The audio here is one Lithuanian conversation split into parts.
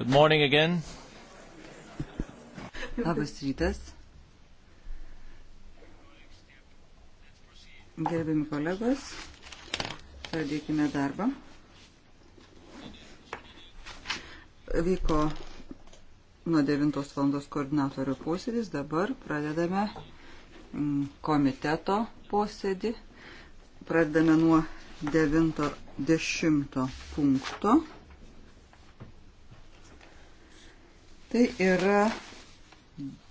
Good morning again. Labas rytas. Gerbiami kolegos, pradėkime darbą. Vyko nuo 9 val. koordinatorių posėdis, dabar pradedame mm, komiteto posėdį. Pradedame nuo 90 punkto. Tai yra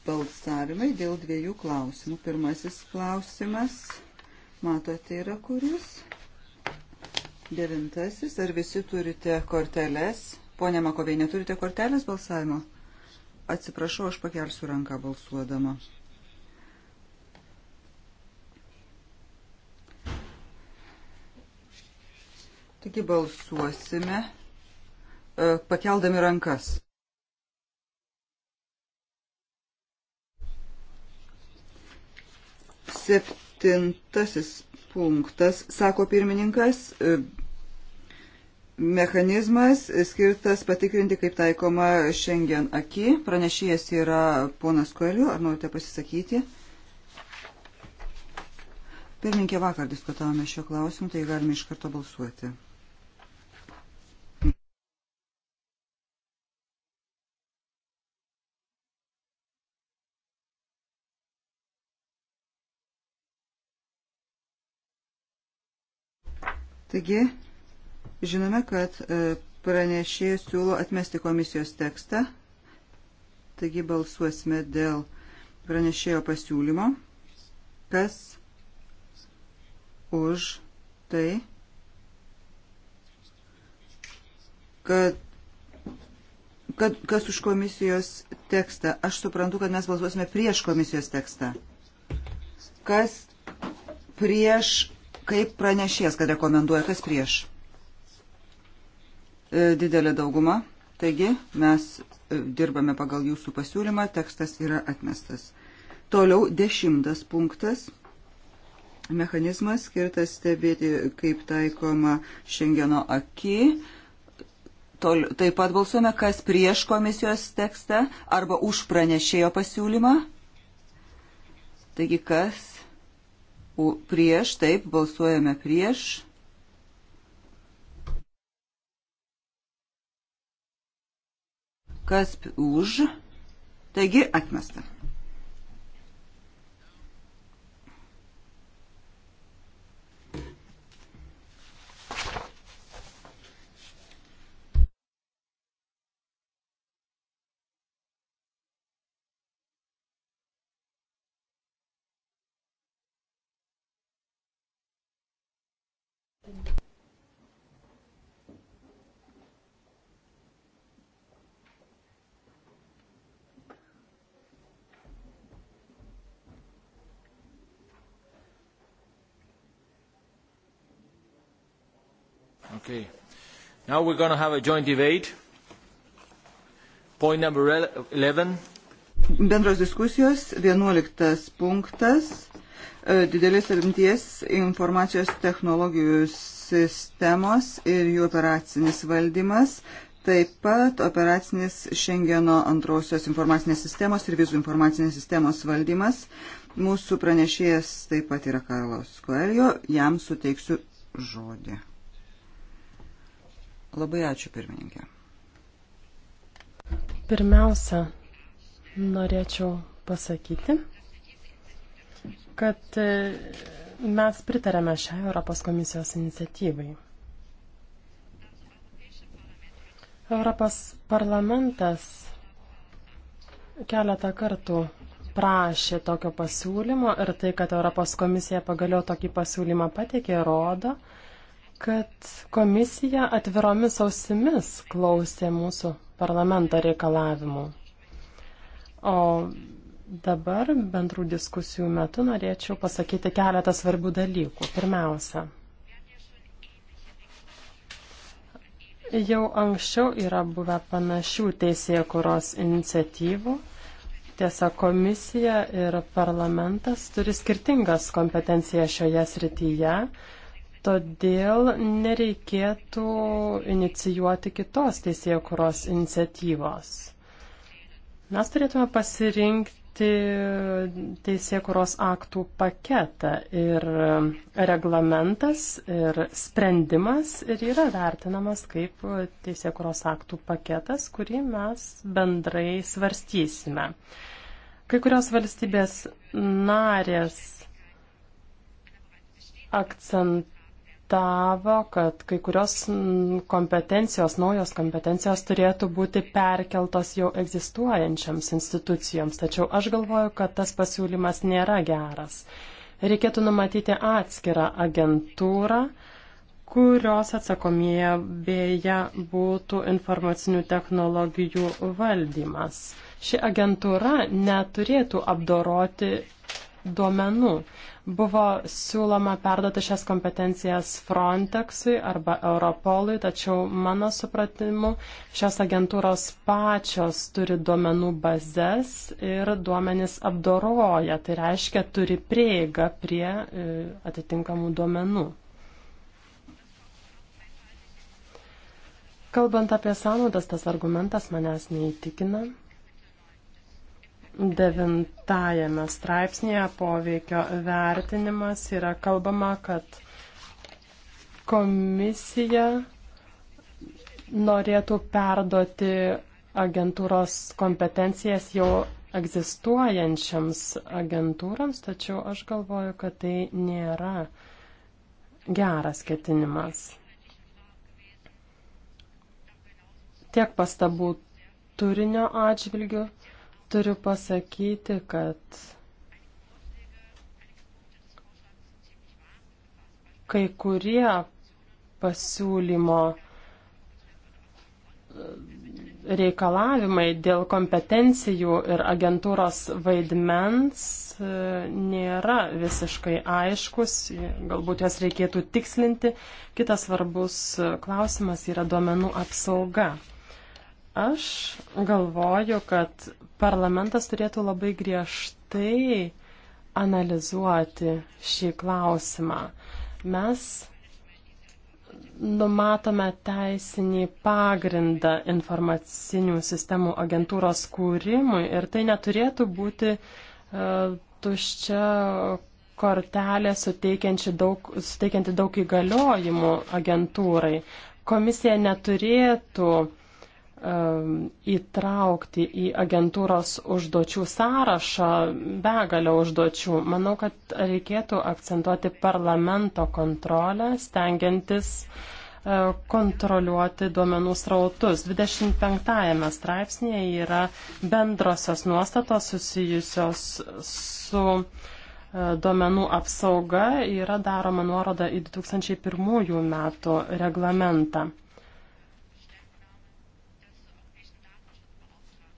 balsavimai dėl dviejų klausimų. Pirmasis klausimas, matote, yra kuris? Devintasis, ar visi turite korteles? Pone Makovė, neturite kortelės balsavimo? Atsiprašau, aš pakelsiu ranką balsuodama. Taigi balsuosime e, pakeldami rankas. Septintasis punktas, sako pirmininkas, e, mechanizmas skirtas patikrinti, kaip taikoma šiandien aki. Pranešėjas yra ponas Koeliu, ar norite pasisakyti? Pirminkė vakar diskutavome šio klausimu, tai galime iš karto balsuoti. Taigi, žinome, kad e, pranešėjai siūlo atmesti komisijos tekstą. Taigi balsuosime dėl pranešėjo pasiūlymo. Kas už tai, kad, kad kas už komisijos tekstą. Aš suprantu, kad mes balsuosime prieš komisijos tekstą. Kas prieš Kaip pranešės, kad rekomenduoja, kas prieš? E, didelė dauguma. Taigi mes e, dirbame pagal jūsų pasiūlymą, tekstas yra atmestas. Toliau dešimtas punktas. Mechanizmas skirtas stebėti, kaip taikoma Šengeno aki. Tol, taip pat balsuome, kas prieš komisijos tekstą arba už pranešėjo pasiūlymą. Taigi, kas prieš, taip, balsuojame prieš. Kas už? Taigi atmesta. Now we're going to have a joint debate. Point number 11. Bendros diskusijos, 11 punktas, e, didelės apimties informacijos technologijų sistemos ir jų operacinis valdymas, taip pat operacinis Šengeno antrosios informacinės sistemos ir vizų informacinės sistemos valdymas. Mūsų pranešėjas taip pat yra Karlos Koelio, jam suteiksiu žodį. Labai ačiū, pirmininkė. Pirmiausia, norėčiau pasakyti, kad e, mes pritarėme šią Europos komisijos iniciatyvai. Europos parlamentas keletą kartų prašė tokio pasiūlymo ir tai, kad Europos komisija pagaliau tokį pasiūlymą patikė, rodo, kad komisija atviromis ausimis klausė mūsų parlamento reikalavimų. O dabar bendrų diskusijų metu norėčiau pasakyti keletą svarbių dalykų. Pirmiausia, jau anksčiau yra buvę panašių teisėkuros iniciatyvų. Tiesa, komisija ir parlamentas turi skirtingas kompetencijas šioje srityje. Todėl nereikėtų inicijuoti kitos teisėjų kuros iniciatyvos. Mes turėtume pasirinkti teisėjų kuros aktų paketą ir reglamentas ir sprendimas ir yra vertinamas kaip teisėjų kuros aktų paketas, kurį mes bendrai svarstysime. Kai kurios valstybės narės akcentuoja akcentavo, kad kai kurios kompetencijos, naujos kompetencijos turėtų būti perkeltos jau egzistuojančiams institucijoms, tačiau aš galvoju, kad tas pasiūlymas nėra geras. Reikėtų numatyti atskirą agentūrą, kurios atsakomėje vėja būtų informacinių technologijų valdymas. Ši agentūra neturėtų apdoroti duomenų. Buvo siūloma perduoti šias kompetencijas Frontexui arba Europolui, tačiau mano supratimu šios agentūros pačios turi duomenų bazės ir duomenys apdoroja, tai reiškia turi prieigą prie e, atitinkamų duomenų. Kalbant apie sąnaudas, tas argumentas manęs neįtikina devintajame straipsnėje poveikio vertinimas yra kalbama, kad komisija norėtų perduoti agentūros kompetencijas jau egzistuojančiams agentūrams, tačiau aš galvoju, kad tai nėra geras ketinimas. Tiek pastabų turinio atžvilgių. Turiu pasakyti, kad kai kurie pasiūlymo reikalavimai dėl kompetencijų ir agentūros vaidmens e, nėra visiškai aiškus, galbūt jas reikėtų tikslinti. Kitas svarbus klausimas yra duomenų apsauga. Aš galvoju, kad parlamentas turėtų labai griežtai analizuoti šį klausimą. Mes numatome teisinį pagrindą informacinių sistemų agentūros kūrimui ir tai neturėtų būti uh, tuščia kortelė suteikianti daug, suteikianti daug įgaliojimų agentūrai. Komisija neturėtų uh, Um, įtraukti į agentūros užduočių sąrašą begalę užduočių. Manau, kad reikėtų akcentuoti parlamento kontrolę, stengiantis uh, kontroliuoti duomenų srautus. 25 straipsnėje yra bendrosios nuostatos susijusios su uh, duomenų apsauga, yra daroma nuoroda į 2001 metų reglamentą.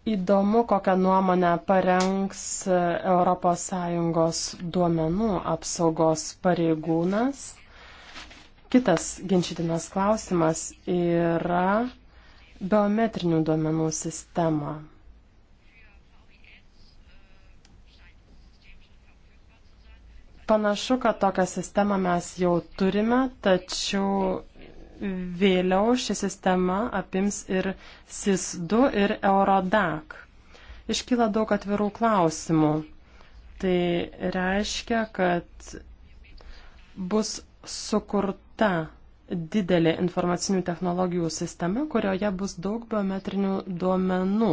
Įdomu, kokią nuomonę parengs ES duomenų apsaugos pareigūnas. Kitas ginčytinas klausimas yra biometrinių duomenų sistema. Panašu, kad tokią sistemą mes jau turime, tačiau vėliau ši sistema apims ir SIS2 ir Eurodac. Iškyla daug atvirų klausimų. Tai reiškia, kad bus sukurta didelė informacinių technologijų sistema, kurioje bus daug biometrinių duomenų.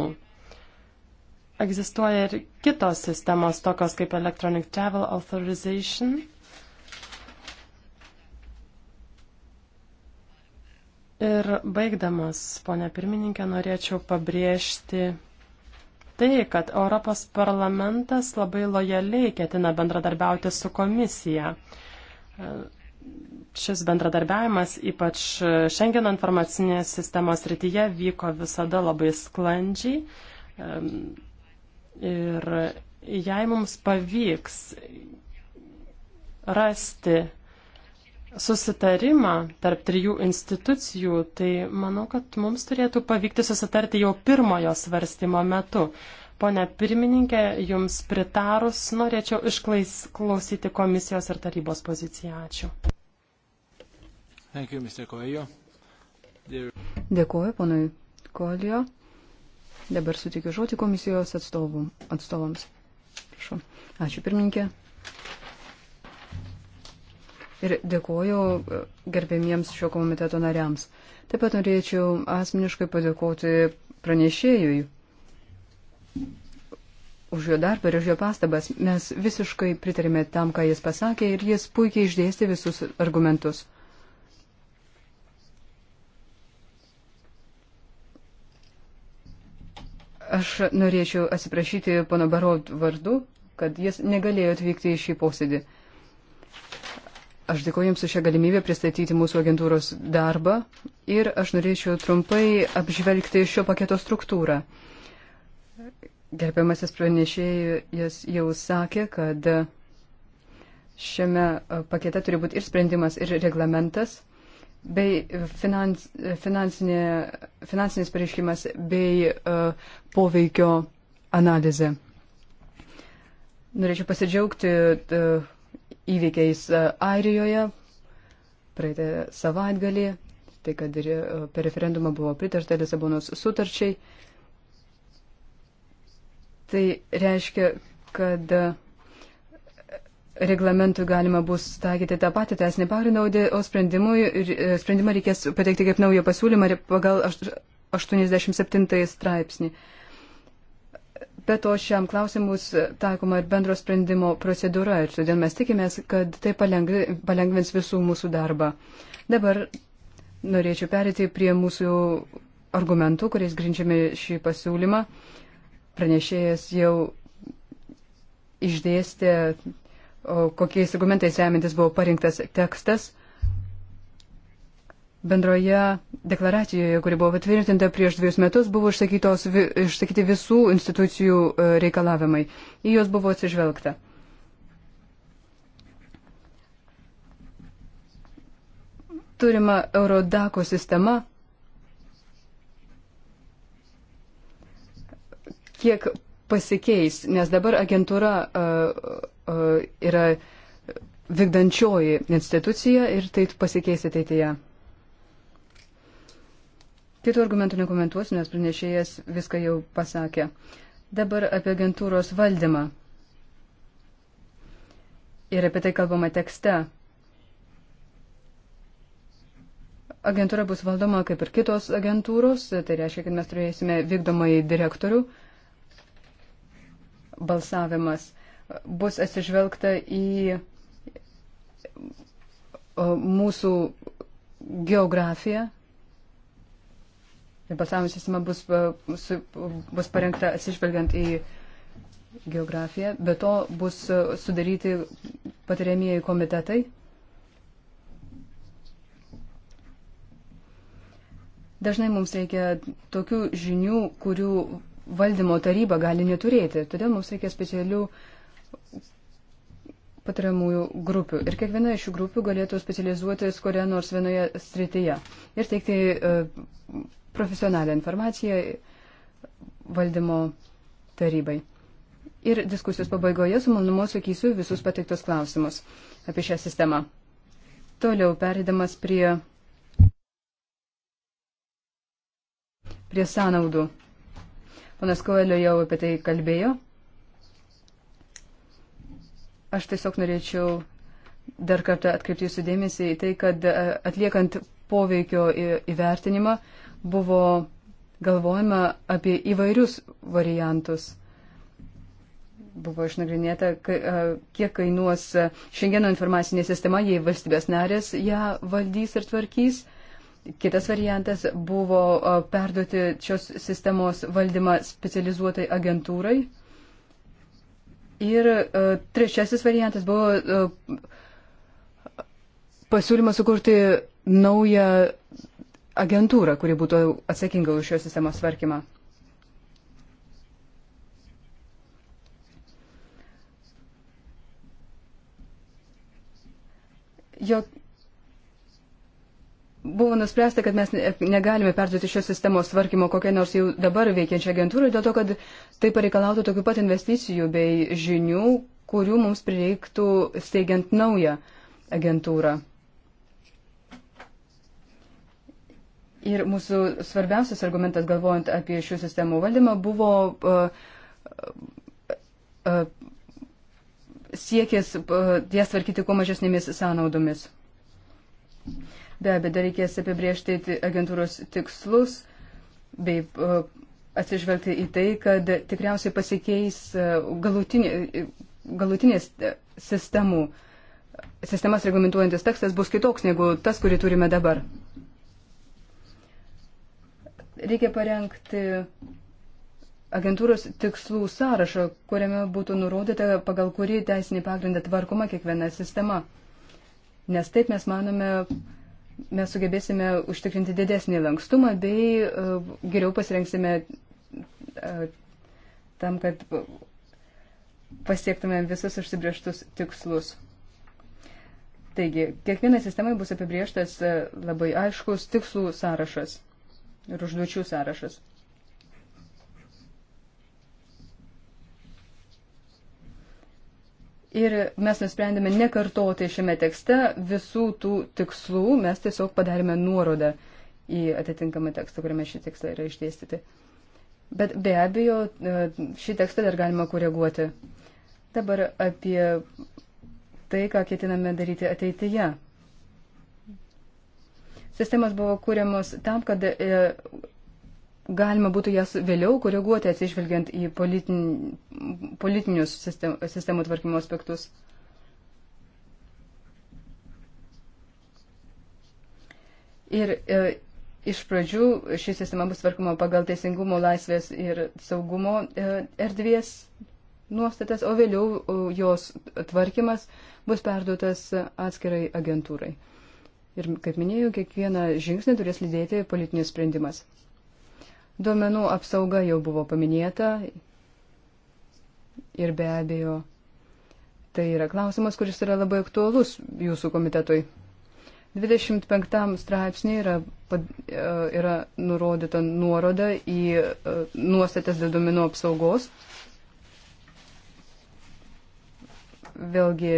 Egzistuoja ir kitos sistemos, tokios kaip Electronic Travel Authorization Ir baigdamas, ponia pirmininkė, norėčiau pabrėžti tai, kad Europos parlamentas labai lojaliai ketina bendradarbiauti su komisija. Šis bendradarbiavimas, ypač Šengeno informacinės sistemos rytyje, vyko visada labai sklandžiai. Ir jei mums pavyks rasti susitarimą tarp trijų institucijų, tai manau, kad mums turėtų pavykti susitarti jau pirmojo svarstymo metu. Pone pirmininkė, jums pritarus norėčiau išklausyti komisijos ir tarybos poziciją. Ačiū. Thank you, Mr. Kojo. Dear... Dėkuoju, ponui Kolio. Dabar sutikiu žodį komisijos atstovų, atstovams. Prašau. Ačiū, pirmininkė ir dėkoju e, gerbėmiems šio komiteto nariams. Taip pat norėčiau asmeniškai padėkoti pranešėjui už jo darbą ir už jo pastabas. Mes visiškai pritarėme tam, ką jis pasakė ir jis puikiai išdėstė visus argumentus. Aš norėčiau atsiprašyti pono Barod vardu, kad jis negalėjo atvykti į šį posėdį. Aš dėkoju Jums už šią galimybę pristatyti mūsų agentūros darbą ir aš norėčiau trumpai apžvelgti šio paketo struktūrą. Gerbiamasis pranešėjas jau sakė, kad šiame pakete turi būti ir sprendimas, ir reglamentas, bei finans, finansinė, finansinis pareiškimas, bei uh, poveikio analizė. Norėčiau pasidžiaugti. Uh, įvykiais e, Airijoje praeitą savaitgalį, tai kad ir e, per referendumą buvo pritarta Lisabonos sutarčiai. Tai reiškia, kad e, reglamentui galima bus taikyti tą patį teisinį pagrindą, o sprendimą reikės pateikti kaip naują pasiūlymą pagal 87 straipsnį. Be to šiam klausimus taikoma ir bendro sprendimo procedūra ir todėl mes tikimės, kad tai palengvins visų mūsų darbą. Dabar norėčiau perėti prie mūsų argumentų, kuriais grindžiame šį pasiūlymą. Pranešėjas jau išdėstė, kokiais argumentais remintis buvo parinktas tekstas. Bendroje deklaracijoje, kuri buvo patvirtinta prieš dviejus metus, buvo išsakyti visų institucijų e, reikalavimai. Į juos buvo atsižvelgta. Turima Eurodako sistema, kiek pasikeis, nes dabar agentūra uh, uh, yra vykdančioji institucija ir tai pasikeis ateityje. Kitų argumentų nekomentuosiu, nes pranešėjas viską jau pasakė. Dabar apie agentūros valdymą. Ir apie tai kalbama tekste. Agentūra bus valdoma kaip ir kitos agentūros, tai reiškia, kad mes turėsime vykdomąjį direktorių. Balsavimas bus atsižvelgta į mūsų geografiją, balsavimo sistema bus, e, bus parengta atsižvelgiant į geografiją, be to bus e, sudaryti patiriamieji komitetai. Dažnai mums reikia tokių žinių, kurių valdymo taryba gali neturėti. Todėl mums reikia specialių patariamųjų grupių. Ir kiekviena iš šių grupių galėtų specializuotis kurioje nors vienoje srityje ir teikti uh, profesionalią informaciją valdymo tarybai. Ir diskusijos pabaigoje su malonumu atsakysiu visus pateiktus klausimus apie šią sistemą. Toliau perėdamas prie, prie sąnaudų. Panas Koelio jau apie tai kalbėjo. Aš tiesiog norėčiau dar kartą atkreipti jūsų dėmesį į tai, kad e, atliekant poveikio įvertinimą, buvo galvojama apie įvairius variantus. Buvo išnagrinėta, kiek kainuos šiandieno informacinė sistema, jei valstybės narės ją valdys ir tvarkys. Kitas variantas buvo perduoti šios sistemos valdymą specializuotai agentūrai. Ir trečiasis variantas buvo pasiūlymas sukurti naują agentūrą, kuri būtų atsakinga už šios sistemos tvarkymą. Jo buvo nuspręsta, kad mes negalime perduoti šios sistemos tvarkymo kokiai nors jau dabar veikiančiai agentūrai, dėl to, kad tai pareikalautų tokių pat investicijų bei žinių, kurių mums prireiktų steigiant naują agentūrą. Ir mūsų svarbiausias argumentas, galvojant apie šių sistemų valdymą, buvo uh, uh, siekis uh, jas tvarkyti kuo mažesnėmis sąnaudomis. Be abejo, dar reikės apibriežti agentūros tikslus bei uh, atsižvelgti į tai, kad tikriausiai pasikeis uh, galutinė, galutinės sistemų, sistemas reglamentuojantis tekstas bus kitoks negu tas, kurį turime dabar reikia parengti agentūros tikslų sąrašą, kuriame būtų nurodyta, pagal kurį teisinį pagrindą tvarkoma kiekviena sistema. Nes taip mes manome, mes sugebėsime užtikrinti didesnį lankstumą bei uh, geriau pasirengsime uh, tam, kad pasiektume visus užsibrieštus tikslus. Taigi, kiekvienai sistemai bus apibrieštas e, labai aiškus tikslų sąrašas ir užduočių sąrašas. Ir mes nusprendėme nekartoti šiame tekste visų tų tikslų, mes tiesiog padarėme nuorodą į atitinkamą tekstą, kuriame šį tekstą yra išdėstyti. Bet be abejo, e, šį tekstą dar galima koreguoti. Dabar apie tai, ką ketiname daryti ateityje. Sistemos buvo kūriamos tam, kad e, galima būtų jas vėliau koreguoti atsižvelgiant į politin, politinius sistem, sistemų tvarkymo aspektus. Ir e, iš pradžių ši sistema bus tvarkoma pagal teisingumo, laisvės ir saugumo e, erdvės nuostatas, o vėliau jos tvarkymas bus perduotas atskirai agentūrai. Ir, kaip minėjau, kiekvieną žingsnį turės lydėti politinis sprendimas. Duomenų apsauga jau buvo paminėta ir be abejo, tai yra klausimas, kuris yra labai aktuolus jūsų komitetui. 25 straipsnį yra, e, yra nurodyta nuoroda į e, nuostatas dėl duomenų apsaugos. Vėlgi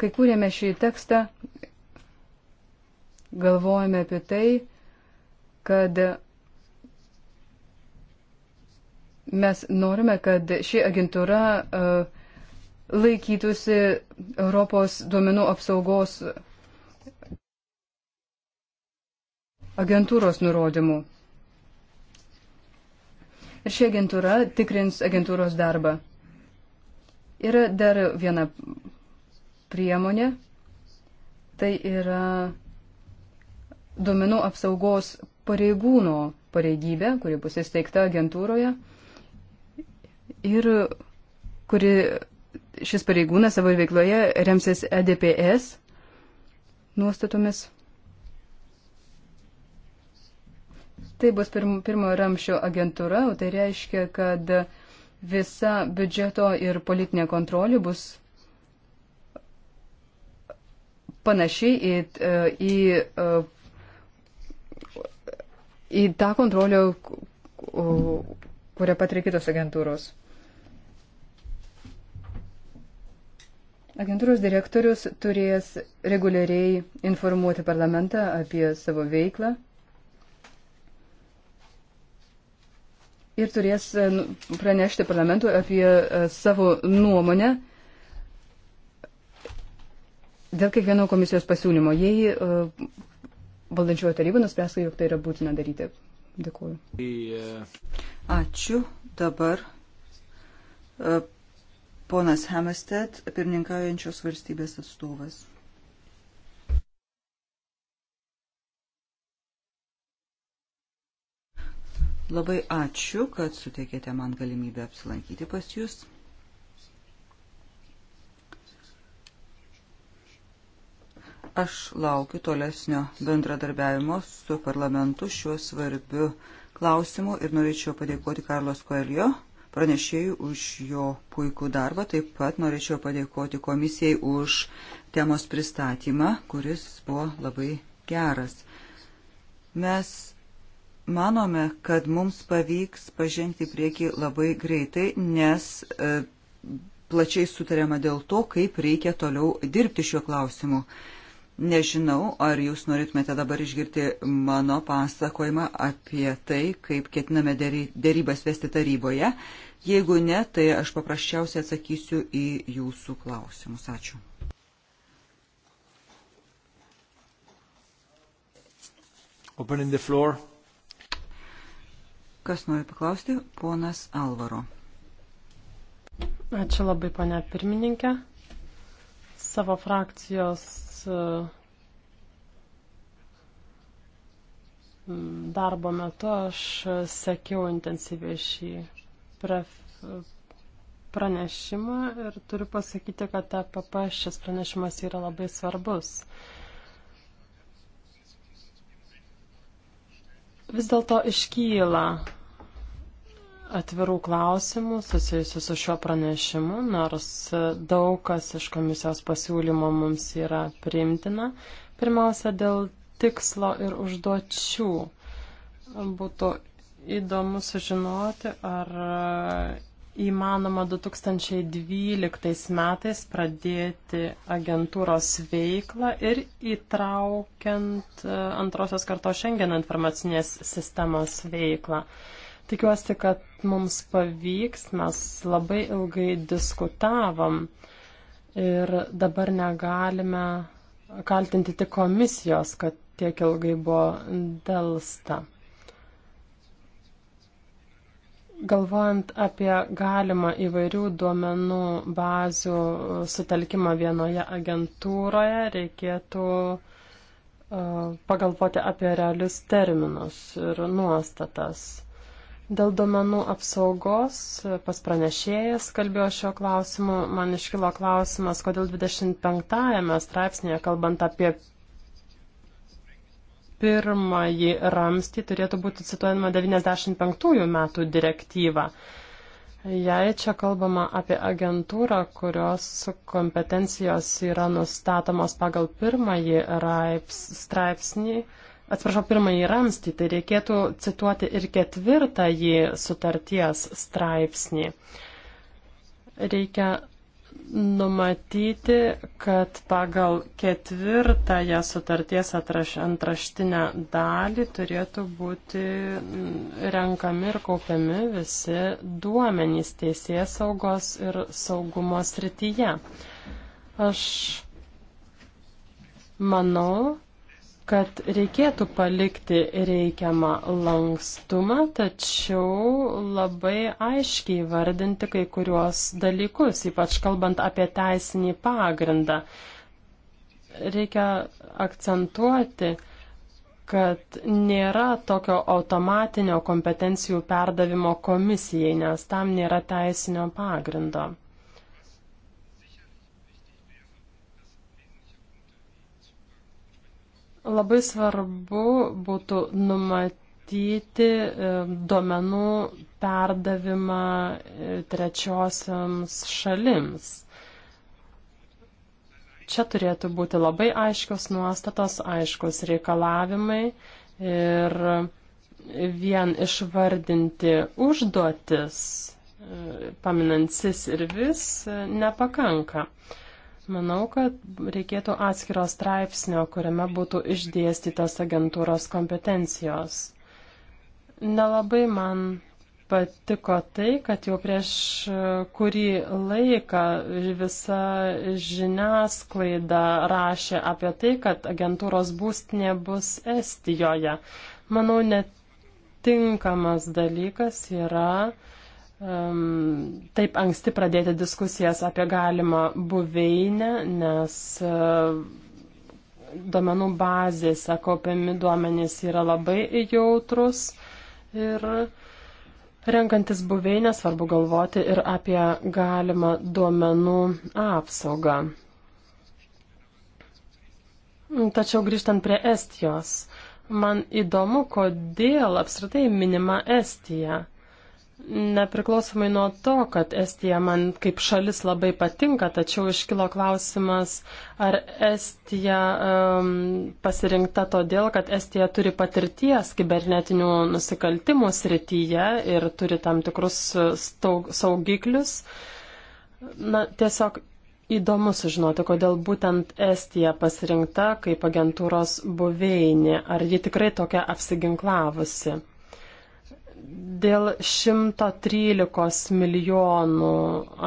Kai kūrėme šį tekstą, galvojame apie tai, kad mes norime, kad ši agentūra e, laikytųsi Europos duomenų apsaugos agentūros nurodymų. Ir ši agentūra tikrins agentūros darbą. Yra dar viena priemonė. Tai yra duomenų apsaugos pareigūno pareigybė, kuri bus įsteigta agentūroje ir kuri šis pareigūnas savo veikloje remsis EDPS nuostatomis. Tai bus pirmo, pirmo ramšio agentūra, o tai reiškia, kad visa biudžeto ir politinė kontrolė bus panaši į, e, į, e, į tą kontrolę, kurią patiria kitos agentūros. Agentūros direktorius turės reguliariai informuoti parlamentą apie savo veiklą ir turės nu, pranešti parlamentui apie e, savo nuomonę Dėl kiekvieno komisijos pasiūlymo, jei e, valdančiojo taryba nuspręs, jog tai yra būtina daryti. Dėkuoju. E, ačiū. Dabar e, ponas Hamestet, pirmininkaujančios valstybės atstovas. Labai ačiū, kad suteikėte man galimybę apsilankyti pas jūs. Aš laukiu tolesnio bendradarbiavimo su parlamentu šiuo svarbiu klausimu ir norėčiau padėkoti Karlos Koelio pranešėjų už jo puikų darbą. Taip pat norėčiau padėkoti komisijai už temos pristatymą, kuris buvo labai geras. Mes manome, kad mums pavyks pažengti prieki labai greitai, nes e, plačiai sutarėma dėl to, kaip reikia toliau dirbti šiuo klausimu. E, Nežinau, ar jūs norėtumėte dabar išgirti mano pasakojimą apie tai, kaip ketiname dėrybas vesti taryboje. Jeigu ne, tai aš paprasčiausiai atsakysiu į jūsų klausimus. Ačiū. Opening the floor. Kas nori paklausti? Ponas Alvaro. Ačiū labai, pane pirmininkė. Savo frakcijos darbo metu aš sekiau intensyviai šį pranešimą ir turiu pasakyti, kad TPP e šis pranešimas yra labai svarbus. Vis dėlto iškyla atvirų klausimų susijusių su šiuo pranešimu, nors e, daug kas iš komisijos pasiūlymo mums yra priimtina. Pirmiausia, dėl tikslo ir užduočių. Būtų įdomu sužinoti, ar e, įmanoma 2012 metais pradėti agentūros veiklą ir įtraukiant e, antrosios kartos šiandien informacinės sistemos veiklą. Tikiuosi, kad mums pavyks, mes labai ilgai diskutavom ir dabar negalime kaltinti tik komisijos, kad tiek ilgai buvo dėlsta. Galvojant apie galimą įvairių duomenų bazių sutelkimą vienoje agentūroje, reikėtų e, pagalvoti apie realius terminus ir nuostatas. Dėl domenų apsaugos pas pranešėjas kalbėjo šio klausimu. Man iškilo klausimas, kodėl 25-ame straipsnėje, kalbant apie pirmąjį ramstį, turėtų būti cituojama 95 metų direktyva. Jei čia kalbama apie agentūrą, kurios kompetencijos yra nustatomos pagal pirmąjį raips, straipsnį, atsiprašau, pirmąjį ramstį, tai reikėtų cituoti ir ketvirtąjį sutarties straipsnį. Reikia numatyti, kad pagal ketvirtąją sutarties antraštinę dalį turėtų būti renkami ir kaupiami visi duomenys teisės saugos ir saugumo srityje. Aš manau, kad reikėtų palikti reikiamą lankstumą, tačiau labai aiškiai vardinti kai kuriuos dalykus, ypač kalbant apie teisinį pagrindą. Reikia akcentuoti, kad nėra tokio automatinio kompetencijų perdavimo komisijai, nes tam nėra teisinio pagrindo. Labai svarbu būtų numatyti e, duomenų perdavimą e, trečiosiams šalims. Čia turėtų būti labai aiškios nuostatos, aiškus reikalavimai ir vien išvardinti užduotis, e, paminant sis ir vis, nepakanka. Manau, kad reikėtų atskiro straipsnio, kuriame būtų išdėstytos agentūros kompetencijos. Nelabai man patiko tai, kad jau prieš e, kurį laiką visa žiniasklaida rašė apie tai, kad agentūros būstinė bus Estijoje. Manau, netinkamas dalykas yra uh, um, taip anksti pradėti diskusijas apie galimą buveinę, nes uh, duomenų bazėse kaupiami duomenys yra labai jautrus ir renkantis buveinę svarbu galvoti ir apie galimą duomenų apsaugą. Tačiau grįžtant prie Estijos, man įdomu, kodėl apskritai minima Estija. Nepriklausomai nuo to, kad Estija man kaip šalis labai patinka, tačiau iškilo klausimas, ar Estija um, pasirinkta todėl, kad Estija turi patirties kibernetinių nusikaltimų srityje ir turi tam tikrus e, staug, saugiklius. Na, tiesiog Įdomu sužinoti, kodėl būtent Estija pasirinkta kaip agentūros buveinė, ar ji tikrai tokia apsiginklavusi. Dėl 113 milijonų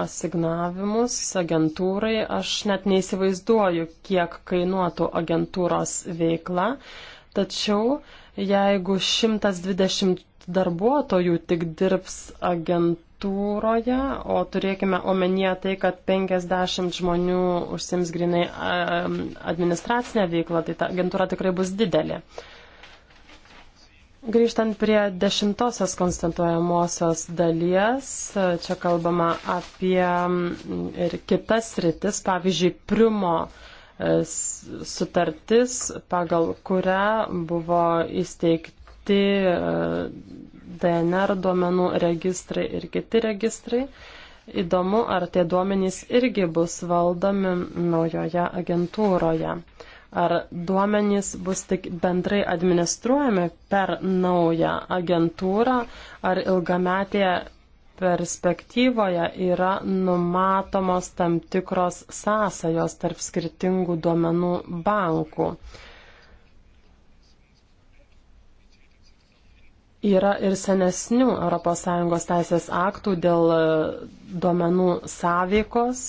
asignavimus agentūrai aš net neįsivaizduoju, kiek kainuotų agentūros veikla, tačiau jeigu 120 darbuotojų tik dirbs agentūroje, o turėkime omenyje tai, kad 50 žmonių užsims grinai administracinę veiklą, tai ta agentūra tikrai bus didelė. Uh, Grįžtant prie dešimtosios konstatuojamosios dalies, čia kalbama apie ir kitas rytis, pavyzdžiui, Primo e, sutartis, pagal kurią buvo įsteigti e, DNR duomenų registrai ir kiti registrai. Įdomu, ar tie duomenys irgi bus valdomi naujoje agentūroje ar duomenys bus tik bendrai administruojami per naują agentūrą, ar ilgametėje perspektyvoje yra numatomos tam tikros sąsajos tarp skirtingų duomenų bankų. Yra ir senesnių ES teisės aktų dėl duomenų sąveikos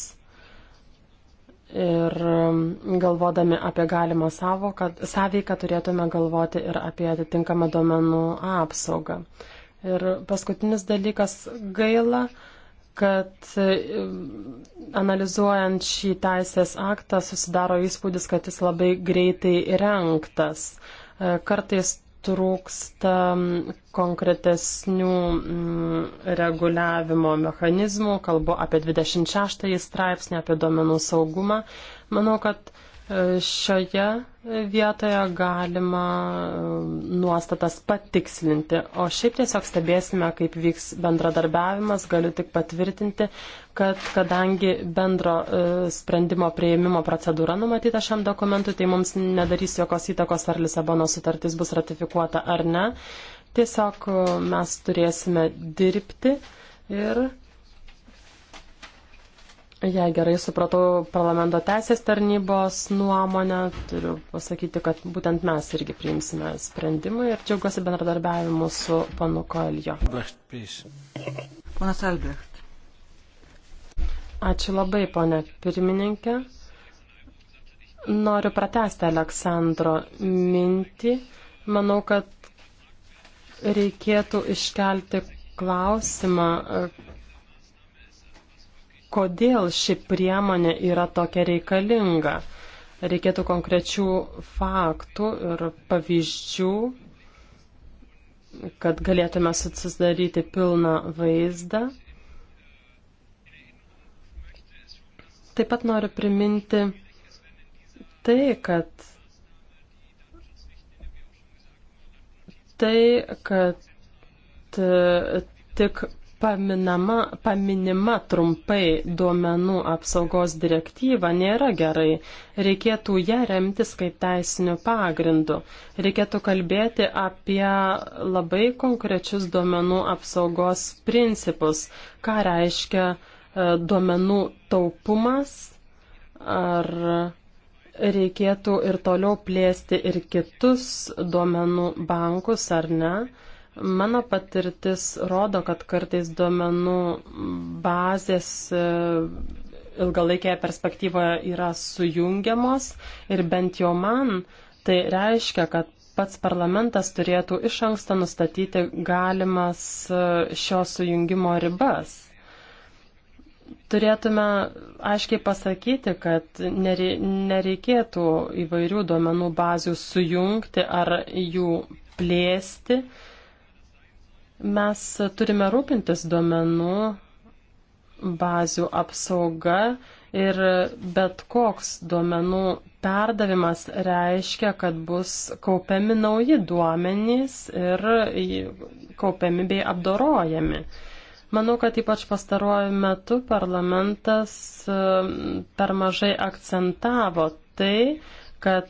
Ir um, galvodami apie galimą savoką, sąveiką turėtume galvoti ir apie atitinkamą duomenų apsaugą. Ir paskutinis dalykas gaila, kad um, analizuojant šį teisės aktą susidaro įspūdis, kad jis labai greitai renktas. Uh, kartais trūksta konkretesnių reguliavimo mechanizmų, kalbu apie 26 straipsnį, apie duomenų saugumą. Manau, kad Šioje vietoje galima nuostatas patikslinti, o šiaip tiesiog stebėsime, kaip vyks bendradarbiavimas. Galiu tik patvirtinti, kad kadangi bendro e, sprendimo prieimimo procedūra numatyta šiam dokumentui, tai mums nedarys jokios įtakos, ar Lisabono sutartis bus ratifikuota ar ne. Tiesiog e, mes turėsime dirbti ir Jei ja, gerai supratau parlamento teisės tarnybos nuomonę, turiu pasakyti, kad būtent mes irgi priimsime sprendimą ir džiaugiuosi bendradarbiavimu su panu Koljo. Ponas Albrecht. Ačiū labai, ponė pirmininkė. Noriu pratesti Aleksandro mintį. Manau, kad reikėtų iškelti klausimą, kodėl ši priemonė yra tokia reikalinga. Reikėtų konkrečių faktų ir pavyzdžių, kad galėtume susidaryti pilną vaizdą. Taip pat noriu priminti tai, kad tai, kad e, tik paminama, paminima trumpai duomenų apsaugos direktyva nėra gerai. Reikėtų ją remtis kaip teisiniu pagrindu. Reikėtų kalbėti apie labai konkrečius duomenų apsaugos principus. Ką reiškia e, duomenų taupumas? Ar reikėtų ir toliau plėsti ir kitus duomenų bankus ar ne? Mano patirtis rodo, kad kartais duomenų bazės e, ilgalaikėje perspektyvoje yra sujungiamos ir bent jau man tai reiškia, kad pats parlamentas turėtų iš anksto nustatyti galimas e, šio sujungimo ribas. Turėtume aiškiai pasakyti, kad nereikėtų įvairių duomenų bazių sujungti ar jų plėsti, Mes turime rūpintis duomenų bazių apsauga ir bet koks duomenų perdavimas reiškia, kad bus kaupiami nauji duomenys ir kaupiami bei apdorojami. Manau, kad ypač pastaruoju metu parlamentas e, per mažai akcentavo tai, kad e,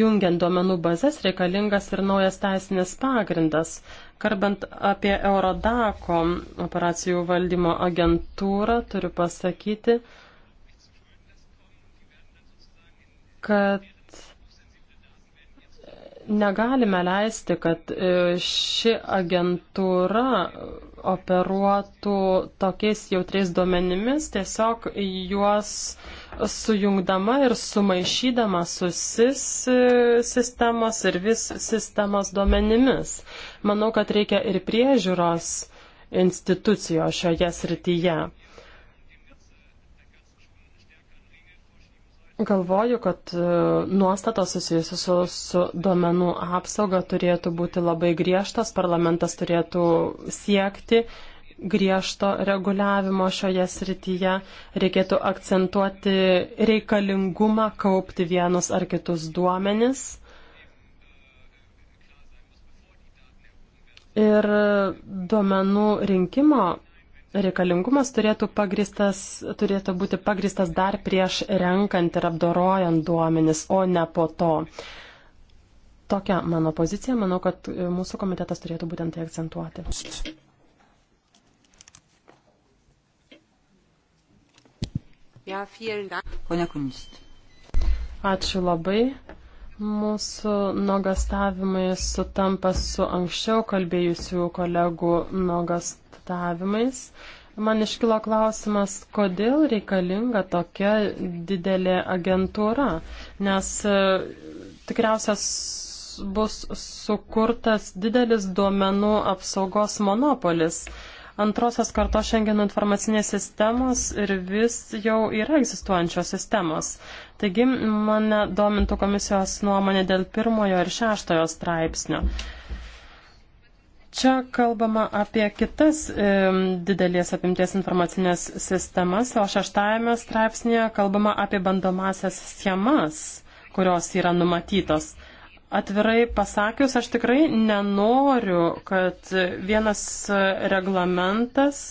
jungiant duomenų bazės reikalingas ir naujas teisinės pagrindas. Kalbant apie Eurodako operacijų valdymo agentūrą, turiu pasakyti, kad negalime leisti, kad e, ši agentūra operuotų tokiais jautriais duomenimis, tiesiog juos sujungdama ir sumaišydama su SIS e, sistemos ir vis sistemos duomenimis. Manau, kad reikia ir priežiūros institucijos šioje srityje. Galvoju, kad e, nuostatos susijusios su, su duomenų apsauga turėtų būti labai griežtos, parlamentas turėtų siekti griežto reguliavimo šioje srityje, reikėtų akcentuoti reikalingumą kaupti vienus ar kitus duomenis. Ir duomenų rinkimo reikalingumas turėtų, pagristas, turėtų būti pagristas dar prieš renkant ir apdorojant duomenis, o ne po to. Tokia mano pozicija, manau, kad mūsų komitetas turėtų būtent tai akcentuoti. Pone Kunist. Ačiū labai. Mūsų nuogastavimai sutampa su anksčiau kalbėjusių kolegų nuogastavimais. Man iškilo klausimas, kodėl reikalinga tokia didelė agentūra, nes e, tikriausias bus sukurtas didelis duomenų apsaugos monopolis antrosios kartos šiandien informacinės sistemos ir vis jau yra egzistuojančios sistemos. Taigi mane domintų komisijos nuomonė dėl pirmojo ir šeštojo straipsnio. Čia kalbama apie kitas e, didelės apimties informacinės sistemas, o šeštajame straipsnėje kalbama apie bandomasias schemas, kurios yra numatytos. Atvirai pasakius, aš tikrai nenoriu, kad vienas reglamentas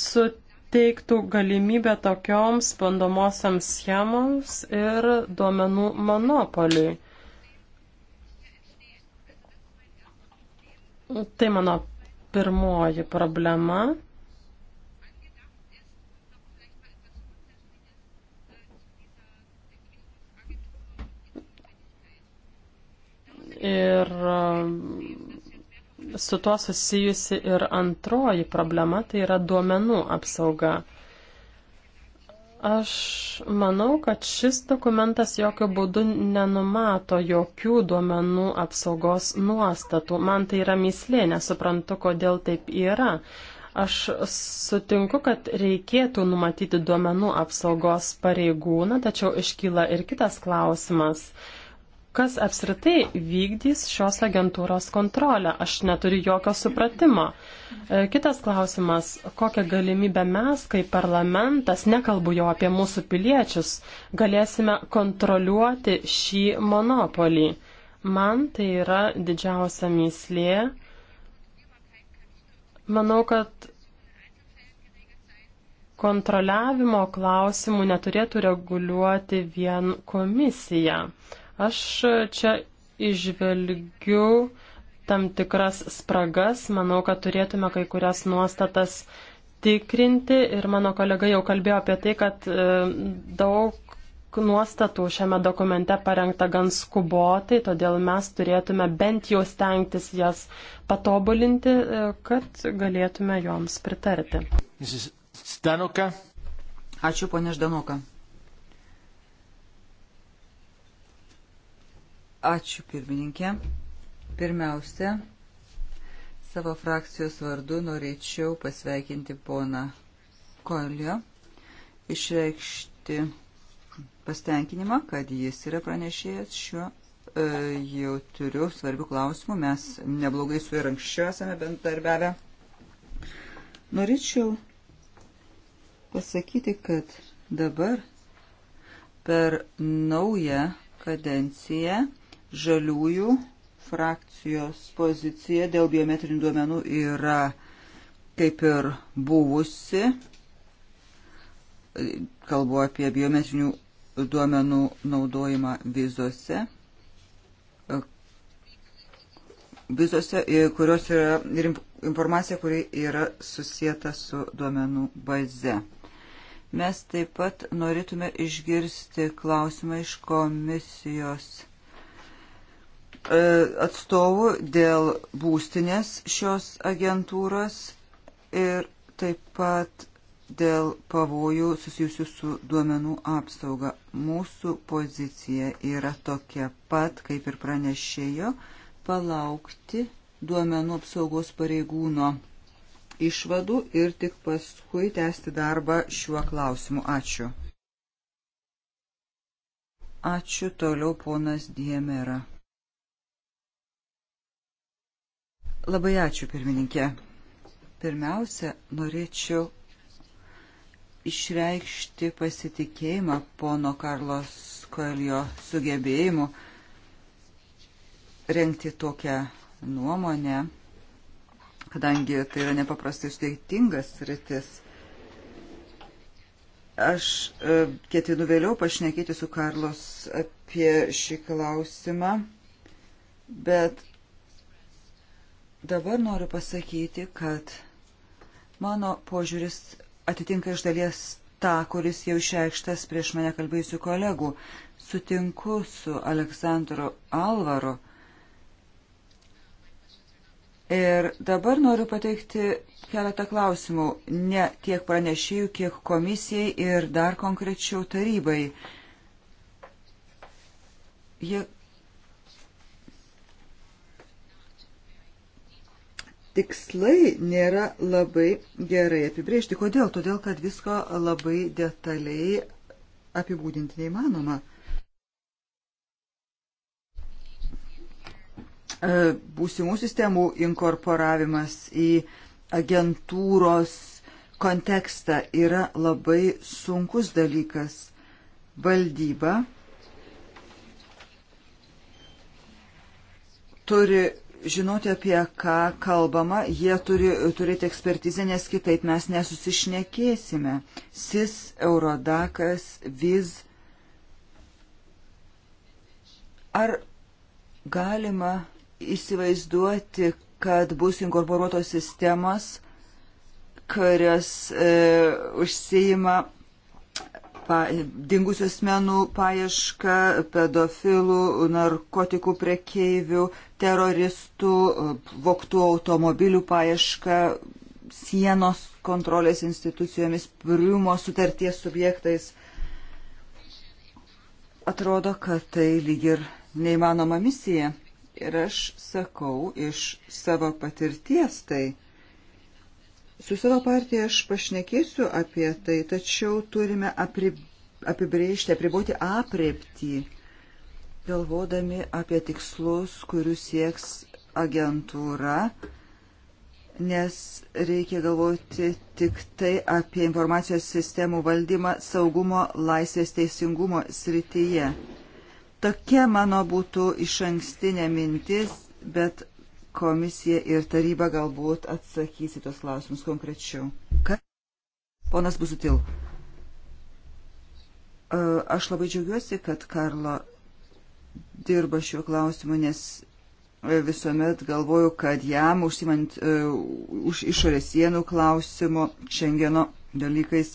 suteiktų galimybę tokioms bandomosiams schemoms ir duomenų monopoliui. Tai mano pirmoji problema. Ir e, su tuo susijusi ir antroji problema, tai yra duomenų apsauga. Aš manau, kad šis dokumentas jokių būdų nenumato jokių duomenų apsaugos nuostatų. Man tai yra myslė, nesuprantu, kodėl taip yra. Aš sutinku, kad reikėtų numatyti duomenų apsaugos pareigūną, tačiau iškyla ir kitas klausimas. Uh, kas apskritai vykdys šios agentūros kontrolę. Aš neturiu jokio supratimo. E, kitas klausimas, kokią galimybę mes, kaip parlamentas, nekalbu jo apie mūsų piliečius, galėsime kontroliuoti šį monopolį. Man tai yra didžiausia myslė. Manau, kad kontroliavimo klausimų neturėtų reguliuoti vien komisija. Aš čia išvelgiu tam tikras spragas, manau, kad turėtume kai kurias nuostatas tikrinti ir mano kolega jau kalbėjo apie tai, kad e, daug nuostatų šiame dokumente parengta gan skubotai, todėl mes turėtume bent jau stengtis jas patobulinti, e, kad galėtume joms pritarti. Ačiū, ponė Ždanoka. Ačiū pirmininkė. Pirmiausia, savo frakcijos vardu norėčiau pasveikinti poną Kolio, išreikšti pastenkinimą, kad jis yra pranešėjęs šiuo e, jau turiu svarbių klausimų, mes neblogai su ir anksčiau esame bent darbelę. Norėčiau pasakyti, kad dabar per naują kadenciją žaliųjų frakcijos pozicija dėl biometrinių duomenų yra kaip ir buvusi. Kalbu apie biometrinių duomenų naudojimą vizose. Vizose, kurios yra informacija, kuri yra susijęta su duomenų baze. Mes taip pat norėtume išgirsti klausimą iš komisijos E, atstovų dėl būstinės šios agentūros ir taip pat dėl pavojų susijusių su duomenų apsauga. Mūsų pozicija yra tokia pat, kaip ir pranešėjo, palaukti duomenų apsaugos pareigūno išvadų ir tik paskui tęsti darbą šiuo klausimu. Ačiū. Ačiū toliau ponas Diemera. Labai ačiū, pirmininkė. Pirmiausia, norėčiau išreikšti pasitikėjimą pono Karlos Koelio sugebėjimu rengti tokią nuomonę, kadangi tai yra nepaprastai sudėtingas rytis. Aš e, ketinu vėliau pašnekėti su Karlos apie šį klausimą, bet Dabar noriu pasakyti, kad mano požiūris atitinka iš dalies tą, kuris jau išreikštas prieš mane kalbėjusių kolegų. Sutinku su Aleksandru Alvaru. Ir dabar noriu pateikti keletą klausimų, ne tiek pranešėjų, kiek komisijai ir dar konkrečiau tarybai. Jie tikslai nėra labai gerai apibriežti. Kodėl? Todėl, kad visko labai detaliai apibūdinti neįmanoma. E, būsimų sistemų inkorporavimas į agentūros kontekstą yra labai sunkus dalykas. Valdyba turi žinoti, apie ką kalbama, jie turi turėti ekspertizę, nes kitaip mes nesusišnekėsime. SIS, Eurodakas, VIZ. Ar galima įsivaizduoti, kad bus inkorporuotos sistemas, kurios e, užsieima pa, dingusių asmenų paieška, pedofilų, narkotikų prekeivių, teroristų, voktų automobilių paieška, sienos kontrolės institucijomis, priumo sutarties subjektais. Atrodo, kad tai lyg ir neįmanoma misija. Ir aš sakau iš savo patirties tai. Su savo partija aš pašnekėsiu apie tai, tačiau turime apri, apibrėžti, apriboti apriepti galvodami apie tikslus, kurių sieks agentūra, nes reikia galvoti tik tai apie informacijos sistemų valdymą saugumo, laisvės, teisingumo srityje. Tokia mano būtų iš ankstinė mintis, bet komisija ir taryba galbūt atsakys į tos klausimus konkrečiau. Ka? Ponas Busutil. Aš labai džiaugiuosi, kad Karlo dirba šiuo klausimu, nes e, visuomet galvoju, kad jam užsimant uh, už išorės sienų klausimo šiandieno dalykais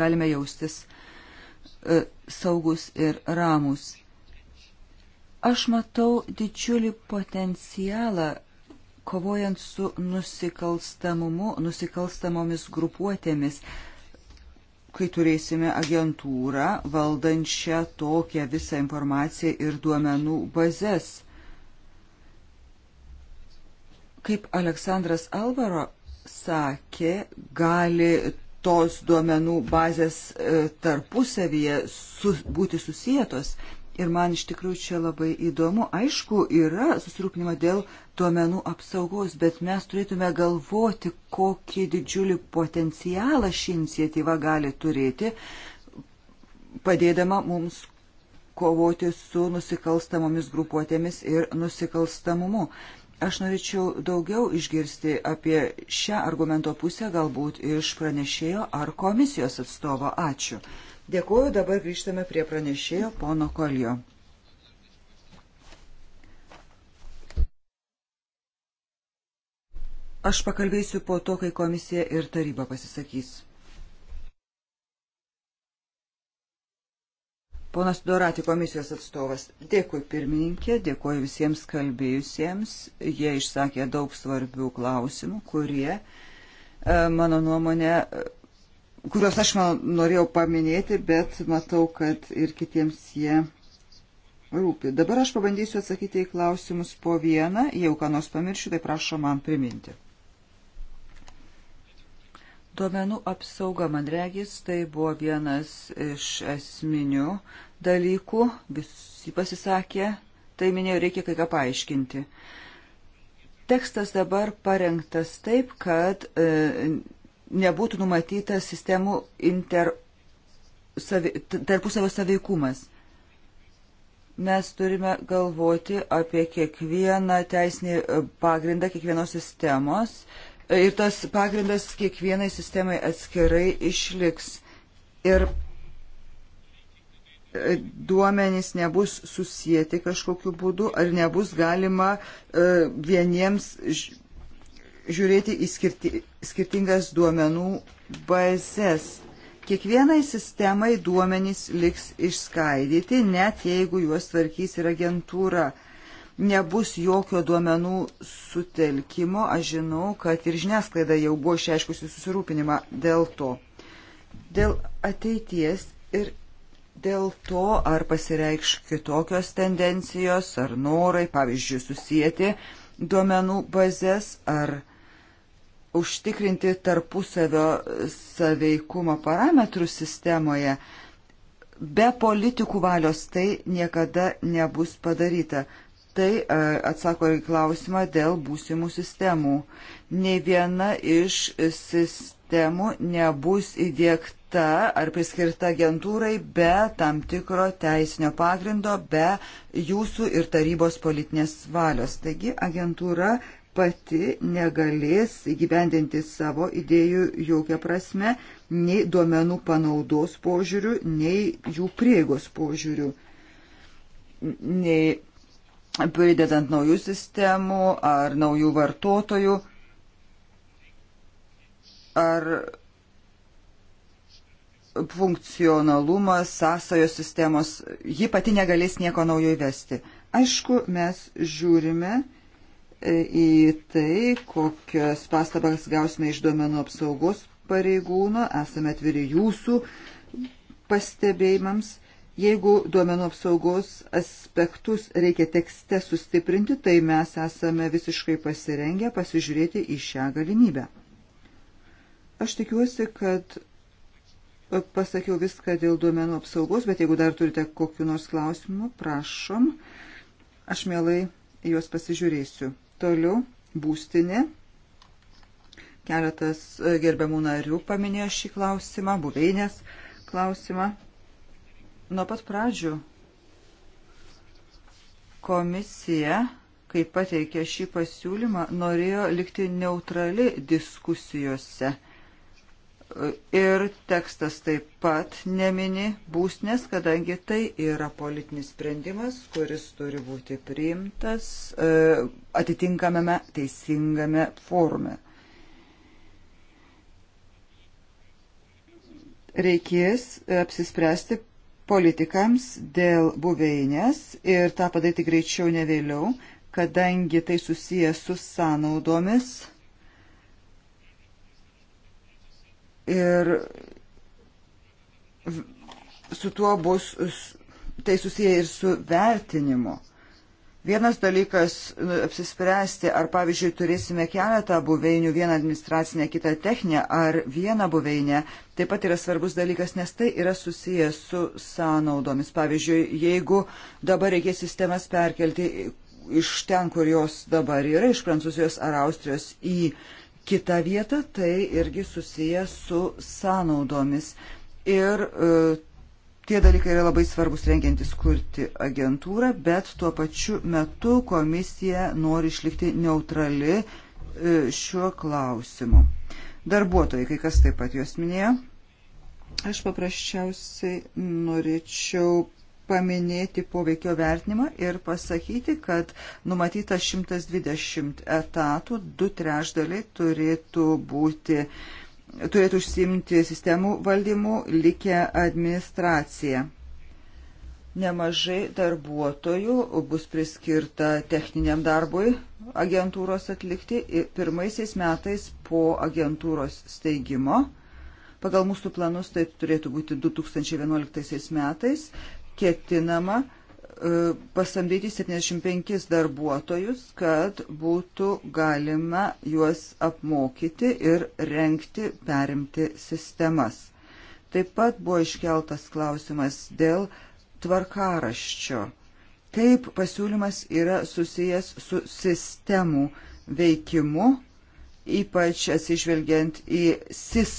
galime jaustis uh, saugus ir ramus. Aš matau didžiulį potencialą kovojant su nusikalstamumu, nusikalstamomis grupuotėmis. Uh, kai turėsime agentūrą valdančią tokią visą informaciją ir duomenų bazės. Kaip Aleksandras Alvaro sakė, gali tos duomenų bazės e, tarpusavyje sus, būti susijėtos Ir man iš tikrųjų čia labai įdomu. Aišku, yra susirūpinimo dėl duomenų apsaugos, bet mes turėtume galvoti, kokį didžiulį potencialą ši iniciatyva gali turėti, padėdama mums kovoti su nusikalstamomis grupuotėmis ir nusikalstamumu. Aš norėčiau daugiau išgirsti apie šią argumento pusę galbūt iš pranešėjo ar komisijos atstovo. Ačiū. Dėkuoju, dabar grįžtame prie pranešėjo pono Kolio. Aš pakalbėsiu po to, kai komisija ir taryba pasisakys. Ponas Dorati, komisijos atstovas. Dėkui pirmininkė, dėkuoju visiems kalbėjusiems. Jie išsakė daug svarbių klausimų, kurie, e, mano nuomonė, kuriuos aš man norėjau paminėti, bet matau, kad ir kitiems jie rūpi. Dabar aš pabandysiu atsakyti į klausimus po vieną, jeigu ką nors pamiršiu, tai prašau man priminti. Duomenų apsauga, man regis, tai buvo vienas iš esminių dalykų, visi pasisakė, tai minėjau, reikia kai ką paaiškinti. Tekstas dabar parengtas taip, kad e, nebūtų numatytas sistemų inter, savi, tarpusavio saveikumas. Mes turime galvoti apie kiekvieną teisinį e, pagrindą kiekvienos sistemos e, ir tas pagrindas kiekvienai sistemai atskirai išliks ir e, duomenys nebus susijęti kažkokiu būdu ar nebus galima vieniems žiūrėti į skirti, skirtingas duomenų bazės. Kiekvienai sistemai duomenys liks išskaidyti, net jeigu juos tvarkys ir agentūra. Nebus jokio duomenų sutelkimo, aš žinau, kad ir žiniasklaida jau buvo išreiškusi susirūpinimą dėl to. Dėl ateities ir dėl to, ar pasireikš kitokios tendencijos, ar norai, pavyzdžiui, susijęti duomenų bazės, ar užtikrinti tarpusavio saveikumo parametrų sistemoje, be politikų valios tai niekada nebus padaryta. Tai e, atsako į klausimą dėl būsimų sistemų. Ne viena iš sistemų nebus įdėkta ar priskirta agentūrai be tam tikro teisinio pagrindo, be jūsų ir tarybos politinės valios. Taigi agentūra pati negalės įgyvendinti savo idėjų jokią prasme, nei duomenų panaudos požiūrių, nei jų prieigos požiūrių, nei pridedant naujų sistemų ar naujų vartotojų, ar funkcionalumas, sąsajos sistemos, ji pati negalės nieko naujo įvesti. Aišku, mes žiūrime, E, į tai, kokias pastabas gausime iš duomenų apsaugos pareigūno, esame atviri jūsų pastebėjimams. Jeigu duomenų apsaugos aspektus reikia tekste sustiprinti, tai mes esame visiškai pasirengę pasižiūrėti į šią galimybę. Aš tikiuosi, kad pasakiau viską dėl duomenų apsaugos, bet jeigu dar turite kokiu nors klausimu, prašom, aš mielai juos pasižiūrėsiu. Toliau būstinė. Keletas e, gerbiamų narių paminėjo šį klausimą, buveinės klausimą. Nuo pat pradžių komisija, kai pateikė šį pasiūlymą, norėjo likti neutrali diskusijose – Ir tekstas taip pat nemini būsnės, kadangi tai yra politinis sprendimas, kuris turi būti priimtas e, atitinkamame teisingame forume. Reikės apsispręsti politikams dėl buveinės ir tą padaryti greičiau ne vėliau, kadangi tai susijęs su sąnaudomis Ir su tuo bus, tai susiję ir su vertinimu. Vienas dalykas nu, - apsispręsti, ar pavyzdžiui turėsime keletą buveinių, vieną administracinę, kitą techninę, ar vieną buveinę, taip pat yra svarbus dalykas, nes tai yra susijęs su sąnaudomis. Pavyzdžiui, jeigu dabar reikės sistemas perkelti iš ten, kur jos dabar yra, iš Prancūzijos ar Austrijos į Kita vieta tai irgi susiję su sąnaudomis. Ir e, tie dalykai yra labai svarbus rengiantis kurti agentūrą, bet tuo pačiu metu komisija nori išlikti neutrali e, šiuo klausimu. Darbuotojai, kai kas taip pat juos minėjo, aš paprasčiausiai norėčiau paminėti poveikio vertinimą ir pasakyti, kad numatyta 120 etatų, du trešdaliai turėtų būti turėtų užsimti sistemų valdymų likę administracija. Nemažai darbuotojų bus priskirta techniniam darbui agentūros atlikti pirmaisiais metais po agentūros steigimo. Pagal mūsų planus tai turėtų būti 2011 metais ketinama e, pasamdyti 75 darbuotojus, kad būtų galima juos apmokyti ir renkti, perimti sistemas. Taip pat buvo iškeltas klausimas dėl tvarkaraščio. Kaip pasiūlymas yra susijęs su sistemų veikimu, ypač atsižvelgiant į SIS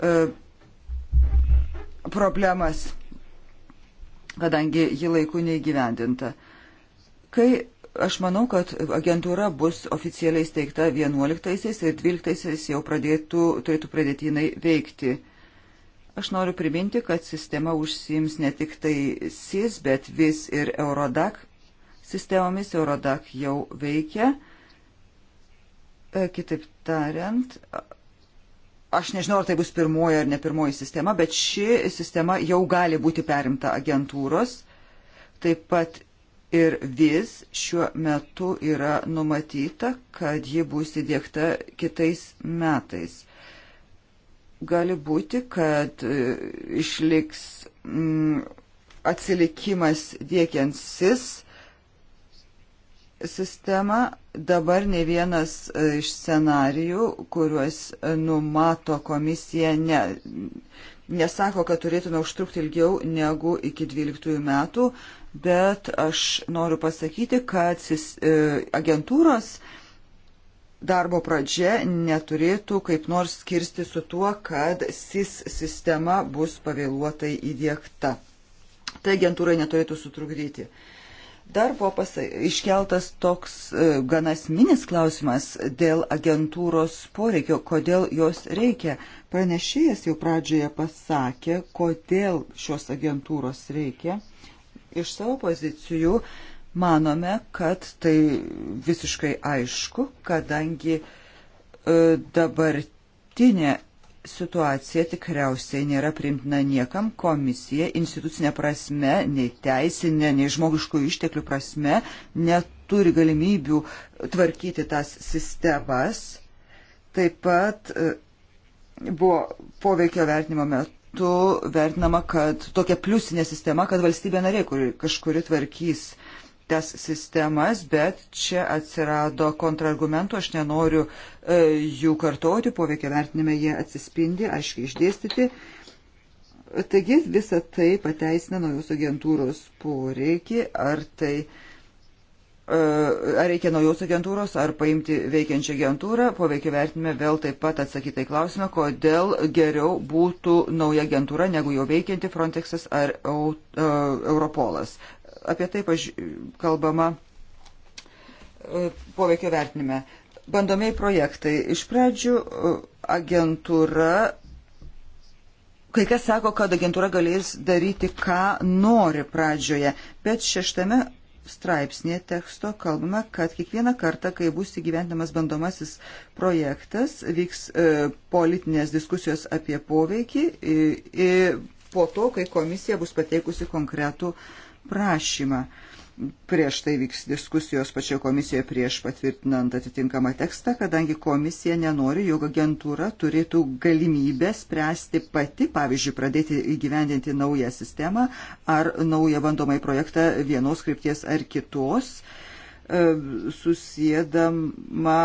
e, problemas kadangi ji laiku neįgyvendinta. Kai aš manau, kad agentūra bus oficialiai steigta 11-aisiais ir 12-aisiais jau pradėtų, turėtų pradėti jinai veikti. Aš noriu priminti, kad sistema užsiims ne tik tai SIS, bet VIS ir Eurodac sistemomis. Eurodac jau veikia. E, kitaip tariant, Aš nežinau, ar tai bus pirmoji ar ne pirmoji sistema, bet ši sistema jau gali būti perimta agentūros. Taip pat ir vis šiuo metu yra numatyta, kad ji bus įdėkta kitais metais. Gali būti, kad e, išliks mm, atsilikimas dėkiant SIS sistemą. Dabar ne vienas e, iš scenarijų, kuriuos e, numato komisija, ne, nesako, kad turėtume užtrukti ilgiau negu iki 12 metų, bet aš noriu pasakyti, kad e, agentūros darbo pradžia neturėtų kaip nors skirsti su tuo, kad SIS sistema bus pavėluotai įdėkta. Tai agentūrai neturėtų sutrukdyti. Uh, Dar buvo pasa... iškeltas toks e, gana asminis klausimas dėl agentūros poreikio, kodėl jos reikia. Pranešėjas jau pradžioje pasakė, kodėl šios agentūros reikia. Iš savo pozicijų manome, kad tai visiškai aišku, kadangi e, dabartinė situacija tikriausiai nėra primtina niekam. Komisija institucinė prasme, nei teisinė, nei žmogiškų išteklių prasme neturi galimybių tvarkyti tas sistemas. Taip pat e, buvo poveikio vertinimo metu vertinama, kad tokia pliusinė sistema, kad valstybė narė, kuri kažkuri tvarkys tas sistemas, bet čia atsirado kontrargumentų, aš nenoriu e, jų kartoti, poveikia vertinime jie atsispindi, aiškiai išdėstyti. Taigi visa tai pateisina naujos agentūros poreikį, ar tai e, ar reikia naujos agentūros, ar paimti veikiančią agentūrą. Poveikio vertinime vėl taip pat atsakytai klausimą, kodėl geriau būtų nauja agentūra negu jau veikianti Frontexas ar e, Europolas apie tai paž... kalbama e, poveikio vertinime. Bandomiai projektai. Iš pradžių e, agentūra, kai kas sako, kad agentūra galės daryti, ką nori pradžioje, bet šeštame straipsnėje teksto kalbame, kad kiekvieną kartą, kai bus įgyventamas bandomasis projektas, vyks e, politinės diskusijos apie poveikį, e, e, po to, kai komisija bus pateikusi konkretų e, prašymą. Prieš tai vyks diskusijos pačioje komisijoje prieš patvirtinant atitinkamą tekstą, kadangi komisija nenori, jog agentūra turėtų galimybę spręsti pati, pavyzdžiui, pradėti įgyvendinti naują sistemą ar naują bandomąjį projektą vienos krypties ar kitos, e, susėdama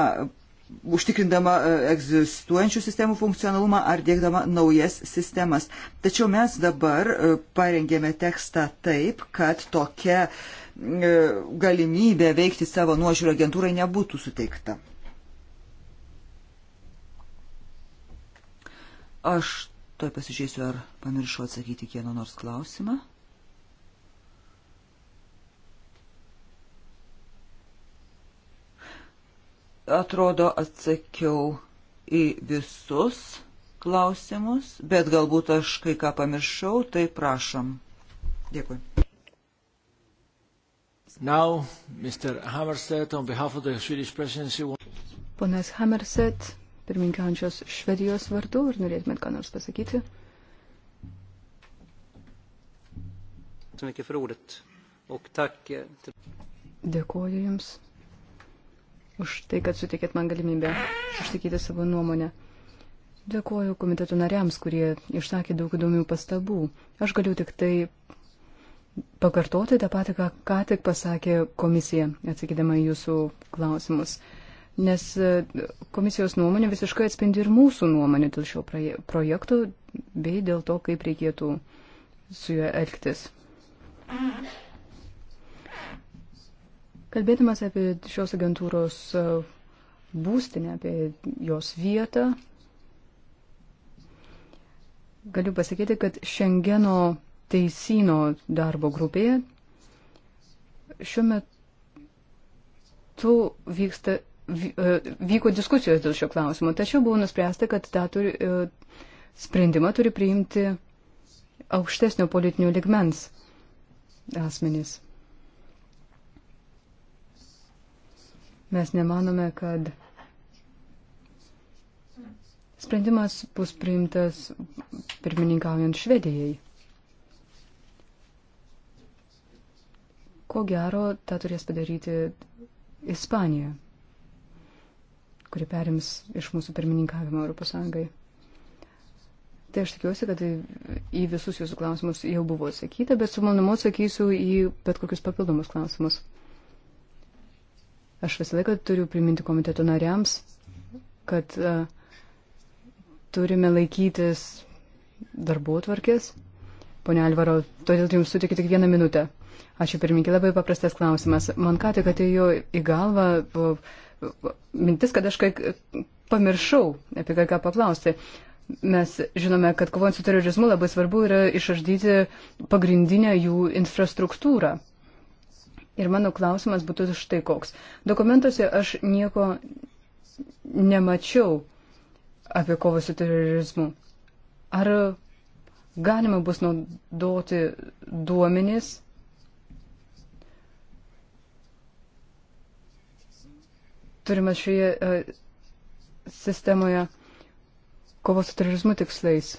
užtikrindama e, egzistuojančių sistemų funkcionalumą ar dėkdama naujas sistemas. Tačiau mes dabar e, parengėme tekstą taip, kad tokia e, galimybė veikti savo nuožiūrą agentūrai nebūtų suteikta. Aš toj pasižiūrėsiu, ar pamiršau atsakyti kieno nors klausimą. Atrodo, atsakiau į visus klausimus, bet galbūt aš kai ką pamiršau, tai prašom. Dėkui. Now, Mr. Hammerstedt, on behalf of the Swedish presidency. Ponas Hammerstedt, pirminkiančios Švedijos vardu, ar norėtumėt ką nors pasakyti? Eh, Dėkuoju Jums už tai, kad sutikėt man galimybę išsakyti savo nuomonę. Dėkuoju komiteto nariams, kurie išsakė daug įdomių pastabų. Aš galiu tik tai pakartoti tą patį, ką, ką tik pasakė komisija, atsakydama į jūsų klausimus. Nes e, komisijos nuomonė visiškai atspindi ir mūsų nuomonę dėl šio projekto bei dėl to, kaip reikėtų su juo elgtis. Mm. Kalbėdamas apie šios agentūros e, būstinę, apie jos vietą, galiu pasakyti, kad Šengeno teisino darbo grupėje šiuo metu vyksta, e, vyko diskusijos dėl šio klausimo, tačiau buvo nuspręsta, kad tą turi, e, sprendimą turi priimti aukštesnio politinio ligmens asmenys. Mes nemanome, kad sprendimas bus priimtas pirmininkaujant Švedijai. Ko gero, tą turės padaryti Ispanija, kuri perims iš mūsų pirmininkavimo Europos Sąjungai. Tai aš tikiuosi, kad į visus jūsų klausimus jau buvo atsakyta, bet su malonumu atsakysiu į bet kokius papildomus klausimus. Aš visą laiką turiu priminti komiteto nariams, kad uh, turime laikytis darbų tvarkės. Pone Alvaro, todėl jums sutikiu tik vieną minutę. Ačiū pirmininkė, labai paprastas klausimas. Man ką tik atėjo į galvą mintis, kad aš kai pamiršau apie ką, ką paklausti. Mes žinome, kad kovojant su terorizmu labai svarbu yra išardyti pagrindinę jų infrastruktūrą. Ir mano klausimas būtų štai koks. Dokumentuose aš nieko nemačiau apie kovą su terorizmu. Ar galima bus naudoti duomenys? Turime šioje e, sistemoje kovos su terorizmu tikslais.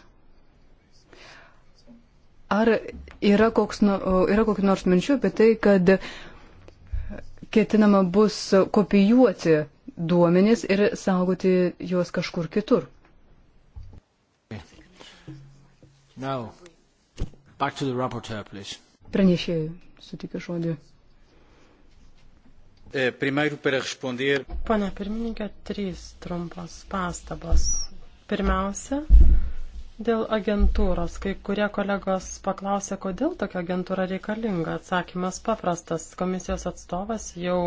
Ar yra, koks, nu, yra kokių nors minčių apie tai, kad ketinama bus kopijuoti duomenis ir saugoti juos kažkur kitur. Now, back to the rapporteur, please. Pranešėjai, sutikiu žodį. E, Primeiro para responder. Pana pirmininkė, trys trumpos pastabos. Pirmiausia, Dėl agentūros, kai kurie kolegos paklausė, kodėl tokia agentūra reikalinga, atsakymas paprastas. Komisijos atstovas jau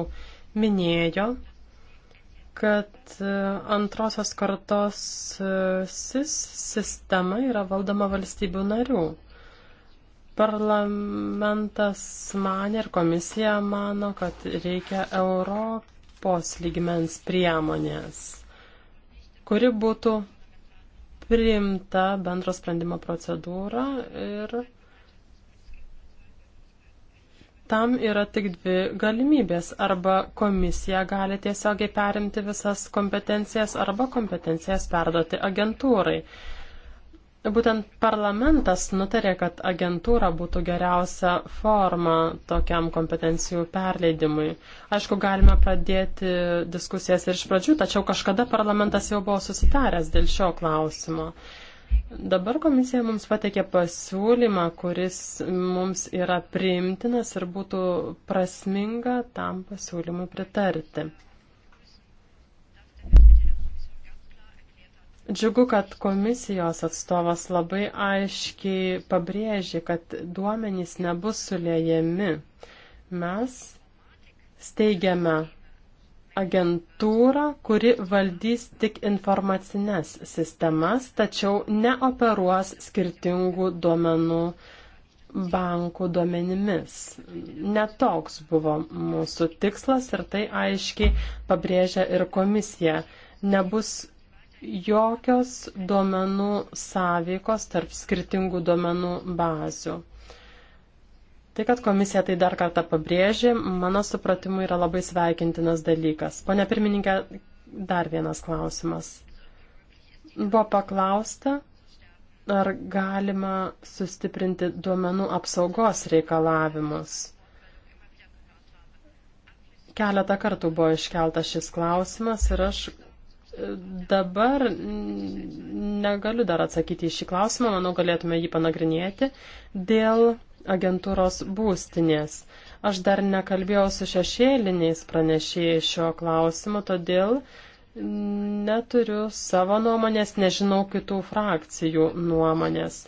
minėjo, kad e, antrosios kartos e, SIS sistema yra valdoma valstybių narių. Parlamentas man ir komisija mano, kad reikia Europos lygmens priemonės, kuri būtų priimta bendro sprendimo procedūra ir tam yra tik dvi galimybės. Arba komisija gali tiesiogiai perimti visas kompetencijas, arba kompetencijas perduoti agentūrai. Būtent parlamentas nutarė, kad agentūra būtų geriausia forma tokiam kompetencijų perleidimui. Aišku, galime pradėti diskusijas ir iš pradžių, tačiau kažkada parlamentas jau buvo susitaręs dėl šio klausimo. Dabar komisija mums patekė pasiūlymą, kuris mums yra priimtinas ir būtų prasminga tam pasiūlymui pritarti. Džiugu, kad komisijos atstovas labai aiškiai pabrėžė, kad duomenys nebus sulėjami. Mes steigiame agentūrą, kuri valdys tik informacinės sistemas, tačiau neoperuos skirtingų duomenų bankų duomenimis. Netoks buvo mūsų tikslas ir tai aiškiai pabrėžia ir komisija. Nebus jokios duomenų sąveikos tarp skirtingų duomenų bazių. Tai, kad komisija tai dar kartą pabrėžė, mano supratimu yra labai sveikintinas dalykas. Pone pirmininkė, dar vienas klausimas. Buvo paklausta, ar galima sustiprinti duomenų apsaugos reikalavimus. Keletą kartų buvo iškeltas šis klausimas ir aš dabar negaliu dar atsakyti į šį klausimą, manau galėtume jį panagrinėti dėl agentūros būstinės. Aš dar nekalbėjau su šešėliniais pranešėjais šio klausimu, todėl neturiu savo nuomonės, nežinau kitų frakcijų nuomonės.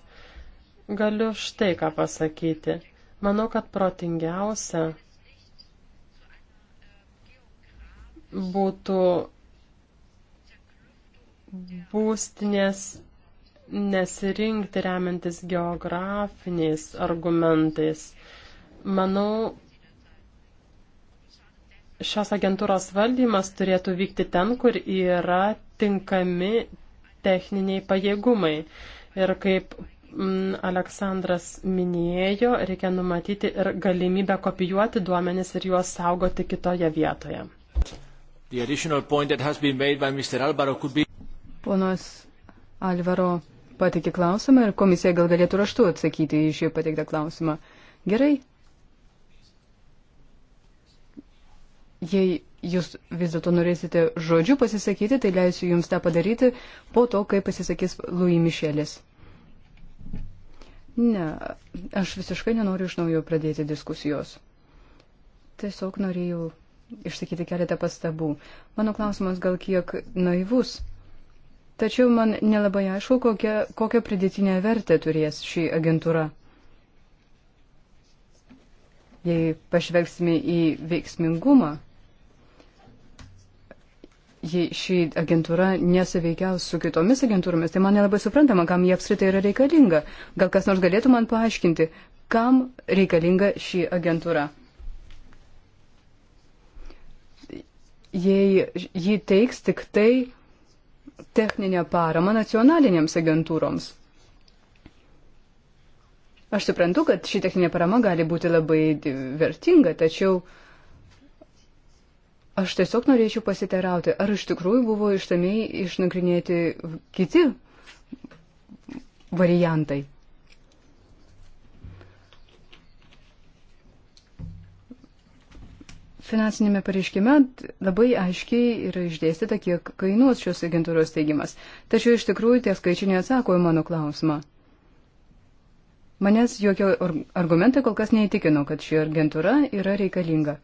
Galiu štai ką pasakyti. Manau, kad protingiausia būtų būstinės nesirinkti remiantis geografiniais argumentais. Manau, šios agentūros valdymas turėtų vykti ten, kur yra tinkami techniniai pajėgumai. Ir kaip m, mm, Aleksandras minėjo, reikia numatyti ir galimybę kopijuoti duomenis ir juos saugoti kitoje vietoje. Be... Ponas Alvaro patikė klausimą ir komisija gal galėtų raštu atsakyti į šį pateiktą klausimą. Gerai. Jei jūs vis dėlto norėsite žodžiu pasisakyti, tai leisiu jums tą padaryti po to, kai pasisakys Louis Mišelis. Ne, aš visiškai nenoriu iš naujo pradėti diskusijos. Tiesiog norėjau išsakyti keletą pastabų. Mano klausimas gal kiek naivus, Tačiau man nelabai aišku, kokią, kokią pridėtinę vertę turės šį agentūrą. Jei pažvelgsime į veiksmingumą, jei ši agentūra nesuveikiaus su kitomis agentūromis, tai man nelabai suprantama, kam jie apskritai yra reikalinga. Gal kas nors galėtų man paaiškinti, kam reikalinga ši agentūra. Jei ji teiks tik tai techninę paramą nacionalinėms agentūroms. Aš suprantu, kad ši techninė parama gali būti labai vertinga, tačiau aš tiesiog norėčiau pasiterauti, ar iš tikrųjų buvo ištamiai išnagrinėti kiti variantai. Finansinėme pareiškime labai aiškiai yra išdėstyta, kiek kainuos šios agentūros teigimas. Tačiau iš tikrųjų tie skaičiai neatsako į mano klausimą. Manęs jokio argumentai kol kas neįtikino, kad ši agentūra yra reikalinga.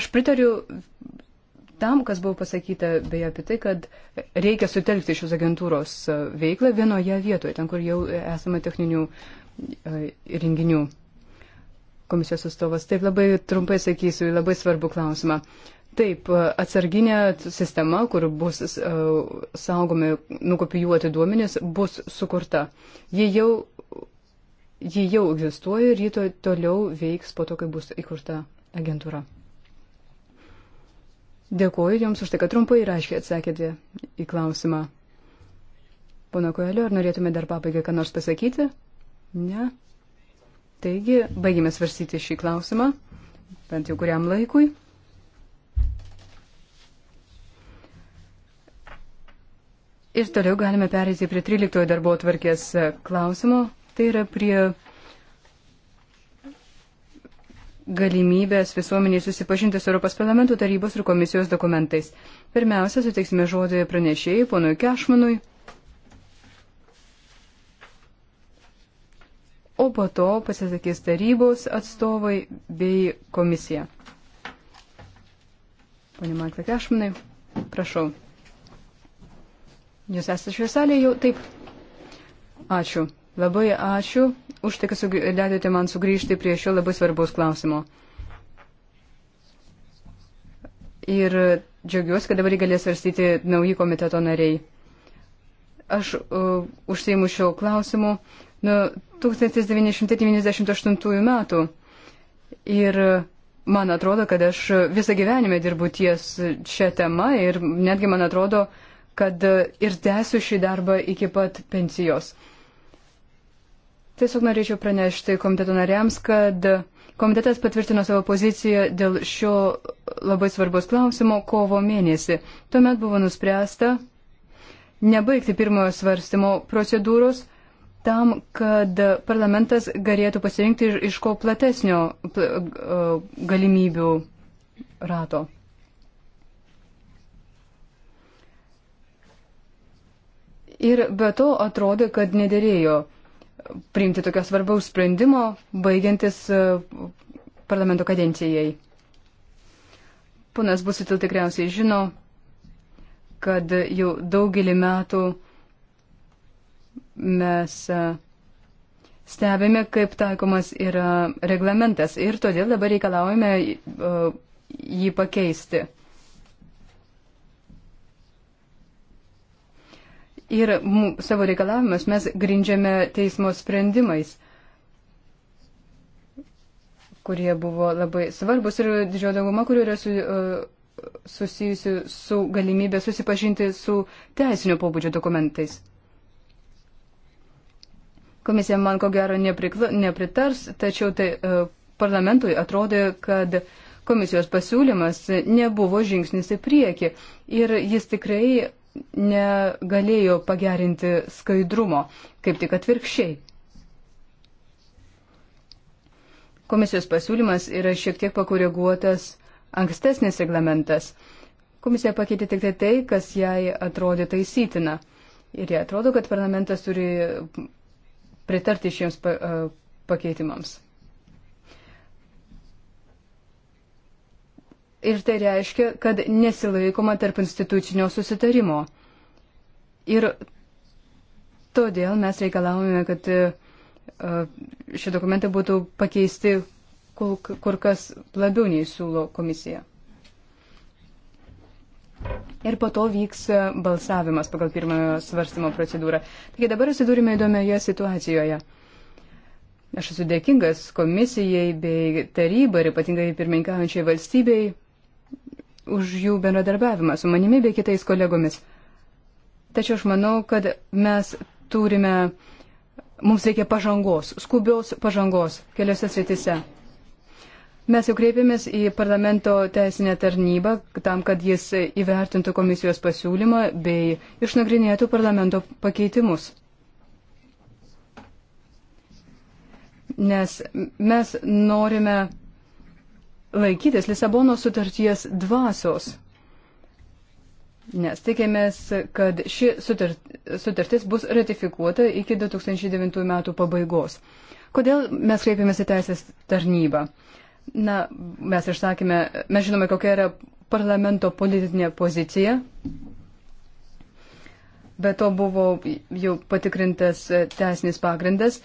Aš pritariu tam, kas buvo pasakyta beje apie tai, kad reikia sutelkti šios agentūros veiklą vienoje vietoje, ten, kur jau esame techninių e, renginių. E, komisijos atstovas. Taip labai trumpai sakysiu į labai svarbų klausimą. Taip, atsarginė sistema, kur bus e, saugomi nukopijuoti duomenys, bus sukurta. Ji jau, ji jau egzistuoja ir ji to, toliau veiks po to, kai bus įkurta agentūra. Dėkuoju Jums už tai, kad trumpai ir aiškiai atsakėte į klausimą. Pana Koelio, ar norėtume dar pabaigai ką nors pasakyti? Ne. Taigi, baigime svarstyti šį klausimą, bent jau kuriam laikui. Ir toliau galime perėti prie 13 darbo atvarkės e, klausimo. Tai yra prie galimybės visuomeniai susipažinti su Europos parlamento tarybos ir komisijos dokumentais. Pirmiausia, suteiksime žodį pranešėjai, ponui Kešmanui. o po to pasisakys tarybos atstovai bei komisija. Pane Marklai Kašmanai, prašau. Jūs esate šioje salėje jau taip. Ačiū. Labai ačiū už tai, kad leidote man sugrįžti prie šio labai svarbaus klausimo. Ir džiaugiuosi, kad dabar galės svarstyti nauji komiteto nariai. Aš uh, užsiimu šio klausimu nuo 1998 metų. Ir man atrodo, kad aš visą gyvenimą dirbu ties šią temą ir netgi man atrodo, kad ir tęsiu šį darbą iki pat pensijos. Tiesiog norėčiau pranešti komiteto nariams, kad komitetas patvirtino savo poziciją dėl šio labai svarbus klausimo kovo mėnesį. Tuomet buvo nuspręsta nebaigti pirmojo svarstymo procedūros tam, kad parlamentas galėtų pasirinkti iš ko platesnio e, galimybių rato. Ir be to atrodo, kad nedėrėjo priimti tokio svarbaus sprendimo, baigiantis e, parlamento kadencijai. Ponas Busitil tikriausiai žino, kad jau daugelį metų uh, mes e, stebime, kaip taikomas yra reglamentas ir todėl dabar reikalaujame e, jį pakeisti. Ir savo reikalavimus mes grindžiame teismo sprendimais, kurie buvo labai svarbus ir didžioji dauguma, kurių yra su, e, susijusi su galimybė susipažinti su teisinio pobūdžio dokumentais. Komisija man ko gero neprikla, nepritars, tačiau tai e, parlamentui atrodė, kad komisijos pasiūlymas nebuvo žingsnis į priekį ir jis tikrai negalėjo pagerinti skaidrumo, kaip tik atvirkščiai. Komisijos pasiūlymas yra šiek tiek pakoreguotas ankstesnis reglamentas. Komisija pakeitė tik tai tai, kas jai atrodė taisytina. Ir jie atrodo, kad parlamentas turi pritarti šiems e, pakeitimams. Ir tai reiškia, kad nesilaikoma tarp institucinio susitarimo. Ir todėl mes reikalavome, kad e, šie dokumentai būtų pakeisti kur kas labiau nei siūlo komisija. Ir po to vyks balsavimas pagal pirmojo svarstymo procedūrą. Taigi dabar atsidūrime įdomioje situacijoje. Aš esu dėkingas komisijai bei tarybai ir ypatingai pirmininkaujančiai valstybei už jų bendradarbiavimą su manimi bei kitais kolegomis. Tačiau aš manau, kad mes turime, mums reikia pažangos, skubios pažangos keliose sritise. Mes jau kreipėmės į parlamento teisinę tarnybą tam, kad jis įvertintų komisijos pasiūlymą bei išnagrinėtų parlamento pakeitimus. Nes mes norime laikytis Lisabono sutarties dvasios. Nes tikėmės, kad ši sutartis bus ratifikuota iki 2009 metų pabaigos. Kodėl mes kreipėmės į teisės tarnybą? Na, mes išsakėme, mes žinome, kokia yra parlamento politinė pozicija. Be to buvo jau patikrintas teisinis pagrindas,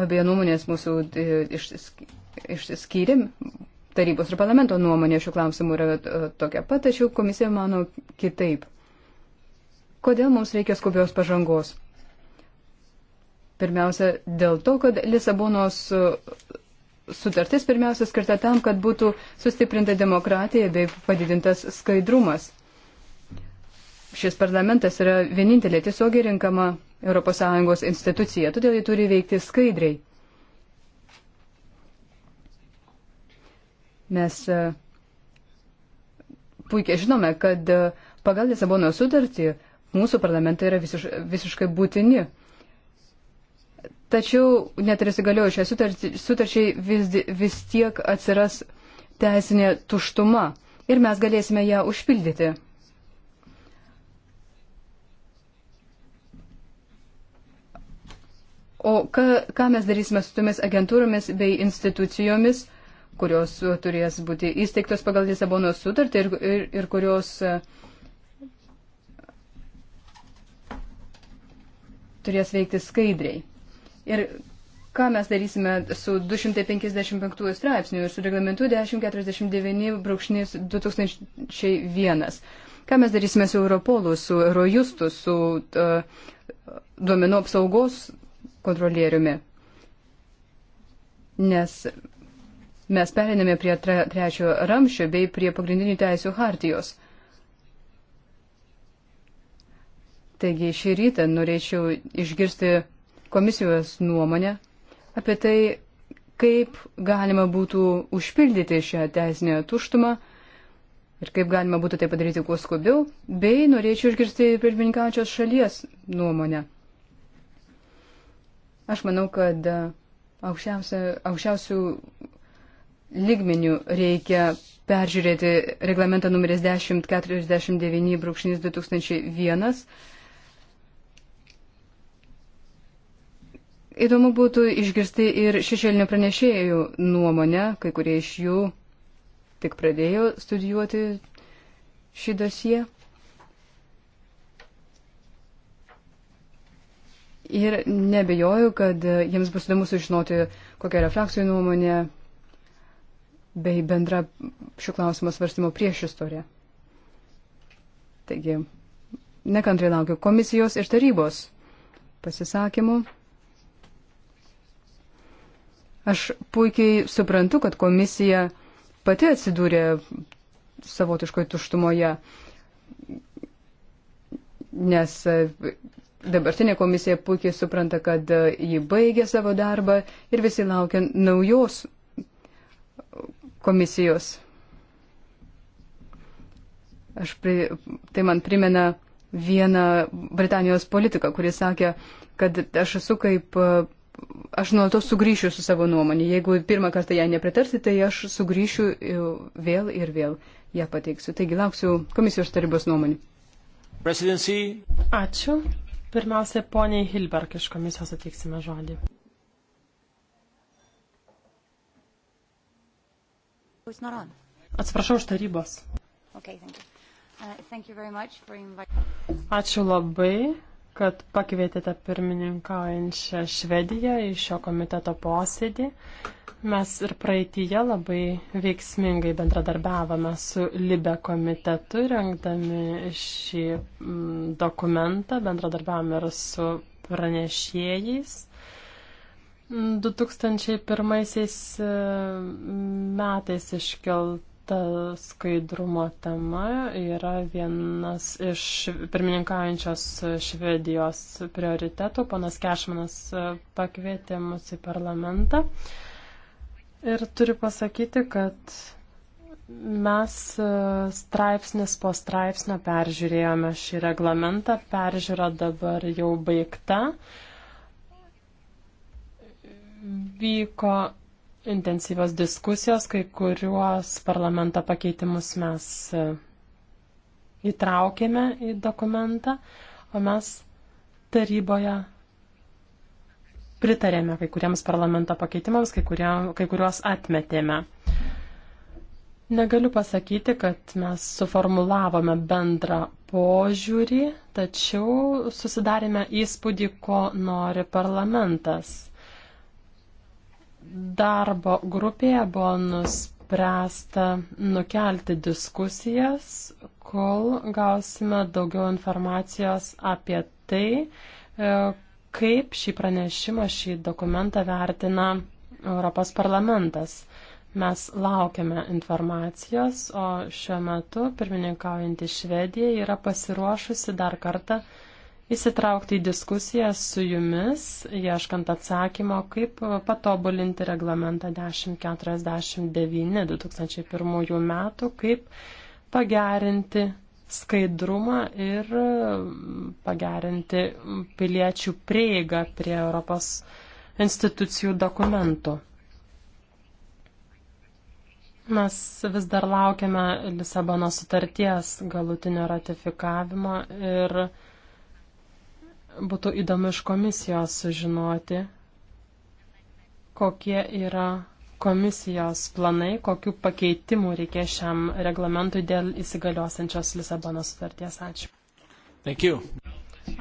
abie nuomonės mūsų e, išsiskyrėm. Tarybos ir parlamento nuomonė šiuo klausimu yra e, tokia pat, tačiau komisija mano kitaip. Kodėl mums reikia skubios pažangos? Pirmiausia, dėl to, kad Lisabonos sutartis pirmiausia skirta tam, kad būtų sustiprinta demokratija bei padidintas skaidrumas. Šis parlamentas yra vienintelė tiesiogiai rinkama ES institucija, todėl jie turi veikti skaidriai. Mes e, puikiai žinome, kad e, pagal Lisabono sutartį mūsų parlamentai yra visiš, visiškai būtini. Tačiau net ir įsigaliojus šią sutarčiai vis, vis tiek atsiras teisinė tuštuma ir mes galėsime ją užpildyti. O ką, ką mes darysime su tomis agentūromis bei institucijomis, kurios turės būti įsteigtos pagal Lisabono sutartį ir, ir, ir kurios e, turės veikti skaidriai. Ir ką mes darysime su 255 straipsniu ir su reglamentu 1049-2001? Ką mes darysime su Europolu, su Eurojustu, su uh, duomenų apsaugos kontrolieriumi? Nes mes periname prie tre, trečio ramščio bei prie pagrindinių teisų hartijos. Taigi šį rytą norėčiau išgirsti komisijos nuomonę apie tai, kaip galima būtų užpildyti šią teisinę tuštumą ir kaip galima būtų tai padaryti kuo skubiau, bei norėčiau išgirsti pirmininkaučios šalies nuomonę. Aš manau, kad aukščiausių lygmenių reikia peržiūrėti reglamentą numeris 1049-2001 Įdomu būtų išgirsti ir šešėlinio pranešėjų nuomonę, kai kurie iš jų tik pradėjo studijuoti šį dosiją. Ir nebejoju, kad jiems bus įdomu sužinoti, kokia yra frakcijų nuomonė bei bendra šių klausimų svarstymo prieš istoriją. Taigi, nekantrai laukiu komisijos ir tarybos pasisakymų. Aš puikiai suprantu, kad komisija pati atsidūrė savotiškoje tuštumoje, nes e, dabartinė komisija puikiai supranta, kad e, ji baigė savo darbą ir visi laukia naujos komisijos. Aš pri, tai man primena vieną Britanijos politiką, kuris sakė, kad aš esu kaip e, aš nuo to sugrįšiu su savo nuomonė. Jeigu pirmą kartą ją nepritarsite, tai aš sugrįšiu e, vėl ir vėl ją pateiksiu. Taigi lauksiu komisijos tarybos nuomonį. Presidency. Ačiū. Pirmiausia, poniai Hilberg iš komisijos ateiksime žodį. Atsiprašau už tarybos. Okay, thank you. Uh, thank you very much for Ačiū labai kad pakvietėte pirmininkaujančią Švediją į šio komiteto posėdį. Mes ir praeitįje labai veiksmingai bendradarbiavome su Libe komitetu, rengdami šį mm, dokumentą, bendradarbiavome ir su pranešėjais. 2001 mm, e, metais iškelt Ta skaidrumo tema yra vienas iš pirmininkaujančios Švedijos prioritetų. Panas Kešmanas pakvietė mus į parlamentą. Ir turiu pasakyti, kad mes straipsnis po straipsnio peržiūrėjome šį reglamentą. Peržiūra dabar jau baigta. Vyko intensyvios diskusijos, kai kuriuos parlamento pakeitimus mes e, įtraukėme į dokumentą, o mes taryboje pritarėme kai kuriems parlamento pakeitimams, kai, kurie, kai kuriuos atmetėme. Negaliu pasakyti, kad mes suformulavome bendrą požiūrį, tačiau susidarėme įspūdį, ko nori parlamentas darbo grupėje buvo nuspręsta nukelti diskusijas, kol gausime daugiau informacijos apie tai, e, kaip šį pranešimą, šį dokumentą vertina Europos parlamentas. Mes laukiame informacijos, o šiuo metu pirmininkaujantį Švediją yra pasiruošusi dar kartą įsitraukti į diskusiją su jumis, ieškant atsakymo, kaip patobulinti reglamentą 1049-2001 metų, kaip pagerinti skaidrumą ir pagerinti piliečių prieigą prie Europos institucijų dokumentų. Mes vis dar laukiame Lisabono sutarties galutinio ratifikavimo ir Būtų įdomu iš komisijos sužinoti, kokie yra komisijos planai, kokiu pakeitimu reikės šiam reglamentui dėl įsigaliosiančios Lisabono sutarties. Ačiū. Thank you.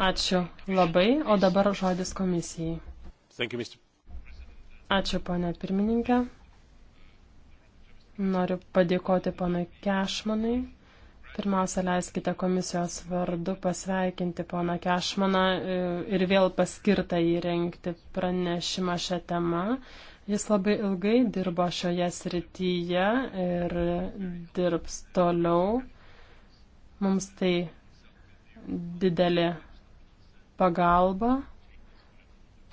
Ačiū labai, o dabar žodis komisijai. Thank you, Mr. Ačiū, ponė pirmininkė. Noriu padėkoti ponui Kešmanui Pirmiausia, leiskite komisijos vardu pasveikinti poną Kešmaną e, ir vėl paskirtą įrengti pranešimą šią temą. Jis labai ilgai dirbo šioje srityje ir dirbs toliau. Mums tai didelė pagalba.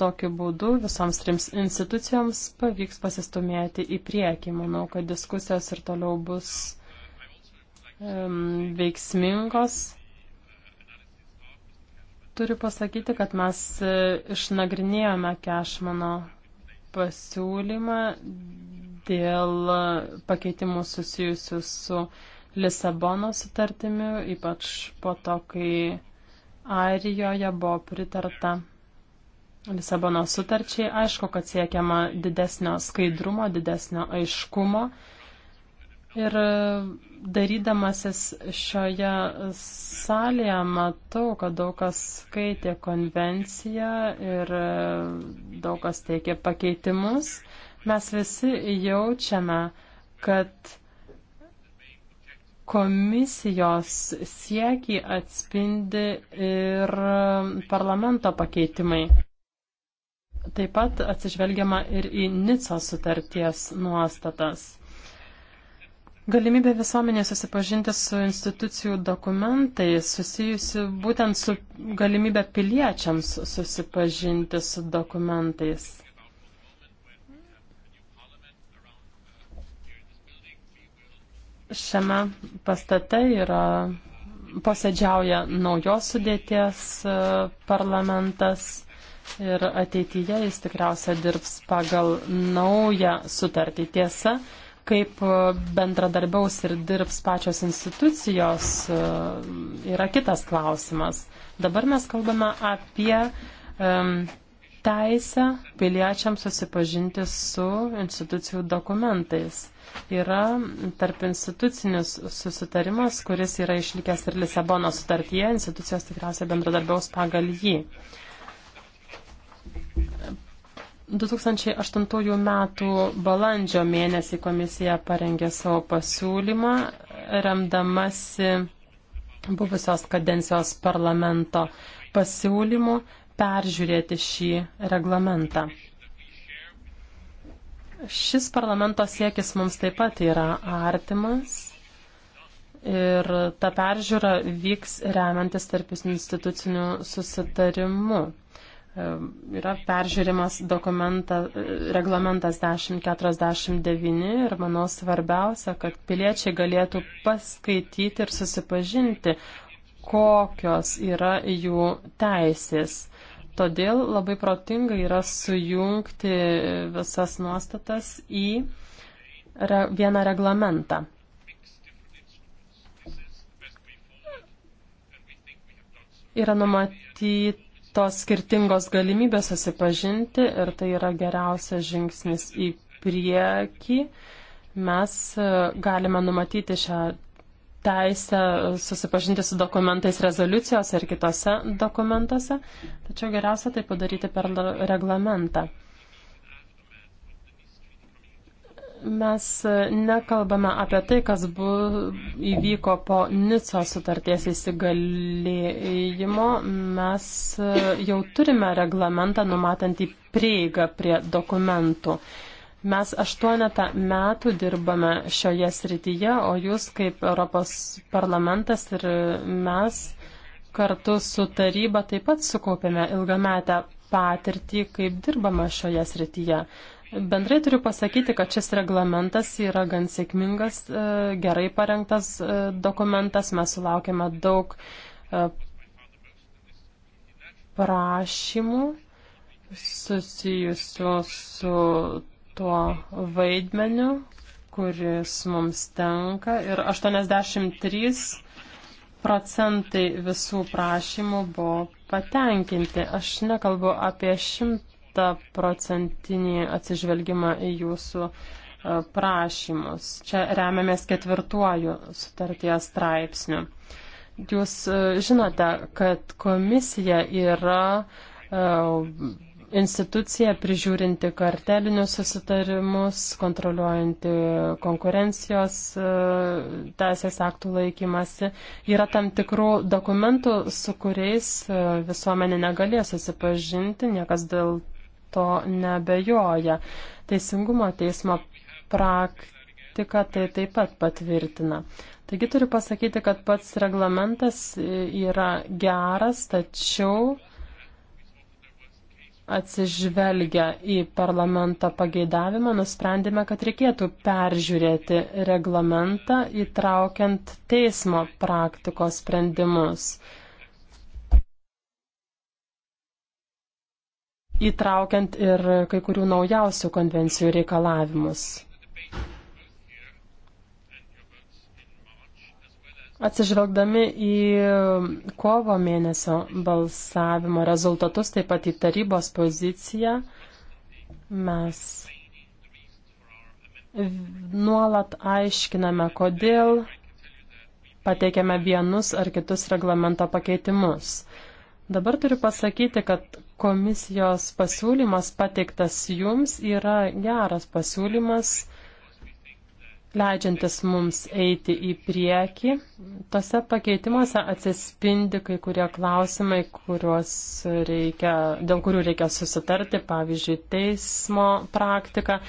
Tokiu būdu visoms trims institucijoms pavyks pasistumėti į priekį. Manau, kad diskusijos ir toliau bus veiksmingos. Turiu pasakyti, kad mes e, išnagrinėjome Kešmano pasiūlymą dėl e, pakeitimų susijusių su Lisabono sutartimi, ypač po to, kai Airijoje buvo pritarta Lisabono sutarčiai. Aišku, kad siekiama didesnio skaidrumo, didesnio aiškumo. Ir e, darydamasis šioje salėje matau, kad daug kas skaitė konvenciją ir e, daug kas teikė pakeitimus. Mes visi jaučiame, kad komisijos siekį atspindi ir e, parlamento pakeitimai. Taip pat atsižvelgiama ir į Nico sutarties nuostatas. Galimybė visuomenė susipažinti su institucijų dokumentais susijusi būtent su galimybė piliečiams susipažinti su dokumentais. Šiame pastate yra posėdžiauja naujos sudėties e, parlamentas ir ateityje jis tikriausia dirbs pagal naują sutartį. Tiesa, kaip e, bendradarbiaus ir dirbs pačios institucijos, e, yra kitas klausimas. Dabar mes kalbame apie um, teisę piliečiams susipažinti su institucijų dokumentais. Yra tarp institucinis susitarimas, kuris yra išlikęs ir Lisabono sutartyje, institucijos tikriausiai bendradarbiaus pagal jį. 2008 metų balandžio mėnesį komisija parengė savo pasiūlymą, remdamasi buvusios kadencijos parlamento pasiūlymų peržiūrėti šį reglamentą. Šis parlamento siekis mums taip pat yra artimas ir ta peržiūra vyks remiantis tarp institucinių susitarimų yra peržiūrimas reglamentas 1049 ir manau svarbiausia, kad piliečiai galėtų paskaityti ir susipažinti, kokios yra jų teisės. Todėl labai protinga yra sujungti visas nuostatas į re, vieną reglamentą. Yra numatyti tos skirtingos galimybės susipažinti ir tai yra geriausias žingsnis į priekį. Mes e, galime numatyti šią teisę susipažinti su dokumentais rezoliucijose ir kitose dokumentuose, tačiau geriausia tai padaryti per reglamentą. Mes nekalbame apie tai, kas bu, įvyko po Nico sutarties įsigalėjimo. Mes jau turime reglamentą numatantį prieigą prie dokumentų. Mes aštuonetą metų dirbame šioje srityje, o jūs kaip Europos parlamentas ir mes kartu su taryba taip pat sukaupėme ilgametę patirtį, kaip dirbama šioje srityje. Bendrai turiu pasakyti, kad šis reglamentas yra gan sėkmingas, e, gerai parengtas e, dokumentas. Mes sulaukėme daug e, prašymų susijusių su tuo vaidmeniu, kuris mums tenka. Ir 83 procentai visų prašymų buvo patenkinti. Aš nekalbu apie šimtą procentinį atsižvelgimą į jūsų e, prašymus. Čia remiamės ketvirtuoju sutarties straipsniu. Jūs e, žinote, kad komisija yra e, institucija prižiūrinti kartelinius susitarimus, kontroliuojanti konkurencijos teisės aktų laikymasi. Yra tam tikrų dokumentų, su kuriais visuomenė negalės susipažinti, niekas dėl to nebejoja. Teisingumo teismo praktika tai taip pat patvirtina. Taigi turiu pasakyti, kad pats reglamentas yra geras, tačiau atsižvelgia į parlamento pageidavimą, nusprendėme, kad reikėtų peržiūrėti reglamentą įtraukiant teismo praktikos sprendimus. įtraukiant ir kai kurių naujausių konvencijų reikalavimus. Atsižvelgdami į kovo mėnesio balsavimo rezultatus, taip pat į tarybos poziciją, mes nuolat aiškiname, kodėl pateikėme vienus ar kitus reglamento pakeitimus. Dabar turiu pasakyti, kad komisijos pasiūlymas pateiktas jums yra geras pasiūlymas, leidžiantis mums eiti į priekį. Tose pakeitimuose atsispindi kai kurie klausimai, reikia, dėl kurių reikia susitarti, pavyzdžiui, teismo praktika.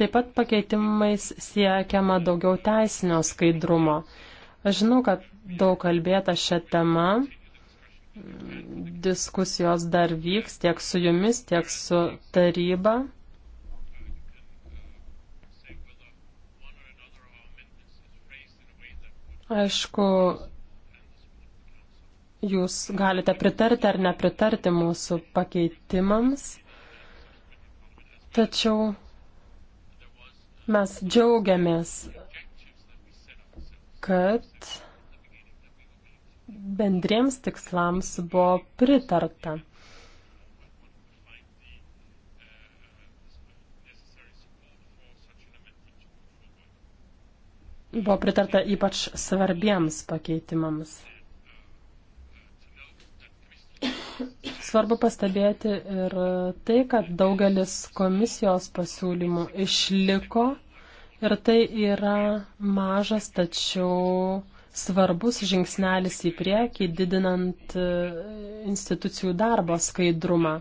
Taip pat pakeitimais siekiama daugiau teisinio skaidrumo. Aš žinau, kad daug kalbėta šią temą. Diskusijos dar vyks tiek su jumis, tiek su taryba. Aišku, jūs galite pritarti ar nepritarti mūsų pakeitimams, tačiau mes džiaugiamės, kad bendriems tikslams buvo pritarta. Buvo pritarta ypač svarbiems pakeitimams. Svarbu pastebėti ir tai, kad daugelis komisijos pasiūlymų išliko ir tai yra mažas, tačiau svarbus žingsnelis į priekį, didinant e, institucijų darbo skaidrumą.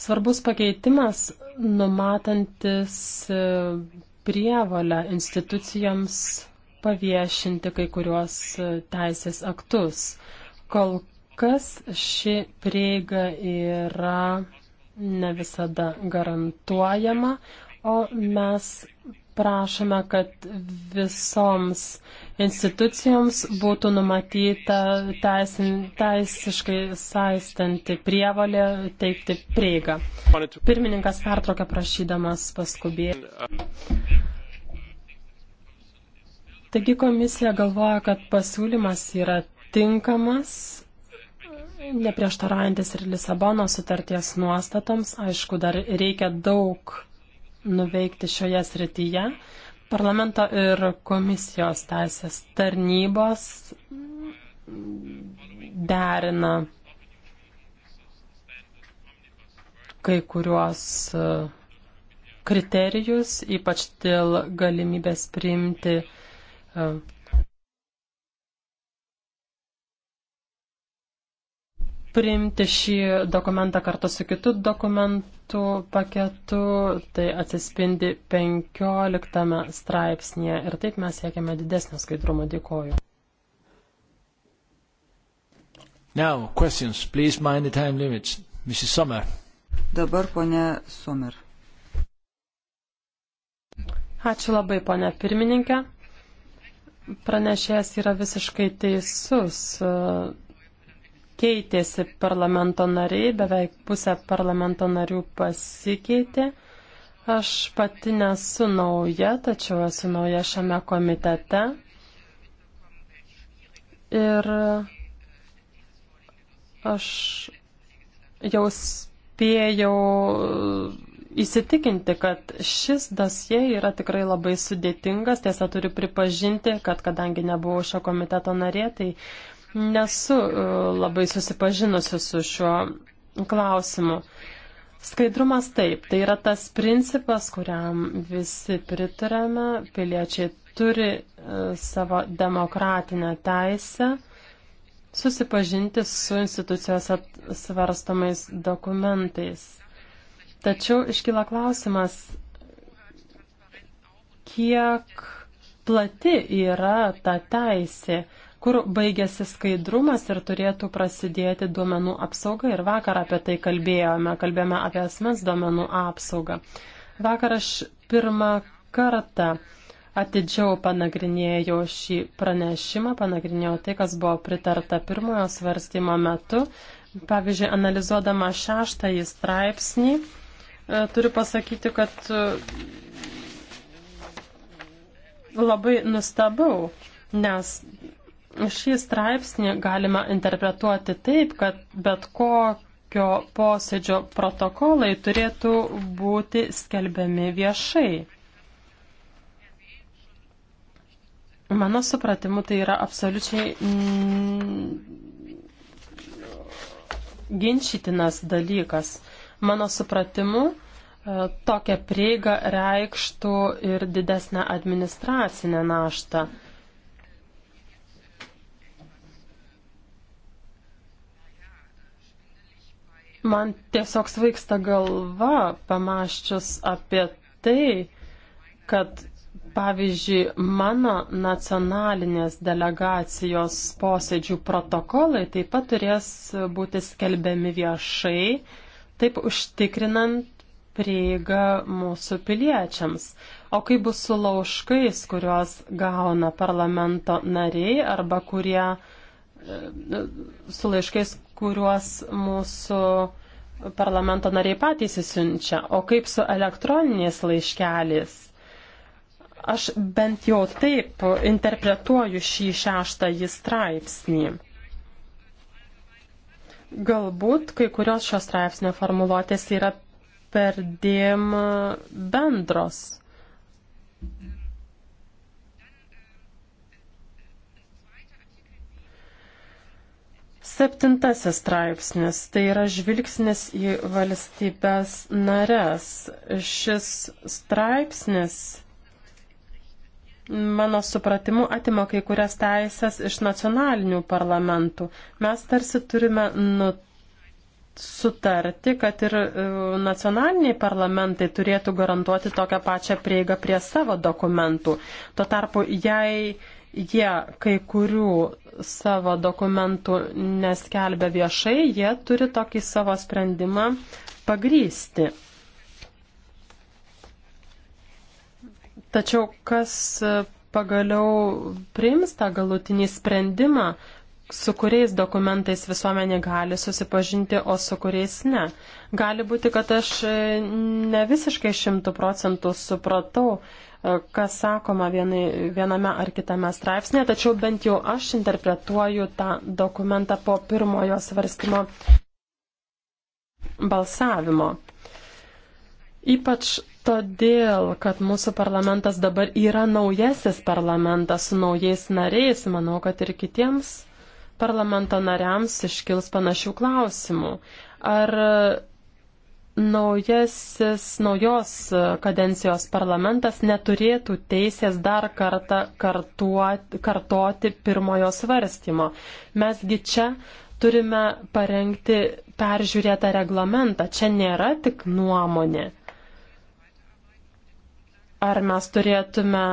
Svarbus pakeitimas numatantis e, prievalę institucijoms paviešinti kai kuriuos e, teisės aktus. Kol kas ši prieiga yra ne visada garantuojama, o mes prašome, kad visoms institucijoms būtų numatyta teisin, teisiškai saistanti prievalė teikti prieigą. Pirmininkas pertraukė prašydamas paskubėti. Taigi komisija galvoja, kad pasiūlymas yra tinkamas, neprieštaraujantis ir Lisabono sutarties nuostatoms. Aišku, dar reikia daug nuveikti šioje srityje. Parlamento ir komisijos teisės tarnybos derina kai kuriuos e, kriterijus, ypač dėl galimybės priimti e, priimti šį dokumentą kartu su kitu dokumentu aktų paketu, tai atsispindi 15 straipsnėje ir taip mes siekiame didesnio skaidrumo. Dėkoju. Now, questions. Please mind the time limits. Mrs. Sommer. Dabar ponė Sommer. Ačiū labai, ponė pirmininkė. Pranešėjas yra visiškai teisus keitėsi parlamento nariai, beveik pusė parlamento narių pasikeitė. Aš pati nesu nauja, tačiau esu nauja šiame komitete. Ir aš jau spėjau įsitikinti, kad šis dosie yra tikrai labai sudėtingas. Tiesa, turiu pripažinti, kad kadangi nebuvau šio komiteto narė, tai nesu e, labai susipažinusi su šiuo klausimu. Skaidrumas taip, tai yra tas principas, kuriam visi pritarame, piliečiai turi e, savo demokratinę teisę susipažinti su institucijos svarstomais dokumentais. Tačiau iškyla klausimas, kiek plati yra ta teisė kur baigėsi skaidrumas ir turėtų prasidėti duomenų apsauga. Ir vakar apie tai kalbėjome, kalbėjome apie asmens duomenų apsaugą. Vakar aš pirmą kartą atidžiau panagrinėjau šį pranešimą, panagrinėjau tai, kas buvo pritarta pirmojo svarstymo metu. Pavyzdžiui, analizuodama šeštąjį straipsnį, e, turiu pasakyti, kad e, labai nustabau, nes šį straipsnį galima interpretuoti taip, kad bet kokio posėdžio protokolai turėtų būti skelbiami viešai. Mano supratimu, tai yra absoliučiai ginčytinas dalykas. Mano supratimu, e, tokia prieiga reikštų ir didesnę administracinę naštą. Man tiesiog svaiksta galva, pamaščius apie tai, kad, pavyzdžiui, mano nacionalinės delegacijos posėdžių protokolai taip pat turės būti skelbiami viešai, taip užtikrinant prieigą mūsų piliečiams. O kaip bus su lauškais, kuriuos gauna parlamento nariai arba kurie e, su laiškais, kuriuos mūsų parlamento nariai patys įsiunčia. O kaip su elektroniniais laiškeliais? Aš bent jau taip interpretuoju šį šeštąjį straipsnį. Galbūt kai kurios šios straipsnio formuluotės yra perdėm bendros. Septintasis straipsnis - tai yra žvilgsnis į valstybės nares. Šis straipsnis, mano supratimu, atima kai kurias teisės iš nacionalinių parlamentų. Mes tarsi turime nut sutarti, kad ir e, nacionaliniai parlamentai turėtų garantuoti tokią pačią prieigą prie savo dokumentų. Tuo tarpu, jei jie kai kurių savo dokumentų neskelbia viešai, jie turi tokį savo sprendimą pagrysti. Tačiau kas pagaliau priims tą galutinį sprendimą, su kuriais dokumentais visuomenė gali susipažinti, o su kuriais ne. Gali būti, kad aš ne visiškai šimtų procentų supratau E, kas sakoma vienai, viename ar kitame straipsnėje, tačiau bent jau aš interpretuoju tą dokumentą po pirmojo svarstymo balsavimo. Ypač todėl, kad mūsų parlamentas dabar yra naujasis parlamentas su naujais nariais, manau, kad ir kitiems parlamento nariams iškils panašių klausimų. Ar naujasis, naujos kadencijos parlamentas neturėtų teisės dar kartą kartuoti, kartoti pirmojo svarstymo. Mesgi čia turime parengti peržiūrėtą reglamentą. Čia nėra tik nuomonė. Ar mes turėtume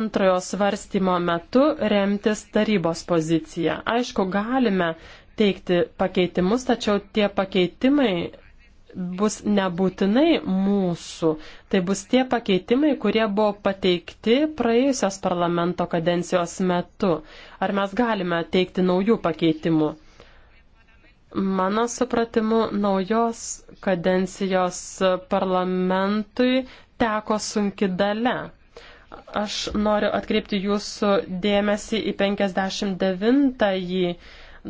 antrojo svarstymo metu remtis tarybos poziciją. Aišku, galime teikti pakeitimus, tačiau tie pakeitimai bus nebūtinai mūsų. Tai bus tie pakeitimai, kurie buvo pateikti praėjusios parlamento kadencijos metu. Ar mes galime teikti naujų pakeitimų? Mano supratimu, naujos kadencijos parlamentui teko sunki dalė. Aš noriu atkreipti jūsų dėmesį į 59-ąjį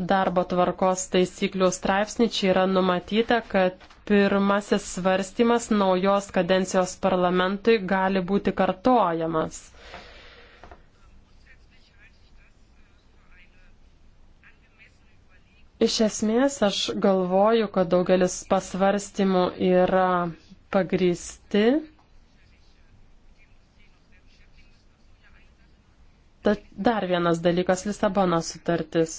darbo tvarkos taisyklių straipsnį čia yra numatyta, kad pirmasis svarstymas naujos kadencijos parlamentui gali būti kartojamas. Iš esmės aš galvoju, kad daugelis pasvarstymų yra pagristi. Tad dar vienas dalykas - Lisabono sutartis.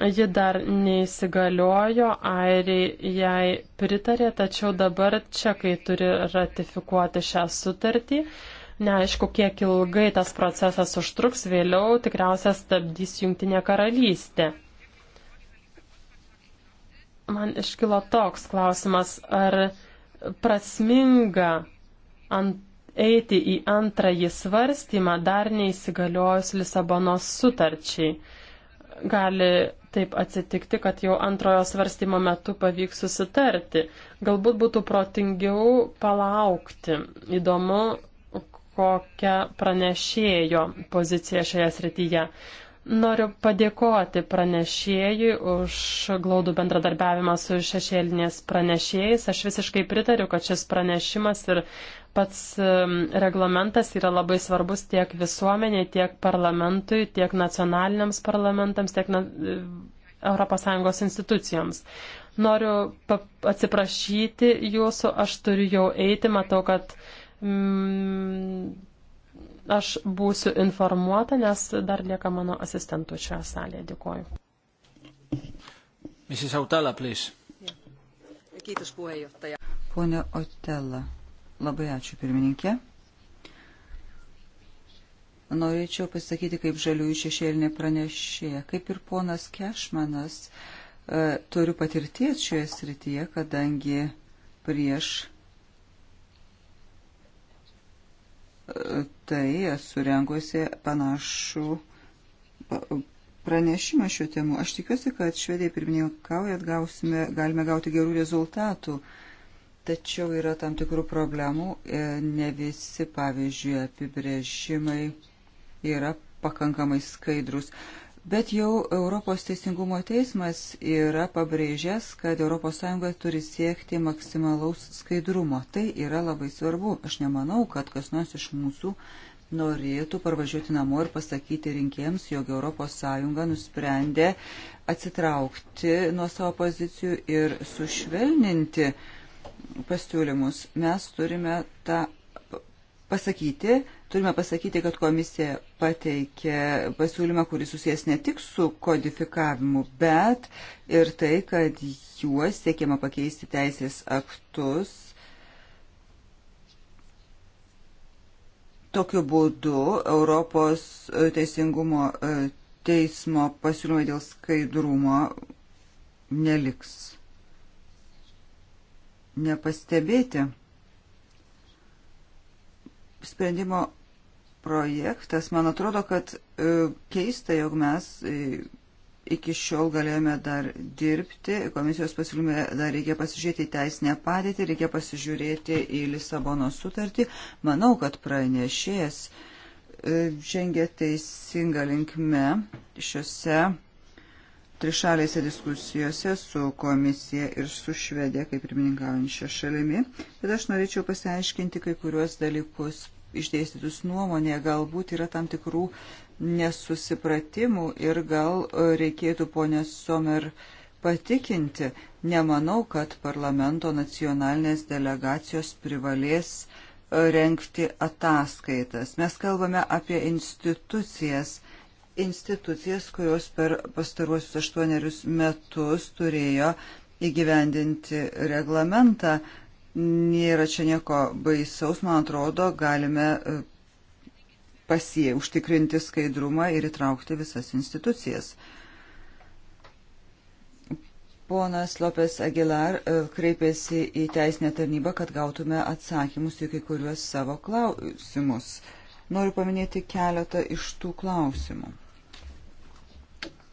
Ji dar neįsigaliojo, airiai jai pritarė, tačiau dabar čekai turi ratifikuoti šią sutartį. Neaišku, kiek ilgai tas procesas užtruks, vėliau tikriausiai stabdys Junktinė karalystė. Man iškilo toks klausimas, ar prasminga ant, eiti į antrąjį svarstymą dar neįsigaliojus Lisabonos sutarčiai gali taip atsitikti, kad jau antrojo svarstymo metu pavyks susitarti. Galbūt būtų protingiau palaukti. Įdomu, kokia pranešėjo pozicija šioje srityje. Noriu padėkoti pranešėjui už glaudų bendradarbiavimą su šešėlinės pranešėjais. Aš visiškai pritariu, kad šis pranešimas ir pats reglamentas yra labai svarbus tiek visuomenė, tiek parlamentui, tiek nacionaliniams parlamentams, tiek na ES institucijoms. Noriu atsiprašyti jūsų, aš turiu jau eiti, matau, kad mm, Aš būsiu informuota, nes dar lieka mano asistentų šioje salėje. Dėkuoju. Mrs. Autala, please. Kiitos puheenjohtaja. Pone Otela, labai ačiū pirmininkė. Norėčiau pasakyti kaip žaliųjų šešėlinė pranešėja. Kaip ir ponas Kešmanas, e, turiu patirties šioje srityje, kadangi prieš e, tai esu rengusi panašų pranešimą šiuo temu. Aš tikiuosi, kad švediai pirmininkaujant gausime, galime gauti gerų rezultatų, tačiau yra tam tikrų problemų, e, ne visi, pavyzdžiui, apibrėžimai yra pakankamai skaidrus. Bet jau Europos teisingumo teismas yra pabrėžęs, kad ES turi siekti maksimalaus skaidrumo. Tai yra labai svarbu. Aš nemanau, kad kas nors iš mūsų norėtų parvažiuoti namo ir pasakyti rinkėjams, jog ES nusprendė atsitraukti nuo savo pozicijų ir sušvelninti pasiūlymus. Mes turime tą pasakyti, turime pasakyti, kad komisija pateikė pasiūlymą, kuris susijęs ne tik su kodifikavimu, bet ir tai, kad juos siekiama pakeisti teisės aktus. Tokiu būdu Europos teisingumo e, teismo pasiūlymai dėl skaidrumo neliks nepastebėti sprendimo projektas, man atrodo, kad e, keista, jog mes e, iki šiol galėjome dar dirbti. Komisijos pasiūlymė dar reikia pasižiūrėti į teisinę padėtį, reikia pasižiūrėti į Lisabono sutartį. Manau, kad pranešėjas e, žengia teisinga linkme šiuose trišalėse diskusijose su komisija ir su Švedė, kaip pirmininkaujančia šalimi. Bet aš norėčiau pasiaiškinti kai kuriuos dalykus išdėstytus nuomonė, galbūt yra tam tikrų nesusipratimų ir gal e, reikėtų ponės Somer patikinti. Nemanau, kad parlamento nacionalinės delegacijos privalės e, renkti ataskaitas. Mes kalbame apie institucijas institucijas, kurios per pastaruosius aštuonerius metus turėjo įgyvendinti reglamentą. Nėra čia nieko baisaus, man atrodo, galime e, pasie užtikrinti skaidrumą ir įtraukti visas institucijas. Ponas Lopes Aguilar e, kreipėsi į teisinę tarnybą, kad gautume atsakymus į kai kuriuos savo klausimus. Noriu paminėti keletą iš tų klausimų.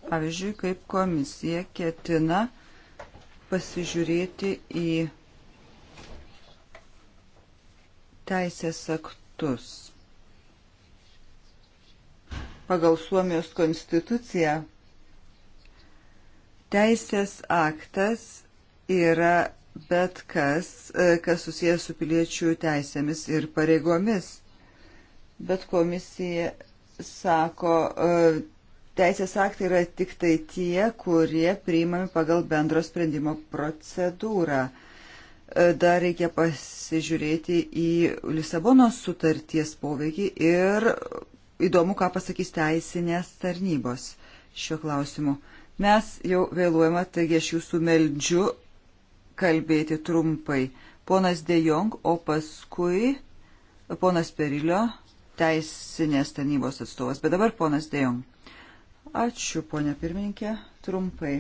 Pavyzdžiui, kaip komisija ketina pasižiūrėti į teisės aktus. Pagal Suomijos konstituciją teisės aktas yra bet kas, e, kas susijęs su piliečių teisėmis ir pareigomis. Bet komisija sako, e, Teisės aktai yra tik tai tie, kurie priimami pagal bendro sprendimo procedūrą. E, dar reikia pasižiūrėti į Lisabonos sutarties poveikį ir įdomu, ką pasakys teisinės tarnybos šiuo klausimu. Mes jau vėluojame, taigi aš jūsų meldžiu kalbėti trumpai. Ponas Dejong, o paskui ponas Perilio, teisinės tarnybos atstovas. Bet dabar ponas Dejong. Ačiū, ponia pirmininkė, trumpai.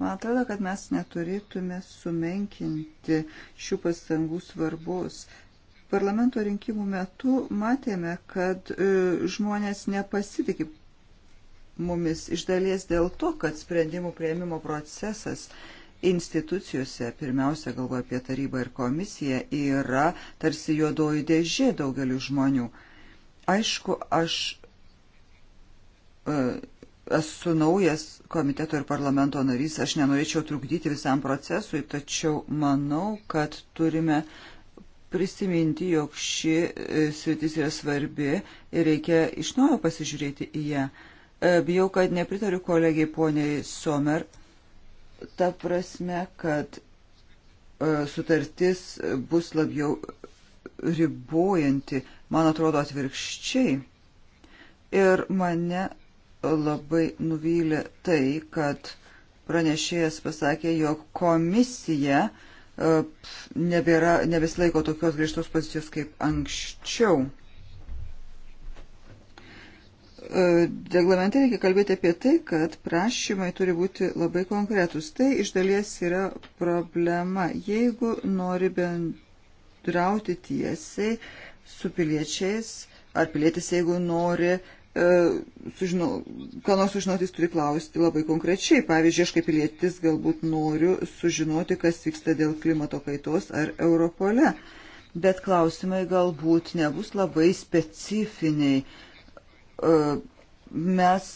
Man atrodo, kad mes neturėtume sumenkinti šių pastangų svarbus. Parlamento rinkimų metu matėme, kad e, žmonės nepasitikė mumis iš dalies dėl to, kad sprendimų prieimimo procesas institucijose, pirmiausia galvoju apie tarybą ir komisiją, yra tarsi juodoji dėžė daugeliu žmonių. Aišku, aš e, esu naujas komiteto ir parlamento narys, aš nenorėčiau trukdyti visam procesui, tačiau manau, kad turime prisiminti, jog ši e, sritis yra svarbi ir reikia iš naujo pasižiūrėti į ją. E, bijau, kad nepritariu kolegiai poniai Somer, ta prasme, kad e, sutartis bus labiau ribojanti, man atrodo atvirkščiai. Ir mane labai nuvylė tai, kad pranešėjas pasakė, jog komisija e, nebėra, nebeslaiko tokios griežtos pozicijos kaip anksčiau. E, reglamente reikia kalbėti apie tai, kad prašymai turi būti labai konkretus. Tai iš dalies yra problema. Jeigu nori bendrauti tiesiai su piliečiais, ar pilietis, jeigu nori E, sužino, ką nors sužinoti, jis turi klausti labai konkrečiai. Pavyzdžiui, aš kaip pilietis galbūt noriu sužinoti, kas vyksta dėl klimato kaitos ar Europole. Bet klausimai galbūt nebus labai specifiniai. E, mes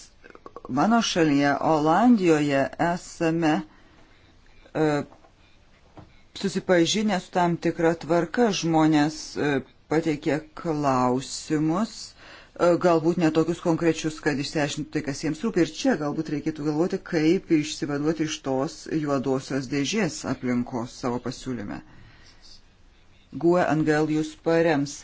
mano šalyje, Olandijoje, esame e, susipažinę su tam tikra tvarka žmonės pateikė klausimus galbūt netokius konkrečius, kad išsiaiškintų tai, kas jiems rūpi. Ir čia galbūt reikėtų galvoti, kaip išsivaduoti iš tos juodosios dėžės aplinkos savo pasiūlyme. GUE NGL jūs parems.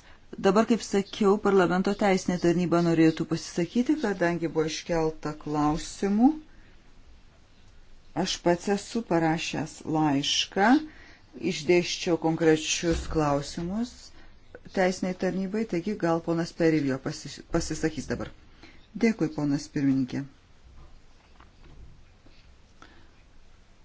Dabar, kaip sakiau, parlamento teisinė tarnyba norėtų pasisakyti, kadangi buvo iškelta klausimų. Aš pats esu parašęs laišką, išdėščiau konkrečius klausimus teisiniai tarnybai, taigi gal ponas Perilio pasi, pasisakys dabar. Dėkui, ponas pirmininkė.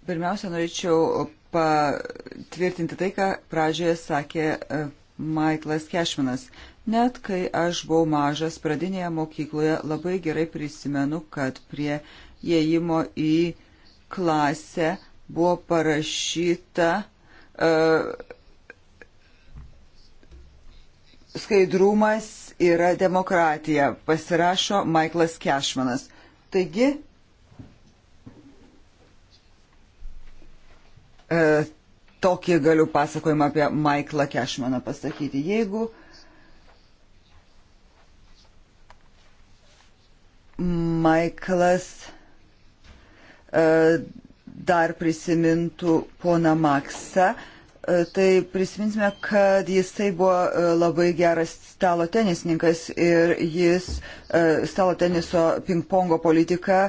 Pirmiausia, norėčiau patvirtinti tai, ką pradžioje sakė e, Maiklas Kešminas. Net kai aš buvau mažas pradinėje mokykloje, labai gerai prisimenu, kad prie įėjimo į klasę buvo parašyta uh, Skaidrumas yra demokratija, pasirašo Michaelas Kešmanas. Taigi, e, tokį galiu pasakojimą apie Michaelą Kešmaną pasakyti. Jeigu Michaelas e, dar prisimintų poną Maksą, e, E, tai prisiminsime, kad jisai buvo e, labai geras stalo tenisininkas ir jis e, stalo teniso ping-pongo politiką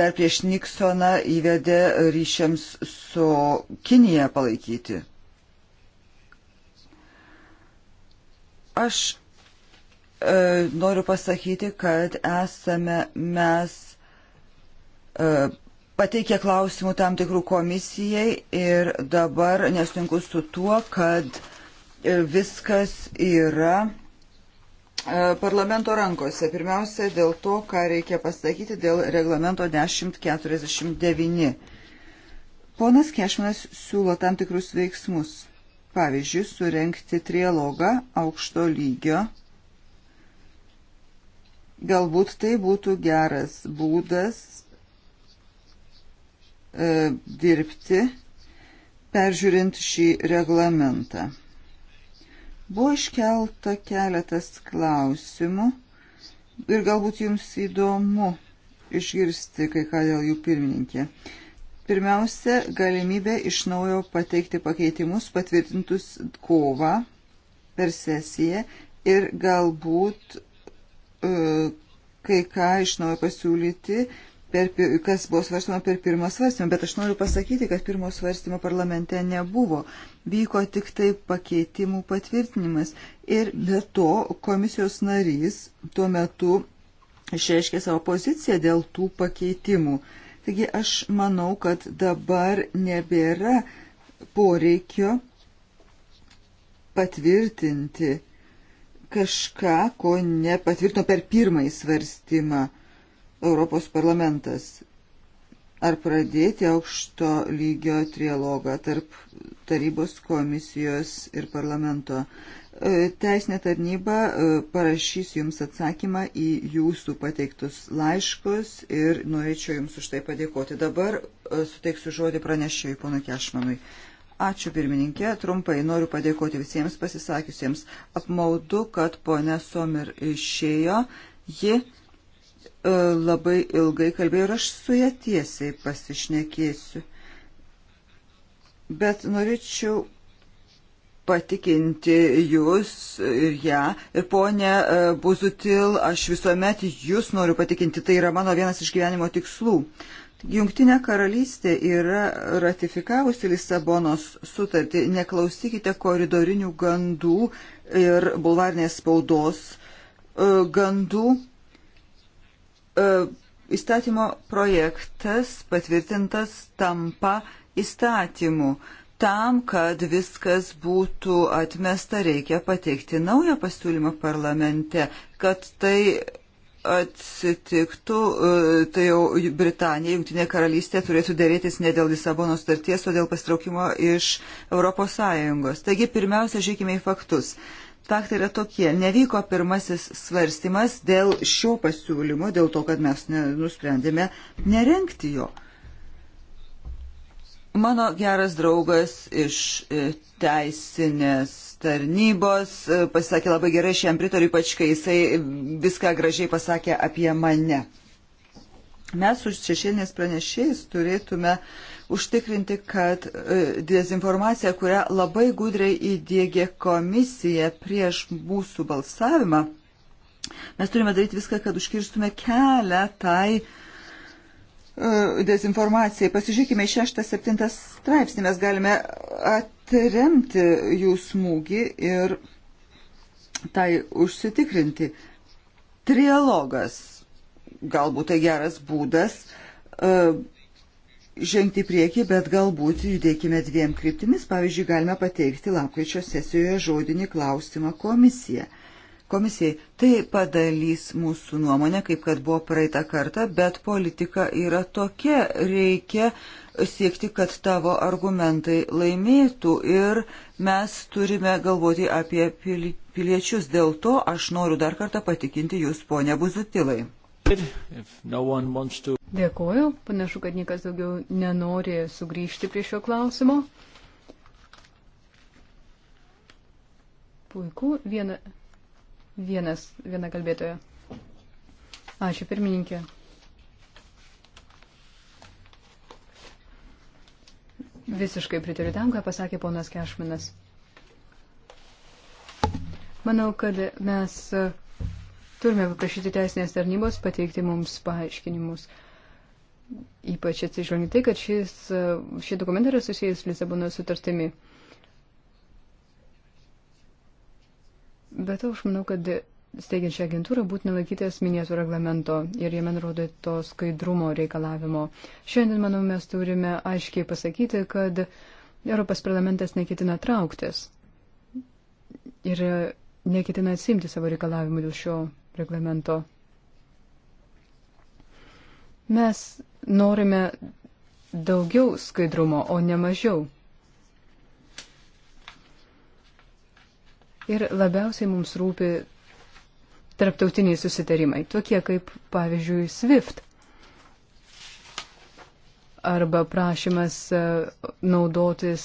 dar prieš Niksoną įvedė ryšiams su Kinija palaikyti. Aš noriu pasakyti, kad esame mes pateikė klausimų tam tikrų komisijai ir dabar nesutinku su tuo, kad e, viskas yra e, parlamento rankose. Pirmiausia, dėl to, ką reikia pasakyti dėl reglamento 1049. Ponas Kešmanas siūlo tam tikrus veiksmus. Pavyzdžiui, surenkti trialogą aukšto lygio. Galbūt tai būtų geras būdas E, dirbti, peržiūrint šį reglamentą. Buvo iškelta keletas klausimų ir galbūt jums įdomu išgirsti kai ką dėl jų pirmininkė. Pirmiausia, galimybė iš naujo pateikti pakeitimus patvirtintus kovą per sesiją ir galbūt e, kai ką iš naujo pasiūlyti per, kas buvo svarstama per pirmą svarstymą, bet aš noriu pasakyti, kad pirmo svarstymo parlamente nebuvo. Vyko tik tai pakeitimų patvirtinimas. Ir be to komisijos narys tuo metu išreiškė savo poziciją dėl tų pakeitimų. Taigi aš manau, kad dabar nebėra poreikio patvirtinti kažką, ko nepatvirtino per pirmąjį svarstymą. Europos parlamentas. Ar pradėti aukšto lygio trialogą tarp tarybos komisijos ir parlamento? E, teisinė tarnyba e, parašys Jums atsakymą į Jūsų pateiktus laiškus ir norėčiau Jums už tai padėkoti. Dabar e, suteiksiu žodį pranešėjui ponui Kešmanui. Ačiū pirmininkė, trumpai noriu padėkoti visiems pasisakiusiems. Apmaudu, kad ponė Somer išėjo. Ji E, labai ilgai kalbėjo ir aš su ją tiesiai pasišnekėsiu. Bet norėčiau patikinti jūs ir ją. Ir ponė e, Buzutil, aš visuomet jūs noriu patikinti, tai yra mano vienas iš gyvenimo tikslų. Jungtinė karalystė yra ratifikavusi Lisabonos sutartį. Neklausykite koridorinių gandų ir bulvarnės spaudos e, gandų E, įstatymo projektas patvirtintas tampa įstatymu. Tam, kad viskas būtų atmesta, reikia pateikti naują pasiūlymą parlamente, kad tai atsitiktų, e, tai jau Britanija, Junktinė karalystė turėtų dėrėtis ne dėl Lisabono starties, o dėl pastraukimo iš ES. Taigi, pirmiausia, žiūrėkime į faktus faktai yra tokie. Nevyko pirmasis svarstymas dėl šio pasiūlymo, dėl to, kad mes ne, nusprendėme nerenkti jo. Mano geras draugas iš e, teisinės tarnybos e, pasisakė labai gerai, aš jam pritariu, ypač kai jisai viską gražiai pasakė apie mane. Mes už šešėlinės pranešėjus turėtume uh, užtikrinti, kad e, dezinformacija, kurią labai gudriai įdėgė komisija prieš mūsų balsavimą, mes turime daryti viską, kad užkirstume kelią tai e, dezinformacijai. Pasižiūrėkime į 6-7 straipsnį, mes galime atremti jų smūgį ir tai užsitikrinti. Trialogas, galbūt tai geras būdas e, žengti priekį, bet galbūt judėkime dviem kryptimis. Pavyzdžiui, galime pateikti lapkričio sesijoje žodinį klausimą komisiją. Komisijai tai padalys mūsų nuomonę, kaip kad buvo praeitą kartą, bet politika yra tokia, reikia siekti, kad tavo argumentai laimėtų ir mes turime galvoti apie piliečius. Dėl to aš noriu dar kartą patikinti jūs, ponia Buzutilai. No to... Dėkuoju. Panašu, kad niekas daugiau nenori sugrįžti prie šio klausimo. Puiku. Viena, vienas, viena kalbėtoja. Ačiū, pirmininkė. Visiškai pritariu tam, ką pasakė ponas Kešminas. Manau, kad mes turime paprašyti teisinės tarnybos pateikti mums paaiškinimus ypač atsižvelgiant tai, kad šis, šie dokumentai yra susijęs Lisabono sutartimi. Bet aš manau, kad steigiant šią agentūrą būtina laikytis minėtų reglamento ir jame nurodo to skaidrumo reikalavimo. Šiandien, manau, mes turime aiškiai pasakyti, kad Europos parlamentas neketina trauktis ir neketina atsimti savo reikalavimų dėl šio reglamento. Mes norime daugiau skaidrumo, o ne mažiau. Ir labiausiai mums rūpi tarptautiniai susitarimai, tokie kaip, pavyzdžiui, SWIFT arba prašymas e, naudotis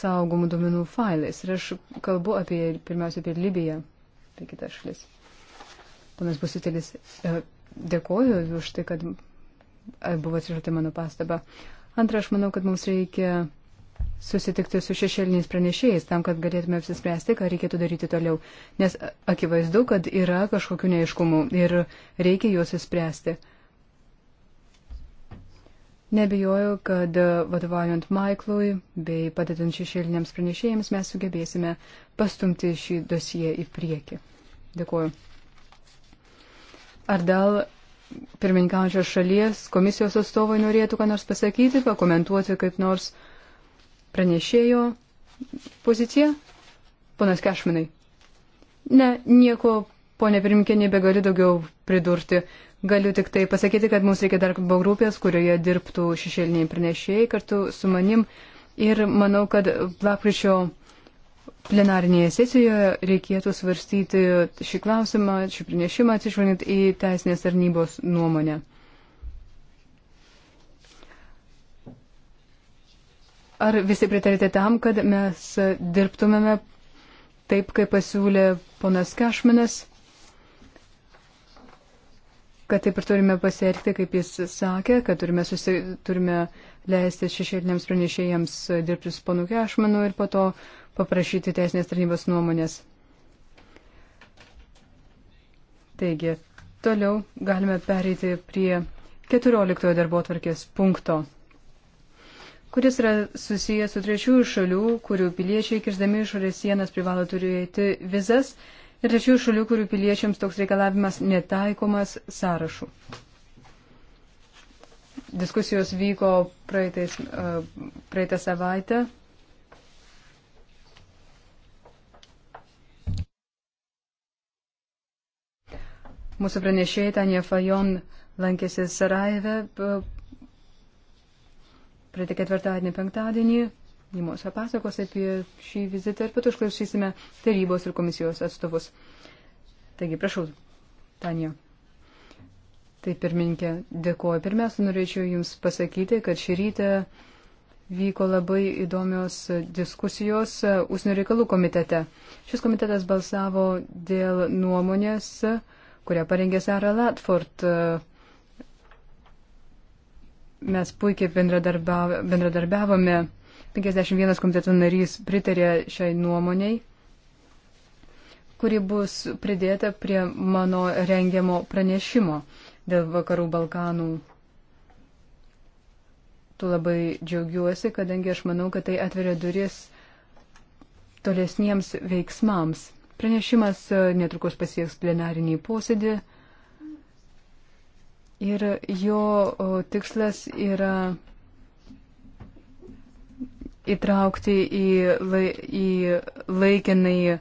saugomų duomenų failais. Ir aš kalbu apie, pirmiausia, apie Libiją, apie kitas šalis. Panas Busitelis, e, dėkoju už tai, kad e, buvo atsižvelgta mano pastaba. Antra, aš manau, kad mums reikia susitikti su šešėliniais pranešėjais tam, kad galėtume apsispręsti, ką reikėtų daryti toliau. Nes akivaizdu, kad yra kažkokių neaiškumų ir reikia juos įspręsti. Nebijoju, kad vadovaujant Maiklui bei padedant šešėliniams pranešėjams mes sugebėsime pastumti šį dosiją į priekį. Dėkuoju. Ar dėl pirmininkaujančios šalies komisijos atstovai norėtų ką nors pasakyti, pakomentuoti kaip nors pranešėjo poziciją? Ponas Kešminai. Ne, nieko, ponė pirmininkė, nebegaliu daugiau pridurti. Galiu tik tai pasakyti, kad mums reikia darbo grupės, kurioje dirbtų šešėliniai pranešėjai kartu su manim. Ir manau, kad lapkričio plenarinėje sesijoje reikėtų svarstyti šį klausimą, šį pranešimą atsižvelgiant į teisinės tarnybos nuomonę. Ar visi pritarite tam, kad mes dirbtumėme taip, kaip pasiūlė ponas Kešminas, kad taip ir turime pasielgti, kaip jis sakė, kad turime, susi, turime leisti šešėliniams pranešėjams dirbti su ponu Kešminu ir po to uh, paprašyti teisinės tarnybos nuomonės. Taigi, toliau galime pereiti prie 14 darbo tvarkės punkto, kuris yra susijęs su trečiųjų šalių, kurių piliečiai kirsdami išorės sienas privalo turėti vizas ir trečiųjų šalių, kurių piliečiams toks reikalavimas netaikomas sąrašų. Diskusijos vyko praeitais, praeitą savaitę Mūsų pranešėjai Tanja Fajon lankėsi Sarajeve praeitą ketvirtadienį, penktadienį. Ji mums papasakos apie šį vizitą ir pat užklausysime tarybos ir komisijos atstovus. Taigi, prašau, Tanja. Tai pirmininkė, dėkuoju. Pirmiausia, norėčiau Jums pasakyti, kad šį rytą vyko labai įdomios diskusijos Užsienio reikalų komitete. Šis komitetas balsavo dėl nuomonės, uh, kurią parengė Sara Latford. Mes puikiai bendradarbiavome. 51 komiteto narys pritarė šiai nuomoniai, kuri bus pridėta prie mano rengiamo pranešimo dėl vakarų Balkanų tu labai džiaugiuosi, kadangi aš manau, kad tai atveria duris tolesniems veiksmams. Pranešimas e, netrukus pasieks plenarinį posėdį ir jo tikslas yra įtraukti į, lai, į laikinai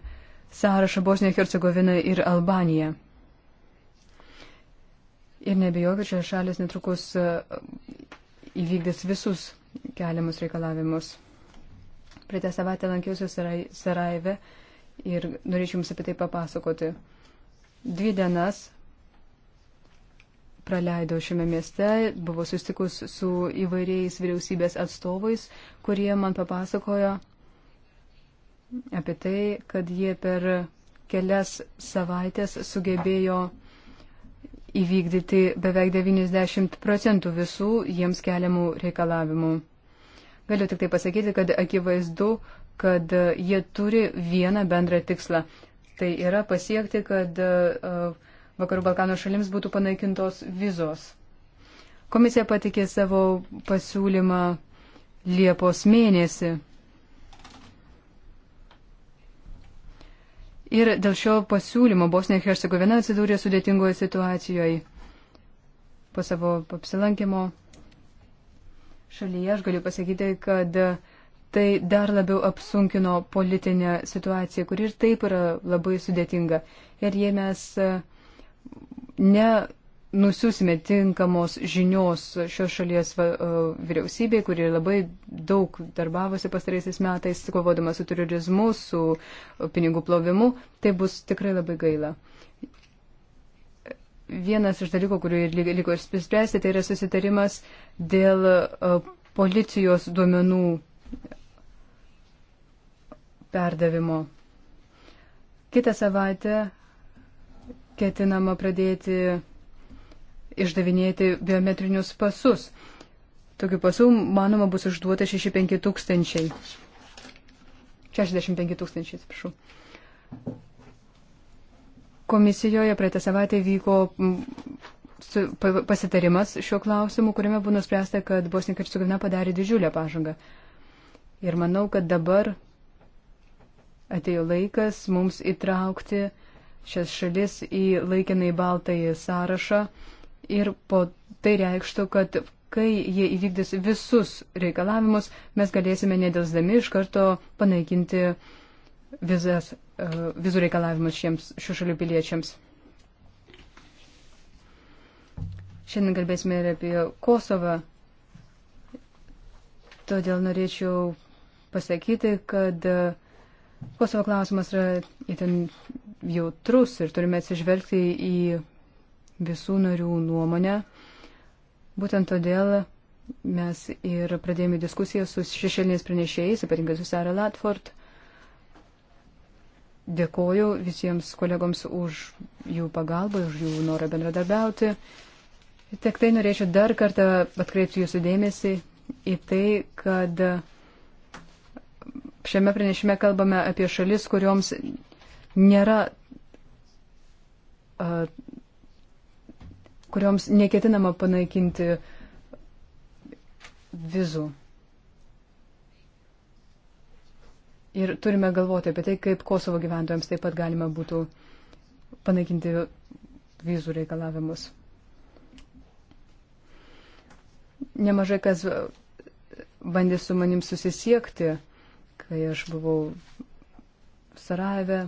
sąrašą Bosniją, Hercegoviną ir Albaniją. Ir nebejoju, kad šios šalis netrukus e, įvykdys visus keliamus reikalavimus. Praeitą savaitę lankiausi Sarajeve. Sarai, ir norėčiau Jums apie tai papasakoti. Dvi dienas praleido šiame mieste, buvo sustikus su įvairiais vyriausybės atstovais, kurie man papasakojo apie tai, kad jie per kelias savaitės sugebėjo įvykdyti beveik 90 procentų visų jiems keliamų reikalavimų. Galiu tik tai pasakyti, kad akivaizdu, kad e, jie turi vieną bendrą tikslą. Tai yra pasiekti, kad e, e, Vakarų Balkanų šalims būtų panaikintos vizos. Komisija patikė savo pasiūlymą Liepos mėnesį. Ir dėl šio pasiūlymo Bosnija ir Hercegovina atsidūrė sudėtingoje situacijoje. Po savo apsilankimo šalyje aš galiu pasakyti, kad uh, tai dar labiau apsunkino politinę situaciją, kuri ir taip yra labai sudėtinga. Ir jei mes e, nenusiusime tinkamos žinios šios šalies e, vyriausybei, kuri labai daug darbavosi pastaraisiais metais, kovodama su terorizmu, su pinigų plovimu, tai bus tikrai labai gaila vienas iš dalykų, kurį liko ir spręsti, tai yra susitarimas dėl e, policijos duomenų perdavimo. Kitą savaitę ketinama pradėti išdavinėti biometrinius pasus. Tokių pasų, manoma, bus išduota 65 tūkstančiai. 65 tūkstančiai, atsiprašau. Komisijoje praeitą savaitę vyko pasitarimas šiuo klausimu, kuriame buvo nuspręsta, kad Bosnija ir Hercegovina padarė didžiulę pažangą. Ir manau, kad dabar atėjo laikas mums įtraukti šias šalis į laikinai baltąjį sąrašą ir po tai reikštų, kad kai jie įvykdys visus reikalavimus, mes galėsime nedelsdami iš karto panaikinti vizas, e, vizų reikalavimus šiems šių šalių piliečiams. Šiandien kalbėsime ir apie Kosovą. Todėl norėčiau pasakyti, kad uh, Kosovo klausimas yra itin jautrus ir turime atsižvelgti į visų narių nuomonę. Būtent todėl mes ir pradėjome diskusiją su šešėliniais pranešėjais, ypatingai su Sara Latford. Dėkoju visiems kolegoms už jų pagalbą, už jų norą bendradarbiauti. Tik tai norėčiau dar kartą atkreipti jūsų dėmesį į tai, kad Šiame pranešime kalbame apie šalis, kurioms nėra, uh, kurioms neketinama panaikinti vizų. Ir turime galvoti apie tai, kaip Kosovo gyventojams taip pat galima būtų panaikinti vizų reikalavimus. Nemažai kas bandė su manim susisiekti kai aš buvau Sarajeve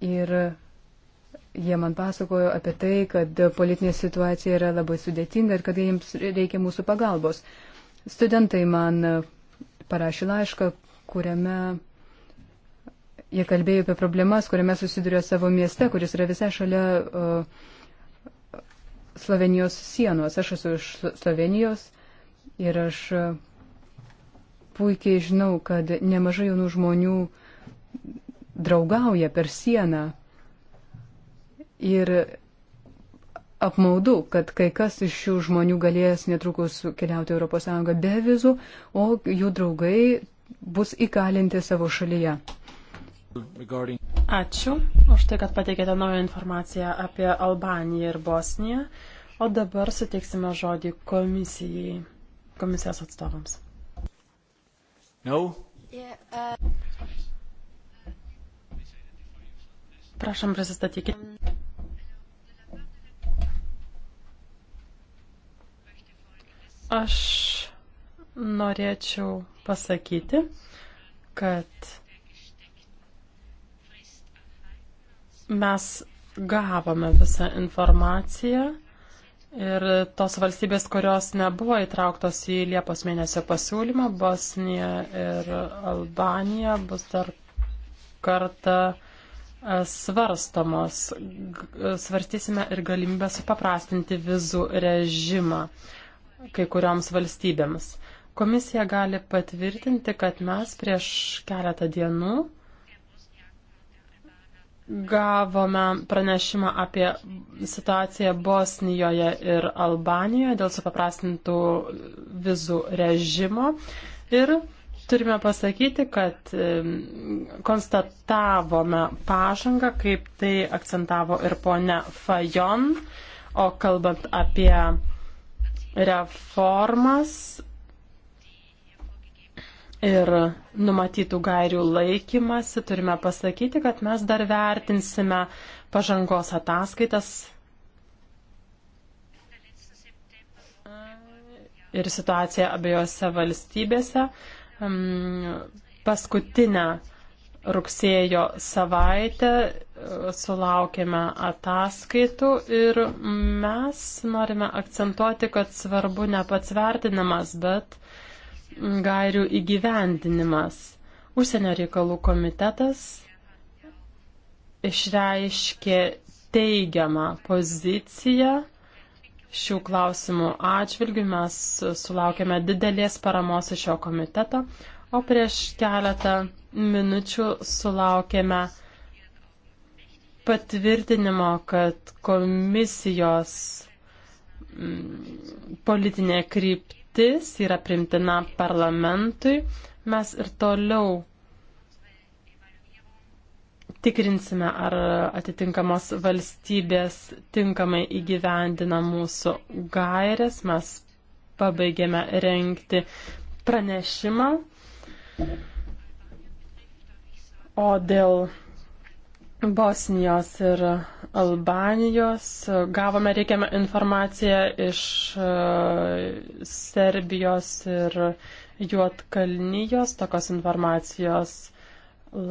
ir jie man pasakojo apie tai, kad politinė situacija yra labai sudėtinga ir kad jiems reikia mūsų pagalbos. Studentai man parašė laišką, kuriame jie kalbėjo apie problemas, kuriame susiduria savo mieste, kuris yra visai šalia uh, Slovenijos sienos. Aš esu iš Slovenijos ir aš uh, puikiai žinau, kad nemažai jaunų žmonių draugauja per sieną. Ir apmaudu, kad kai kas iš šių žmonių galės netrukus keliauti ES be vizų, o jų draugai bus įkalinti savo šalyje. Ačiū už tai, kad pateikėte naują informaciją apie Albaniją ir Bosniją. O dabar suteiksime žodį komisijai, komisijos atstovams. No? Yeah, uh... Prašom, prisistatykite. Aš norėčiau pasakyti, kad mes gavome visą informaciją Ir tos valstybės, kurios nebuvo įtrauktos į Liepos mėnesio pasiūlymą, Bosnija ir Albanija bus dar kartą e, svarstamos. Svarstysime ir galimybę supaprastinti vizų režimą kai kurioms valstybėms. Komisija gali patvirtinti, kad mes prieš keletą dienų Gavome pranešimą apie situaciją Bosnijoje ir Albanijoje dėl supaprastintų vizų režimo. Ir turime pasakyti, kad konstatavome pažangą, kaip tai akcentavo ir ponia Fajon. O kalbant apie reformas, ir numatytų gairių laikymasi, turime pasakyti, kad mes dar vertinsime pažangos ataskaitas ir situaciją abiejose valstybėse. Paskutinę rugsėjo savaitę e, sulaukėme ataskaitų ir mes norime akcentuoti, kad svarbu ne pats vertinimas, bet uh, gairių įgyvendinimas. Užsienio reikalų komitetas išreiškė teigiamą poziciją šių klausimų atžvilgių. Mes sulaukėme didelės paramos iš šio komiteto, o prieš keletą minučių sulaukėme patvirtinimo, kad komisijos mm, politinė kryptis kryptis yra primtina parlamentui. Mes ir toliau tikrinsime, ar atitinkamos valstybės tinkamai įgyvendina mūsų gairės. Mes pabaigėme renkti pranešimą. O dėl Bosnijos ir Albanijos. Gavome reikiamą informaciją iš e, Serbijos ir Juotkalnijos. Tokios informacijos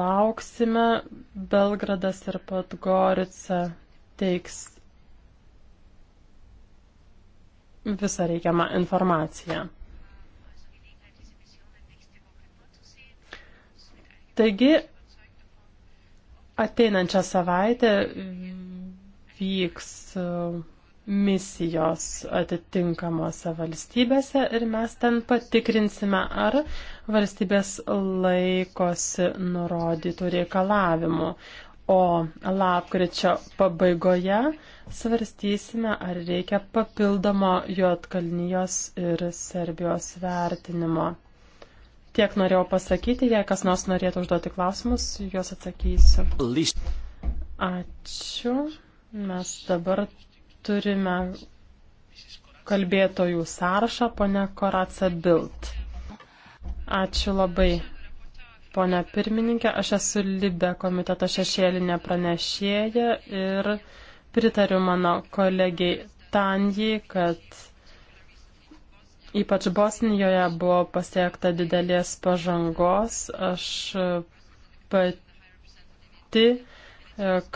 lauksime. Belgradas ir Podgorica teiks visą reikiamą informaciją. Taigi, Ateinančią savaitę vyks e, misijos atitinkamuose valstybėse ir mes ten patikrinsime, ar valstybės laikosi nurodytų reikalavimų. O lapkričio pabaigoje svarstysime, ar reikia papildomo Jotkalnijos ir Serbijos vertinimo. Tiek norėjau pasakyti, jei kas nors norėtų užduoti klausimus, juos atsakysiu. Ačiū. Mes dabar turime kalbėtojų sąrašą, ponia Koraca Bild. Ačiū labai, ponia pirmininkė. Aš esu Libe komiteto šešėlinė pranešėja ir pritariu mano kolegiai Tanjai, kad Ypač Bosnijoje buvo pasiekta didelės pažangos. Aš e, pati e,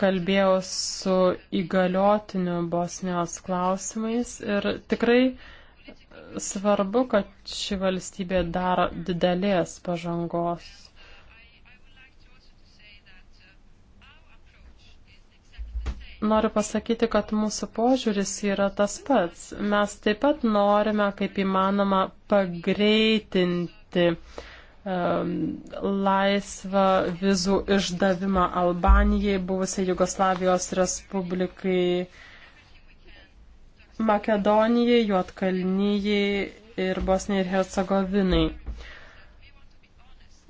kalbėjau su įgaliotiniu Bosnijos klausimais ir tikrai e, svarbu, kad ši valstybė dar didelės pažangos. noriu pasakyti, kad mūsų požiūris yra tas pats. Mes taip pat norime, kaip įmanoma, pagreitinti um, laisvą vizų išdavimą Albanijai, buvusiai Jugoslavijos Respublikai, Makedonijai, Juotkalnyjai ir Bosnijai ir Hercegovinai.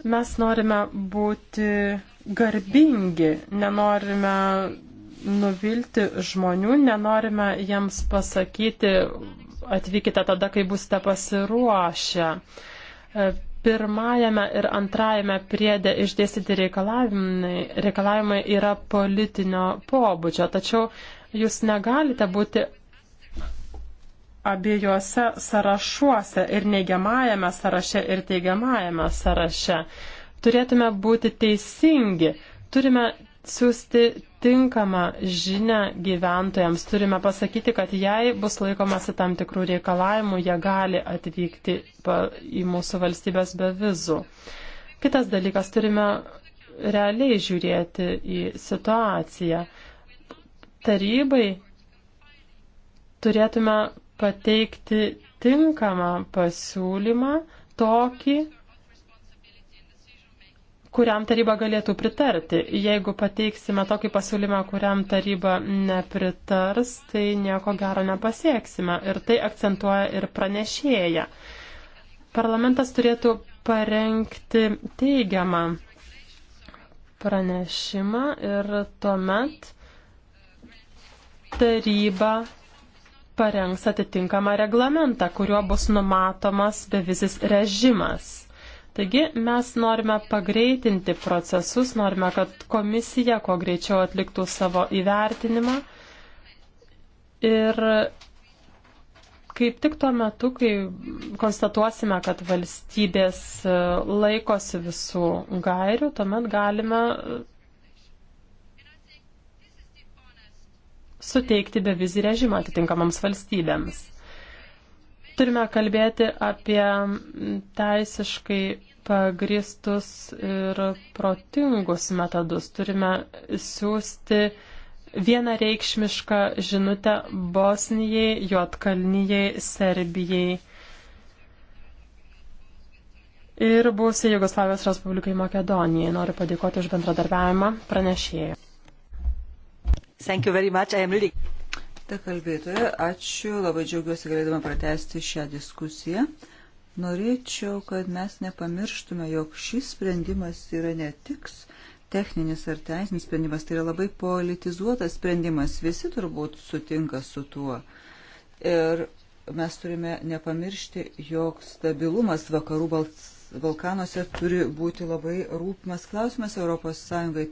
Mes norime būti garbingi, nenorime nuvilti žmonių, nenorime jiems pasakyti, atvykite tada, kai būsite pasiruošę. E, pirmajame ir antrajame priedė išdėstyti reikalavimai, reikalavimai yra politinio pobūdžio, tačiau jūs negalite būti abiejuose sąrašuose ir neigiamajame sąraše ir teigiamajame sąraše. Turėtume būti teisingi, turime siūsti tinkamą žinę gyventojams. Turime pasakyti, kad jei bus laikomasi tam tikrų reikalavimų, jie gali atvykti į mūsų valstybės be vizų. Kitas dalykas, turime realiai žiūrėti į situaciją. Tarybai turėtume pateikti tinkamą pasiūlymą tokį, kuriam taryba galėtų pritarti. Jeigu pateiksime tokį pasiūlymą, kuriam taryba nepritars, tai nieko gero nepasieksime. Ir tai akcentuoja ir pranešėja. Parlamentas turėtų parengti teigiamą pranešimą ir tuomet taryba parengs atitinkamą reglamentą, kuriuo bus numatomas bevizis režimas. Taigi mes norime pagreitinti procesus, norime, kad komisija kuo greičiau atliktų savo įvertinimą. Ir kaip tik tuo metu, kai konstatuosime, kad valstybės laikosi visų gairių, tuomet galime suteikti bevizį režimą atitinkamams valstybėms turime kalbėti apie teisiškai pagristus ir protingus metodus. Turime siūsti vienareikšmišką žinutę Bosnijai, Jotkalnyjai, Serbijai ir buvusiai Jugoslavijos Respublikai Makedonijai. Noriu padėkoti už bendradarbiavimą pranešėjai. Really... Kita kalbėtoja, ačiū, labai džiaugiuosi galėdama pratesti šią diskusiją. Norėčiau, kad mes nepamirštume, jog šis sprendimas yra ne tik techninis ar teisinis sprendimas, tai yra labai politizuotas sprendimas, visi turbūt sutinka su tuo. Ir mes turime nepamiršti, jog stabilumas vakarų Balts Balkanuose turi būti labai rūpimas klausimas ES.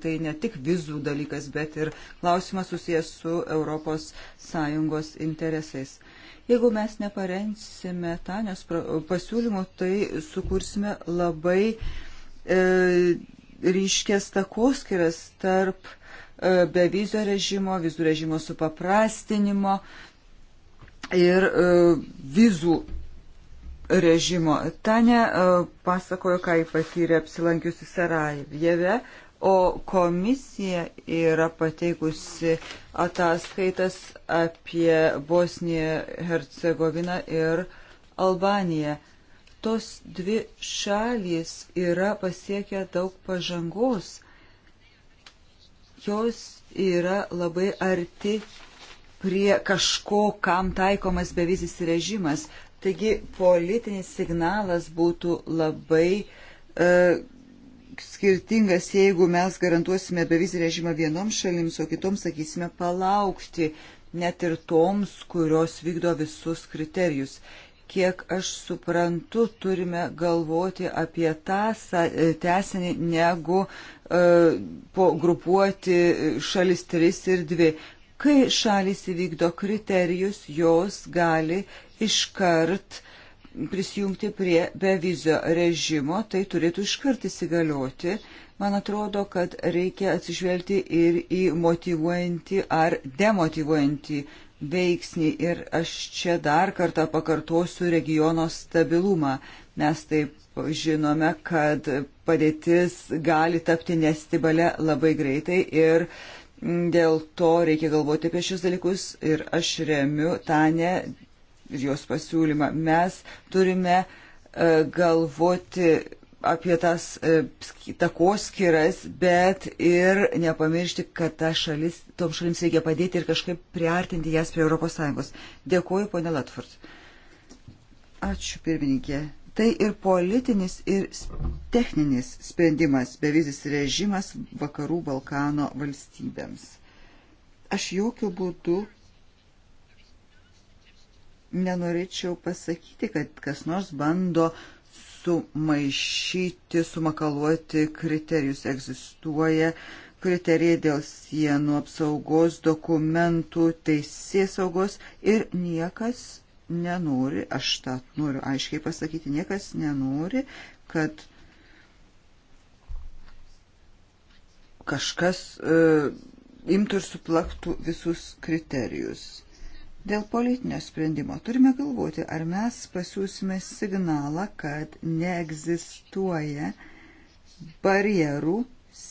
Tai ne tik vizų dalykas, bet ir klausimas susijęs su ES interesais. Jeigu mes neparensime Tanės pasiūlymų, tai sukursime labai e, ryškės takoskiras tarp e, bevizio režimo, vizų režimo supaprastinimo ir e, vizų režimo. Tane e, pasakojo, ką jį patyrė apsilankiusi Sarajeve, o komisija yra pateikusi ataskaitas apie Bosniją, Hercegoviną ir Albaniją tos dvi šalys yra pasiekę daug pažangos. Jos yra labai arti prie kažko, kam taikomas bevizis režimas. Taigi politinis signalas būtų labai uh, skirtingas, jeigu mes garantuosime bevizį režimą vienoms šalims, o kitoms sakysime palaukti, net ir toms, kurios vykdo visus kriterijus. Kiek aš suprantu, turime galvoti apie tą e, tesinį, negu uh, po grupuoti šalis 3 ir 2. Kai šalis įvykdo kriterijus, jos gali iškart prisijungti prie bevizio režimo, tai turėtų iškart įsigalioti. Man atrodo, kad reikia atsižvelgti ir į motivuojantį ar demotivuojantį veiksnį. Ir aš čia dar kartą pakartosiu regiono stabilumą. Mes taip žinome, kad padėtis gali tapti nestibale labai greitai ir uh, Dėl to reikia galvoti apie šius dalykus ir aš remiu Tane ir jos pasiūlymą. Mes turime e, galvoti apie tas e, takoskiras, bet ir nepamiršti, kad ta šalis, tom šalims reikia padėti ir kažkaip priartinti jas prie ES. Dėkuoju, ponė Latford. Ačiū, pirmininkė. Tai ir politinis, ir techninis sprendimas bevizis režimas vakarų Balkano valstybėms. Aš jokių būdų nenorėčiau pasakyti, kad kas nors bando sumaišyti, sumakaluoti kriterijus. Egzistuoja kriterijai dėl sienų apsaugos, dokumentų, teisės saugos ir niekas nenori, aš tą noriu aiškiai pasakyti, niekas nenori, kad kažkas e, imtų ir suplaktų visus kriterijus. Dėl politinio sprendimo turime galvoti, ar mes pasiūsime signalą, kad neegzistuoja barjerų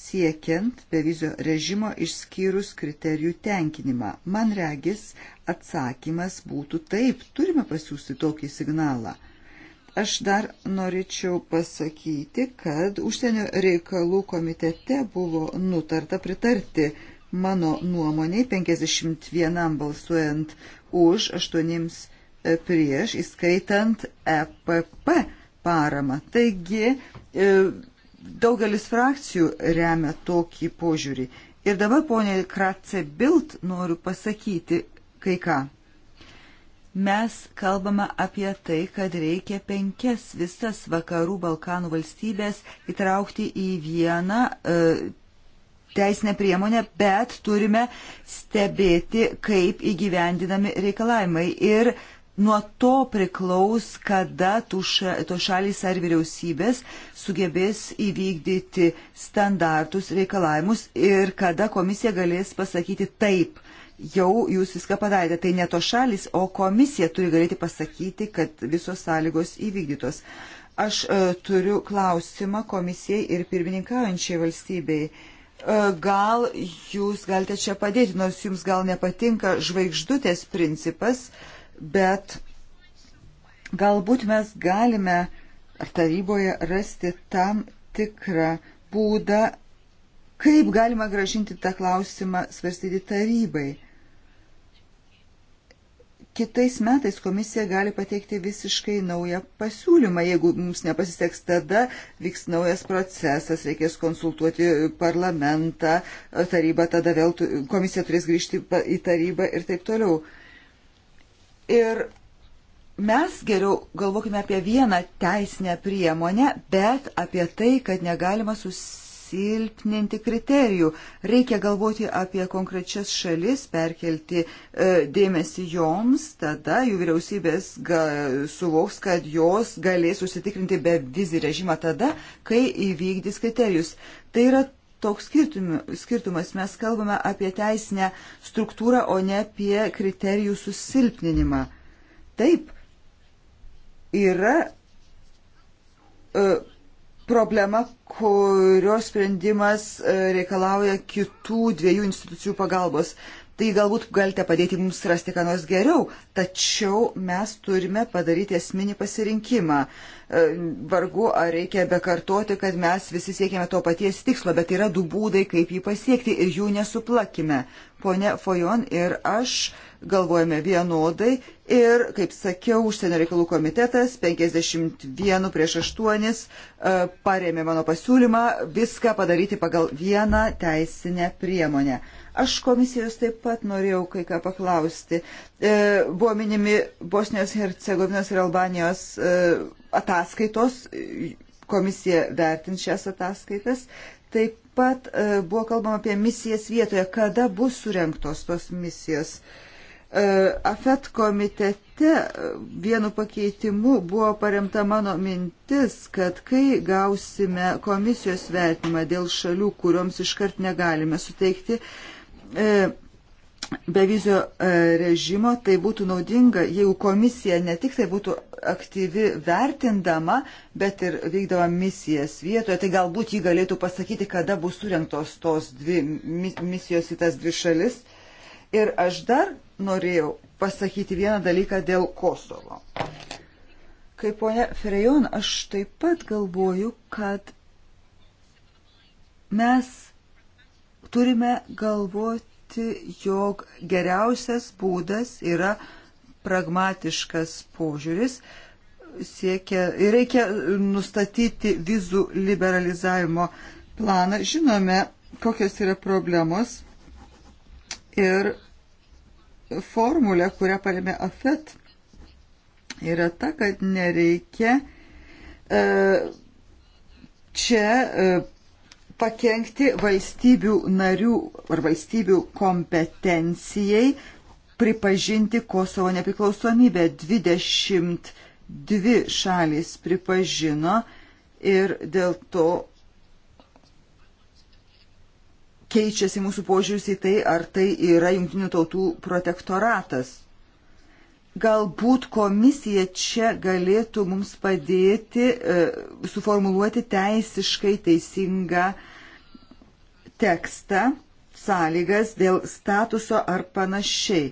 siekiant bevizio režimo išskyrus kriterijų tenkinimą. Man regis, atsakymas būtų taip, turime pasiūsti tokį signalą. Aš dar norėčiau pasakyti, kad užsienio reikalų komitete buvo nutarta pritarti mano nuomoniai 51 balsuojant už, 8 e, prieš, įskaitant EPP paramą. Taigi, e, Daugelis frakcijų remia tokį požiūrį. Ir dabar, ponė Kratse Bild, noriu pasakyti kai ką. Mes kalbame apie tai, kad reikia penkias visas vakarų Balkanų valstybės įtraukti į vieną e, teisinę priemonę, bet turime stebėti, kaip įgyvendinami reikalavimai. Ir Nuo to priklaus, kada ša, to šalis ar vyriausybės sugebės įvykdyti standartus, reikalavimus ir kada komisija galės pasakyti taip, jau jūs viską padarėte. Tai ne to šalis, o komisija turi galėti pasakyti, kad visos sąlygos įvykdytos. Aš e, turiu klausimą komisijai ir pirmininkaujančiai valstybei. E, gal jūs galite čia padėti, nors jums gal nepatinka žvaigždutės principas, uh, bet galbūt mes galime ar taryboje rasti tam tikrą būdą, kaip galima gražinti tą klausimą svarstyti tarybai. Kitais metais komisija gali pateikti visiškai naują pasiūlymą. Jeigu mums nepasiseks, tada vyks naujas procesas, reikės konsultuoti parlamentą, taryba tada vėl, komisija turės grįžti į tarybą ir taip toliau. Ir mes geriau galvokime apie vieną teisinę priemonę, bet apie tai, kad negalima susilpninti kriterijų. Reikia galvoti apie konkrečias šalis, perkelti e, dėmesį joms, tada jų vyriausybės ga, suvoks, kad jos galės susitikrinti be vizį režimą tada, kai įvykdys kriterijus. Tai yra toks skirtumas. Mes kalbame apie teisinę struktūrą, o ne apie kriterijų susilpninimą. Taip, yra e, problema, kurios sprendimas e, reikalauja kitų dviejų institucijų pagalbos tai galbūt galite padėti mums rasti ką nors geriau, tačiau mes turime padaryti esminį pasirinkimą. E, vargu, ar reikia bekartoti, kad mes visi siekime to paties tikslo, bet yra du būdai, kaip jį pasiekti ir jų nesuplakime. Pone Fojon ir aš galvojame vienodai ir, kaip sakiau, užsienio reikalų komitetas 51 prieš 8 e, paremė mano pasiūlymą viską padaryti pagal vieną teisinę priemonę. Aš komisijos taip pat norėjau kai ką paklausti. E, buvo minimi Bosnijos, Hercegovinos ir Albanijos e, ataskaitos, komisija vertins šias ataskaitas. Taip pat e, buvo kalbama apie misijas vietoje, kada bus surenktos tos misijos. E, AFET komitete vienu pakeitimu buvo paremta mano mintis, kad kai gausime komisijos vertimą dėl šalių, kurioms iškart negalime suteikti, e, E, bevizio e, režimo, tai būtų naudinga, jeigu komisija ne tik tai būtų aktyvi vertindama, bet ir vykdama misijas vietoje, tai galbūt ji galėtų pasakyti, kada bus surinktos tos dvi misijos į tas dvi šalis. Ir aš dar norėjau pasakyti vieną dalyką dėl Kosovo. Kaip ponia Ferejon, aš taip pat galvoju, kad mes Turime galvoti, jog geriausias būdas yra pragmatiškas požiūris siekia ir reikia nustatyti vizų liberalizavimo planą. Žinome, kokios yra problemos ir formulė, kurią paremė AFET, yra ta, kad nereikia e, čia e, pakengti valstybių narių ar valstybių kompetencijai pripažinti Kosovo nepriklausomybę. 22 šalis pripažino ir dėl to keičiasi mūsų požiūris į tai, ar tai yra jungtinių tautų protektoratas. Galbūt komisija čia galėtų mums padėti e, suformuluoti teisiškai teisingą e, tekstą, sąlygas dėl statuso ar panašiai.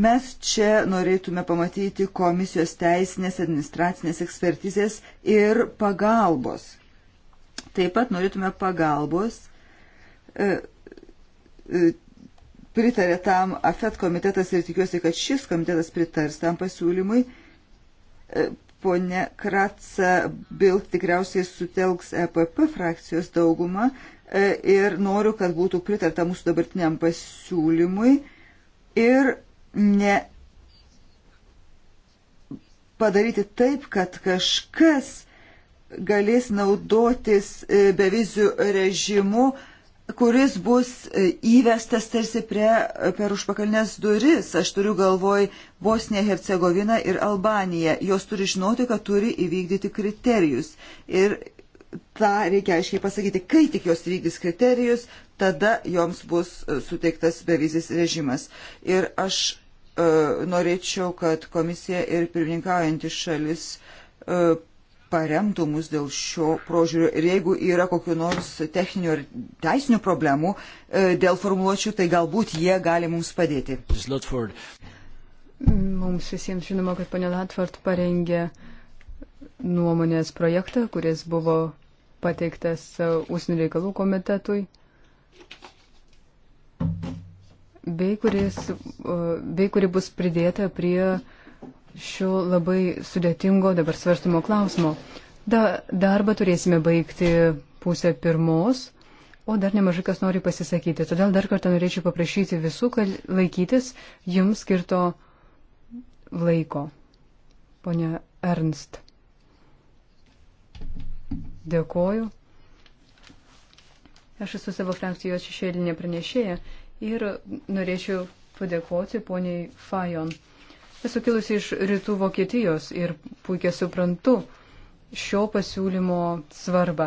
Mes čia norėtume pamatyti komisijos teisinės, administracinės ekspertizės ir pagalbos. Taip pat norėtume pagalbos. E, e, pritarė tam AFET komitetas ir tikiuosi, kad šis komitetas pritars tam pasiūlymui. E, Pone Kratsa Bilt tikriausiai sutelks EPP frakcijos daugumą, E, ir noriu, kad būtų pritarta mūsų dabartiniam pasiūlymui ir ne padaryti taip, kad kažkas galės naudotis e, bevizių režimu, kuris bus e, įvestas tarsi prie, per užpakalinės duris. Aš turiu galvoj Bosniją, Hercegoviną ir Albaniją. Jos turi žinoti, kad turi įvykdyti kriterijus. Ir tą reikia aiškiai pasakyti, kai tik jos vykdys kriterijus, tada joms bus e, suteiktas bevizis režimas. Ir aš e, norėčiau, kad komisija ir pirmininkaujantis šalis e, paremtų mus dėl šio prožiūrio. Ir jeigu yra kokiu nors techninių ar teisinių problemų e, dėl formuluočių, tai galbūt jie gali mums padėti. Mums visiems žinoma, kad ponė Latvart parengė nuomonės projektą, kuris buvo pateiktas Užsienio e, reikalų komitetui, bei, kuris, e, bei kuri bus pridėta prie šio labai sudėtingo dabar svarstumo klausimo. Da, darbą turėsime baigti pusę pirmos, o dar nemažai kas nori pasisakyti. Todėl dar kartą norėčiau paprašyti visų, kad laikytis jums skirto laiko. Pone Ernst. Dėkoju. Aš esu savo frakcijos šešėlinė pranešėja ir norėčiau padėkoti poniai Fajon. Esu kilusi iš rytų Vokietijos ir puikiai suprantu šio pasiūlymo svarbą.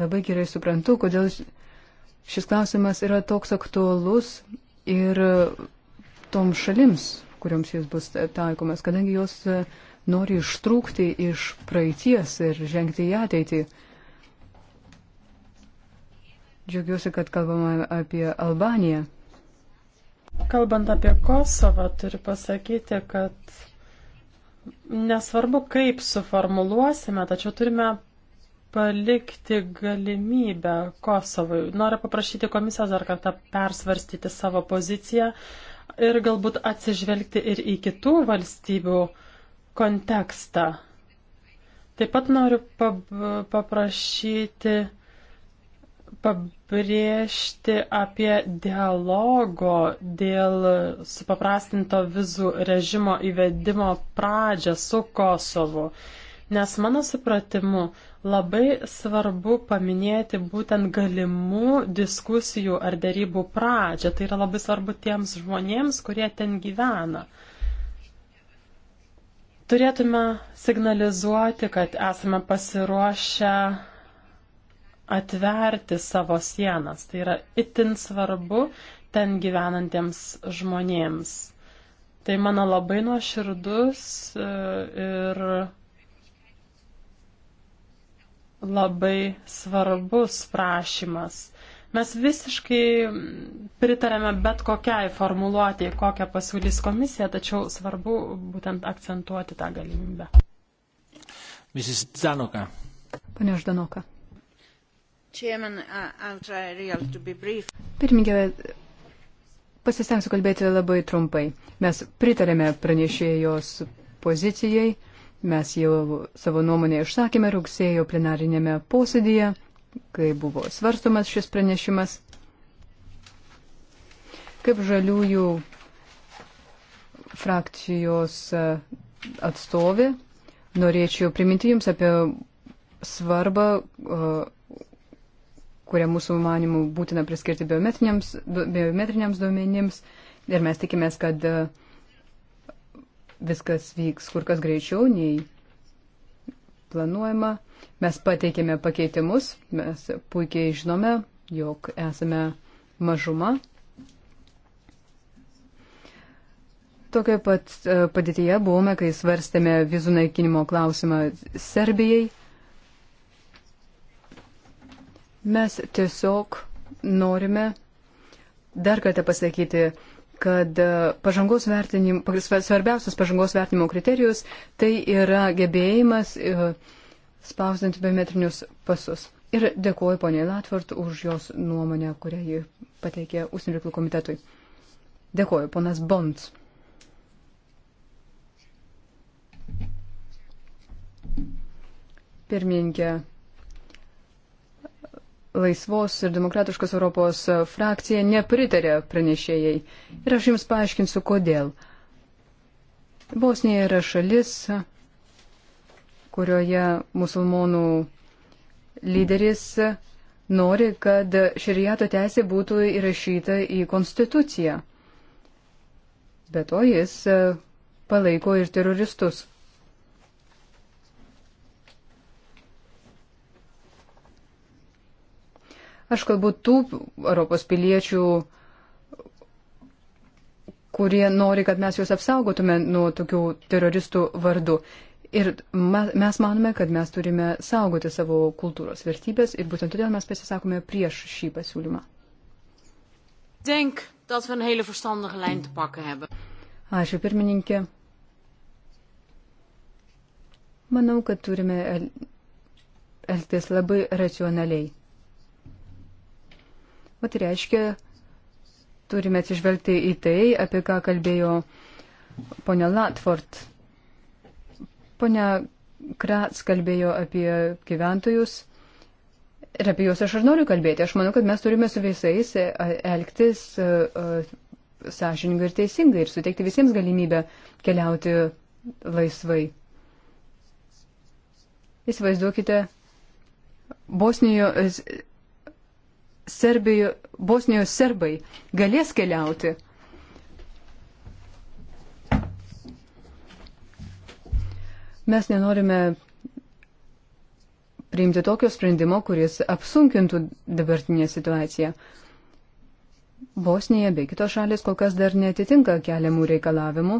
Labai gerai suprantu, kodėl šis klausimas yra toks aktuolus ir toms šalims, kuriuoms jis bus taikomas, kadangi jos uh, nori ištrūkti iš praeities ir žengti į ateitį. Džiaugiuosi, kad kalbama apie Albaniją. Kalbant apie Kosovą, turiu pasakyti, kad nesvarbu, kaip suformuluosime, tačiau turime palikti galimybę Kosovui. Noriu paprašyti komisijos dar kartą persvarstyti savo poziciją ir galbūt atsižvelgti ir į kitų valstybių uh, kontekstą. Taip pat noriu paprašyti pabrėžti apie dialogo dėl supaprastinto vizų režimo įvedimo pradžią su Kosovu. Nes mano supratimu labai svarbu paminėti būtent galimų diskusijų ar darybų pradžią. Tai yra labai svarbu tiems žmonėms, kurie ten gyvena. Uh, Turėtume signalizuoti, kad esame pasiruošę atverti savo sienas. Tai yra itin svarbu ten gyvenantiems žmonėms. Tai mano labai nuoširdus e, ir labai svarbus prašymas. Mes visiškai pritarėme bet kokiai formuluotėjai, kokią pasiūlys komisija, tačiau svarbu būtent akcentuoti tą galimybę. Mrs. Danoka. Pane Ždanoka. Pirmininkė, pasistengsiu kalbėti labai trumpai. Mes pritarėme pranešėjos pozicijai, mes jau savo nuomonę išsakėme rugsėjo plenarinėme posėdėje kai buvo svarstomas šis pranešimas. Kaip žaliųjų frakcijos e, atstovė, norėčiau priminti Jums apie svarbą, e, kurią mūsų manimų būtina priskirti biometriniams, biometriniams duomenims. Ir mes tikimės, kad e, viskas vyks kur kas greičiau nei planuojama. Mes pateikėme pakeitimus, mes puikiai žinome, jog esame mažuma. Tokia pat e, padėtyje buvome, kai svarstėme vizų naikinimo klausimą Serbijai. Mes tiesiog norime dar kartą pasakyti, kad e, pažangos svarbiausias pažangos vertinimo kriterijus tai yra gebėjimas e, spausdinti biometrinius pasus. Ir dėkuoju poniai Latvart už jos nuomonę, kurią ji pateikė Užsienio reikalų komitetui. Dėkuoju, ponas Bonds. Pirmininkė, laisvos ir demokratiškos Europos frakcija nepritarė pranešėjai. Ir aš jums paaiškinsiu, kodėl. Bosnija yra šalis, kurioje musulmonų lyderis nori, kad širiato teisė būtų įrašyta į konstituciją. Be to jis e, palaiko ir teroristus. Aš kalbu tų Europos piliečių, kurie nori, kad mes juos apsaugotume nuo tokių teroristų vardų. Ir mes manome, kad mes turime saugoti savo kultūros vertybės ir būtent todėl mes pasisakome prieš šį pasiūlymą. Denk, dat we een hele verstandige lijn te pakken hebben. Ačiū pirmininkė. Manau, kad turime el elgtis labai racionaliai. O tai reiškia, turime atsižvelgti į tai, apie ką kalbėjo ponia Latford Pone Krats kalbėjo apie gyventojus ir apie juos aš ir noriu kalbėti. Aš manau, kad mes turime su visais e, elgtis e, e, sąžiningai ir teisingai ir suteikti visiems galimybę keliauti laisvai. Įsivaizduokite, Bosnijos, Serbijo, Bosnijos serbai galės keliauti Mes nenorime priimti tokio sprendimo, kuris apsunkintų dabartinę situaciją. Bosnija bei kitos šalis kol kas dar netitinka keliamų reikalavimų.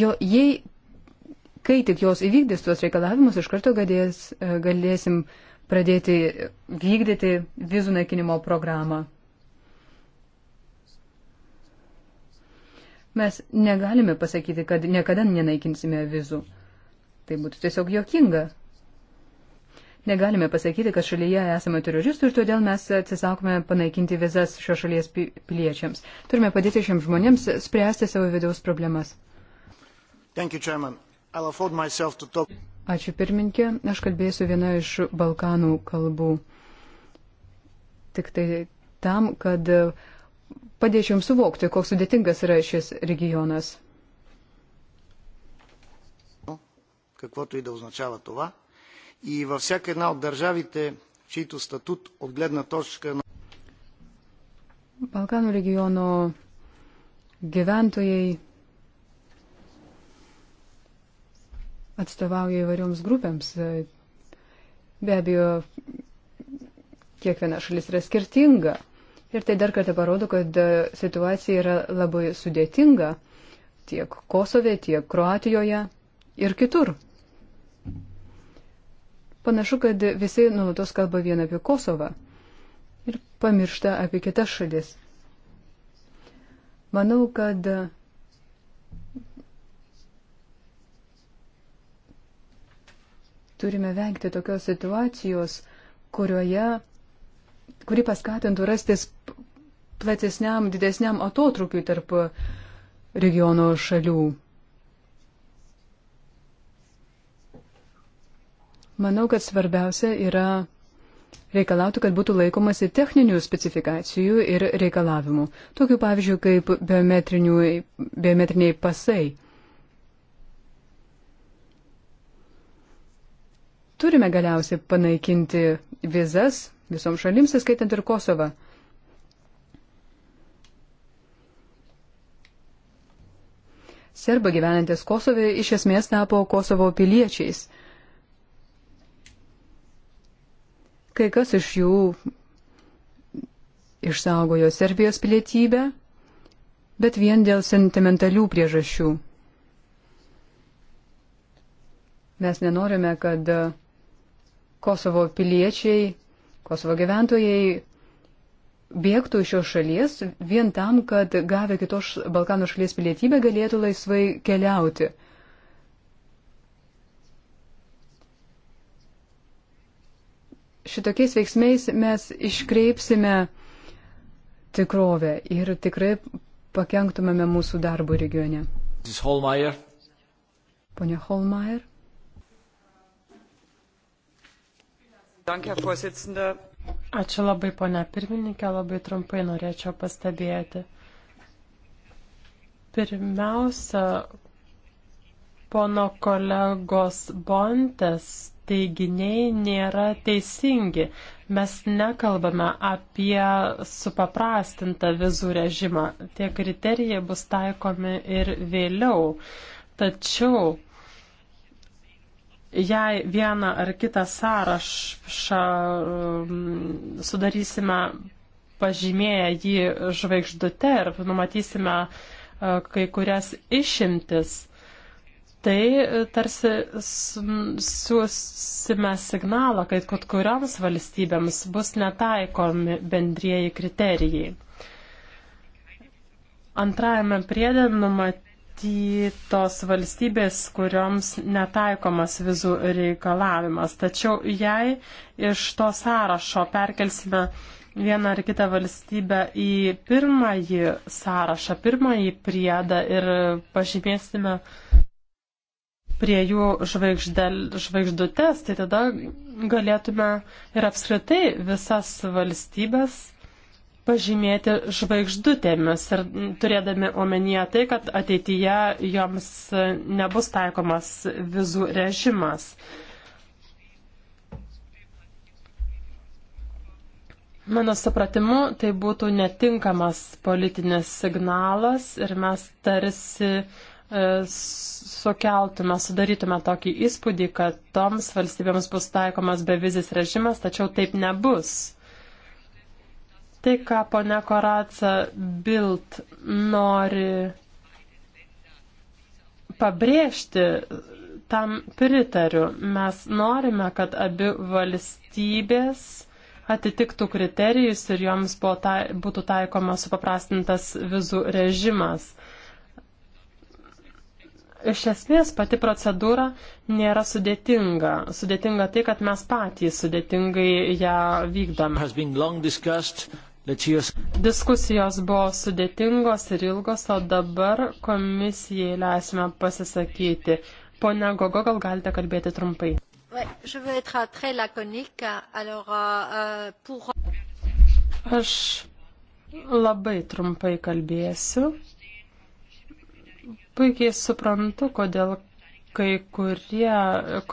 Jo, jei, kai tik jos įvykdys tuos reikalavimus, iš karto galės, galėsim pradėti vykdyti vizų naikinimo programą. Mes negalime pasakyti, kad niekada nenaikinsime vizų. Tai būtų tiesiog jokinga. Negalime pasakyti, kad šalyje esame teroristų ir todėl mes atsisakome panaikinti vizas šios šalies piliečiams. Turime padėti šiems žmonėms spręsti savo vidaus problemas. Thank you, Chairman. I'll afford myself to talk. Ačiū pirminkė, aš kalbėsiu vieną iš Balkanų kalbų. Tik tai tam, kad uh, padės jums suvokti, koks sudėtingas yra šis regionas. каквото и да означава това. И във всяка една от държавите, чийто статут от гледна точка на. Балкано регионо gyventojai atstovauja įvairioms grupėms. Be abejo, kiekviena šalis yra skirtinga. Ir tai dar kartą parodo, kad e, situacija yra labai sudėtinga tiek Kosove, tiek Kroatijoje ir kitur. Panašu, kad visi nulatos kalba vien apie Kosovą ir pamiršta apie kitas šalis. Manau, kad e, turime vengti tokios situacijos, kurioje kuri paskatintų rastis platesniam, didesniam atotrukiui tarp regiono šalių. Manau, kad svarbiausia yra reikalauti, kad būtų laikomasi techninių specifikacijų ir reikalavimų, tokių pavyzdžių kaip biometriniai pasai. Turime galiausiai panaikinti vizas visoms šalims, įskaitant ir Kosovą. Serba gyvenantis Kosovė iš esmės tapo Kosovo piliečiais. Kai kas iš jų išsaugojo Serbijos pilietybę, bet vien dėl sentimentalių priežasčių. Mes nenorime, kad Kosovo piliečiai Kosovo gyventojai bėgtų iš šios šalies vien tam, kad gavę kitos Balkanų šalies pilietybę galėtų laisvai keliauti. Šitokiais veiksmais mes iškreipsime tikrovę ir tikrai pakenktumėme mūsų darbo regione. Pone Holmeier. Ačiū labai, ponia pirmininkė, labai trumpai norėčiau pastebėti. Pirmiausia, pono kolegos Bontės teiginiai nėra teisingi. Mes nekalbame apie supaprastintą vizų režimą. Tie kriterijai bus taikomi ir vėliau. Tačiau jei vieną ar kitą sąrašą um, sudarysime pažymėję jį žvaigždute ir numatysime uh, kai kurias išimtis, tai uh, tarsi siūsime signalą, kad kad kuriams valstybėms bus netaikomi bendrieji kriterijai. Antrajame priedė numatyti numatytos valstybės, kurioms netaikomas vizų reikalavimas. Tačiau jei iš to sąrašo perkelsime vieną ar kitą valstybę į pirmąjį sąrašą, pirmąjį priedą ir pažymėsime prie jų žvaigždel, žvaigždutes, tai tada galėtume ir apskritai visas valstybės pažymėti žvaigždutėmis ir turėdami omenyje tai, kad ateityje joms nebus taikomas vizų režimas. Mano supratimu, tai būtų netinkamas politinis signalas ir mes tarsi e, sukeltume, sudarytume tokį įspūdį, kad toms valstybėms bus taikomas bevizis režimas, tačiau taip nebus. Tai, ką ponia Koraca Bild nori pabrėžti, tam pritariu. Mes norime, kad abi valstybės atitiktų kriterijus ir joms tai, būtų taikomas supaprastintas vizų režimas. Iš esmės pati procedūra nėra sudėtinga. Sudėtinga tai, kad mes patys sudėtingai ją vykdome. Diskusijos buvo sudėtingos ir ilgos, o dabar komisijai leisime pasisakyti. Pone Gogo, gal galite kalbėti trumpai? Euh, euh, Aš labai trumpai kalbėsiu. Puikiai suprantu, kodėl kai kurie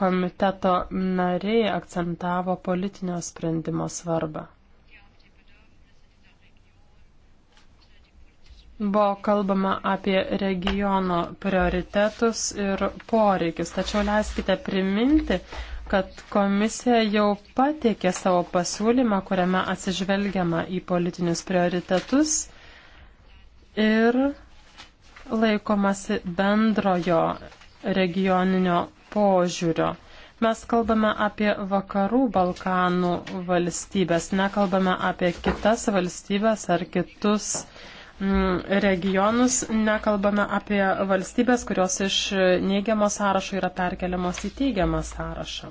komiteto nariai akcentavo politinio sprendimo svarbą. Buvo kalbama apie regiono prioritetus ir poreikius, tačiau leiskite priminti, kad komisija jau pateikė savo pasiūlymą, kuriame atsižvelgiama į politinius prioritetus ir laikomasi bendrojo regioninio požiūrio. Mes kalbame apie vakarų Balkanų valstybės, nekalbame apie kitas valstybės ar kitus uh, Mm, regionus, nekalbame apie valstybės, kurios iš neigiamo sąrašo yra perkeliamos į teigiamą sąrašą.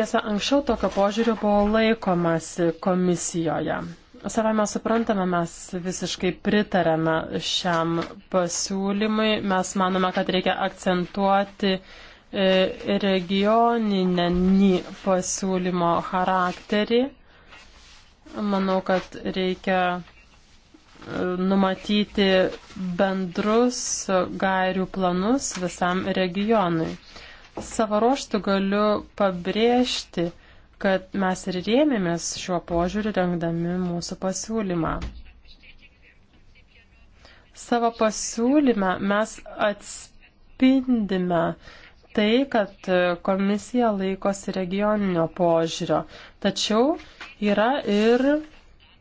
Tiesa, anksčiau tokio požiūrio buvo laikomasi komisijoje. Savame suprantame, mes visiškai pritarėme šiam pasiūlymui. Mes manome, kad reikia akcentuoti uh, E, regioninį pasiūlymo charakterį. Manau, kad reikia e, numatyti bendrus gairių planus visam regionui. Savo ruoštų galiu pabrėžti, kad mes ir rėmėmės šiuo požiūriu rengdami mūsų pasiūlymą. Savo pasiūlymą mes atspindime uh, tai, kad komisija laikosi regioninio požiūrio, tačiau yra ir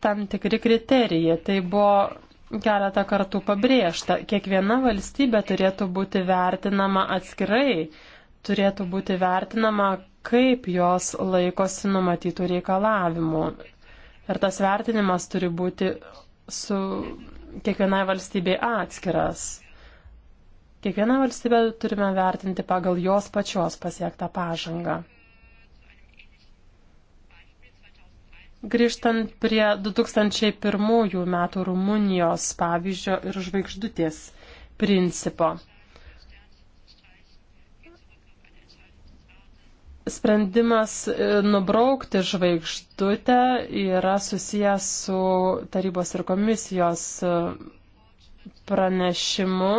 tam tikri kriterijai. Tai buvo keletą kartų pabrėžta. Kiekviena valstybė turėtų būti vertinama atskirai, turėtų būti vertinama, kaip jos laikosi numatytų reikalavimų. Ir tas vertinimas turi būti su kiekvienai valstybei atskiras. Kiekvieną valstybę turime vertinti pagal jos pačios pasiektą pažangą. Grįžtant prie 2001 metų Rumunijos pavyzdžio ir žvaigždutės principo. Sprendimas e, nubraukti žvaigždutę yra susijęs su tarybos ir komisijos e, pranešimu,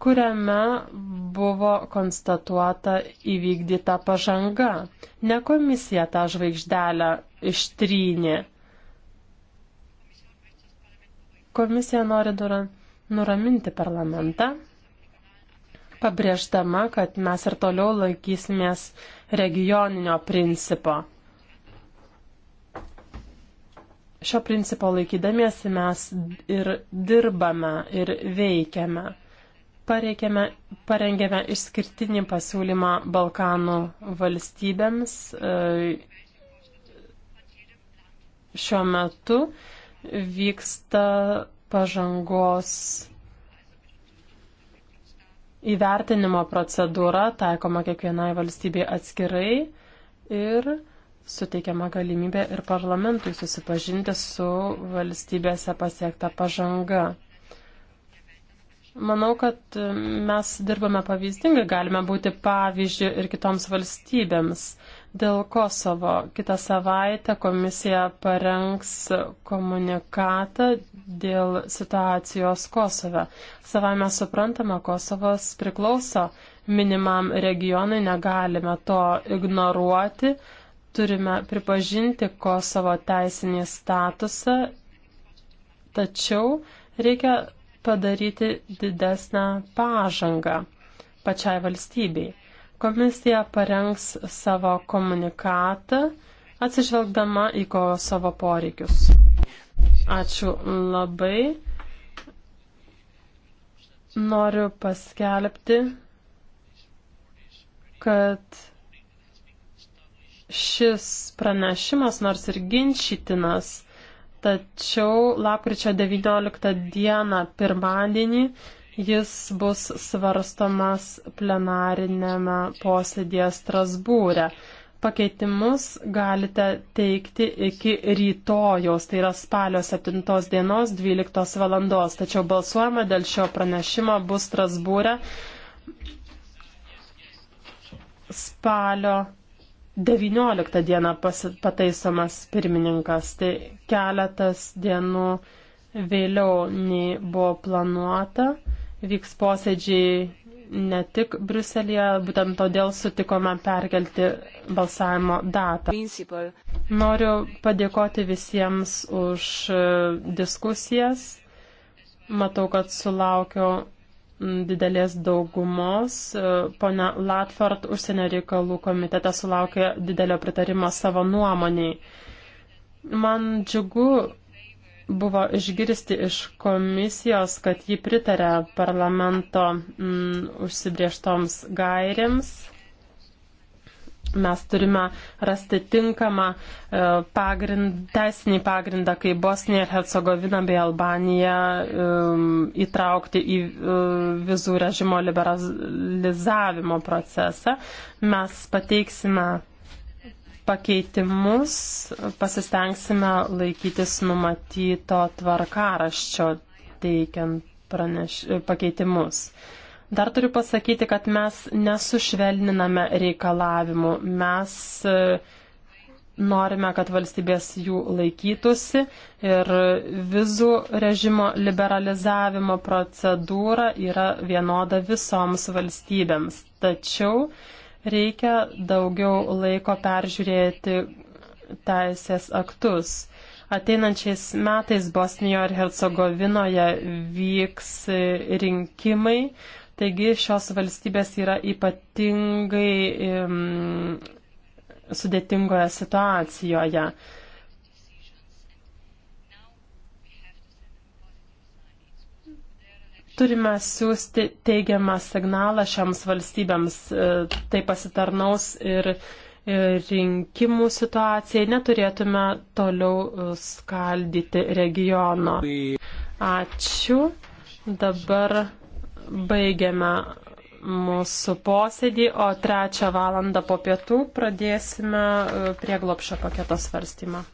kuriame buvo konstatuota įvykdyta pažanga. Ne komisija tą žvaigždelę ištrynė. Komisija nori nuraminti parlamentą, pabrėždama, kad mes ir toliau laikysimės regioninio principo. Šio principo laikydamiesi mes ir dirbame, ir veikiame parengėme, parengėme išskirtinį pasiūlymą Balkanų valstybėms. E, šiuo metu vyksta pažangos įvertinimo procedūra, taikoma kiekvienai valstybei atskirai ir suteikiama galimybė ir parlamentui susipažinti su valstybėse pasiektą pažangą. Manau, kad e, mes dirbame pavyzdingai, galime būti pavyzdžių ir kitoms valstybėms. Dėl Kosovo kitą savaitę komisija parengs komunikatą dėl situacijos Kosove. Savame suprantama, Kosovas priklauso minimam regionui, negalime to ignoruoti, turime pripažinti Kosovo teisinį statusą, tačiau reikia padaryti didesnę pažangą pačiai valstybei. Komisija parengs savo komunikatą atsižvelgdama į savo poreikius. Ačiū labai. Noriu paskelbti, kad šis pranešimas, nors ir ginčytinas, tačiau lapkričio 19 dieną pirmadienį jis bus svarstomas plenarinėme posėdėje Strasbūrė. Pakeitimus galite teikti iki rytojaus, tai yra spalio 7 dienos 12 valandos, tačiau balsuojama dėl šio pranešimo bus Strasbūrė spalio 19 dieną pataisomas pirmininkas, tai keletas dienų vėliau nei buvo planuota. Vyks posėdžiai ne tik Bruselėje, būtent todėl sutikome perkelti balsavimo datą. Principal. Noriu padėkoti visiems už e, diskusijas. Matau, kad sulaukiau didelės daugumos. Pone Latford užsienio reikalų komitete sulaukė didelio pritarimo savo nuomoniai. Man džiugu buvo išgirsti iš komisijos, kad ji pritarė parlamento mm, užsibrieštoms gairėms. Mes turime rasti tinkamą e, pagrind, teisinį pagrindą, kai Bosnija ir Hercegovina bei Albanija um, įtraukti į um, vizų režimo liberalizavimo procesą. Mes pateiksime pakeitimus pasistengsime laikytis numatyto tvarkaraščio teikiant praneš, pakeitimus. Dar turiu pasakyti, kad mes nesušvelniname reikalavimų. Mes e, norime, kad valstybės jų laikytųsi ir vizų režimo liberalizavimo procedūra yra vienoda visoms valstybėms. Tačiau reikia daugiau laiko peržiūrėti teisės aktus. Ateinančiais metais Bosnijoje ir Hercegovinoje vyks rinkimai, Taigi šios valstybės yra ypatingai um, sudėtingoje situacijoje. Turime siūsti teigiamą signalą šiams valstybėms, e, tai pasitarnaus ir e, rinkimų situacijai, neturėtume toliau e, skaldyti regiono. Ačiū. Dabar baigiame mūsų posėdį, o trečią valandą po pietų pradėsime e, prieglopšio paketo svarstymą.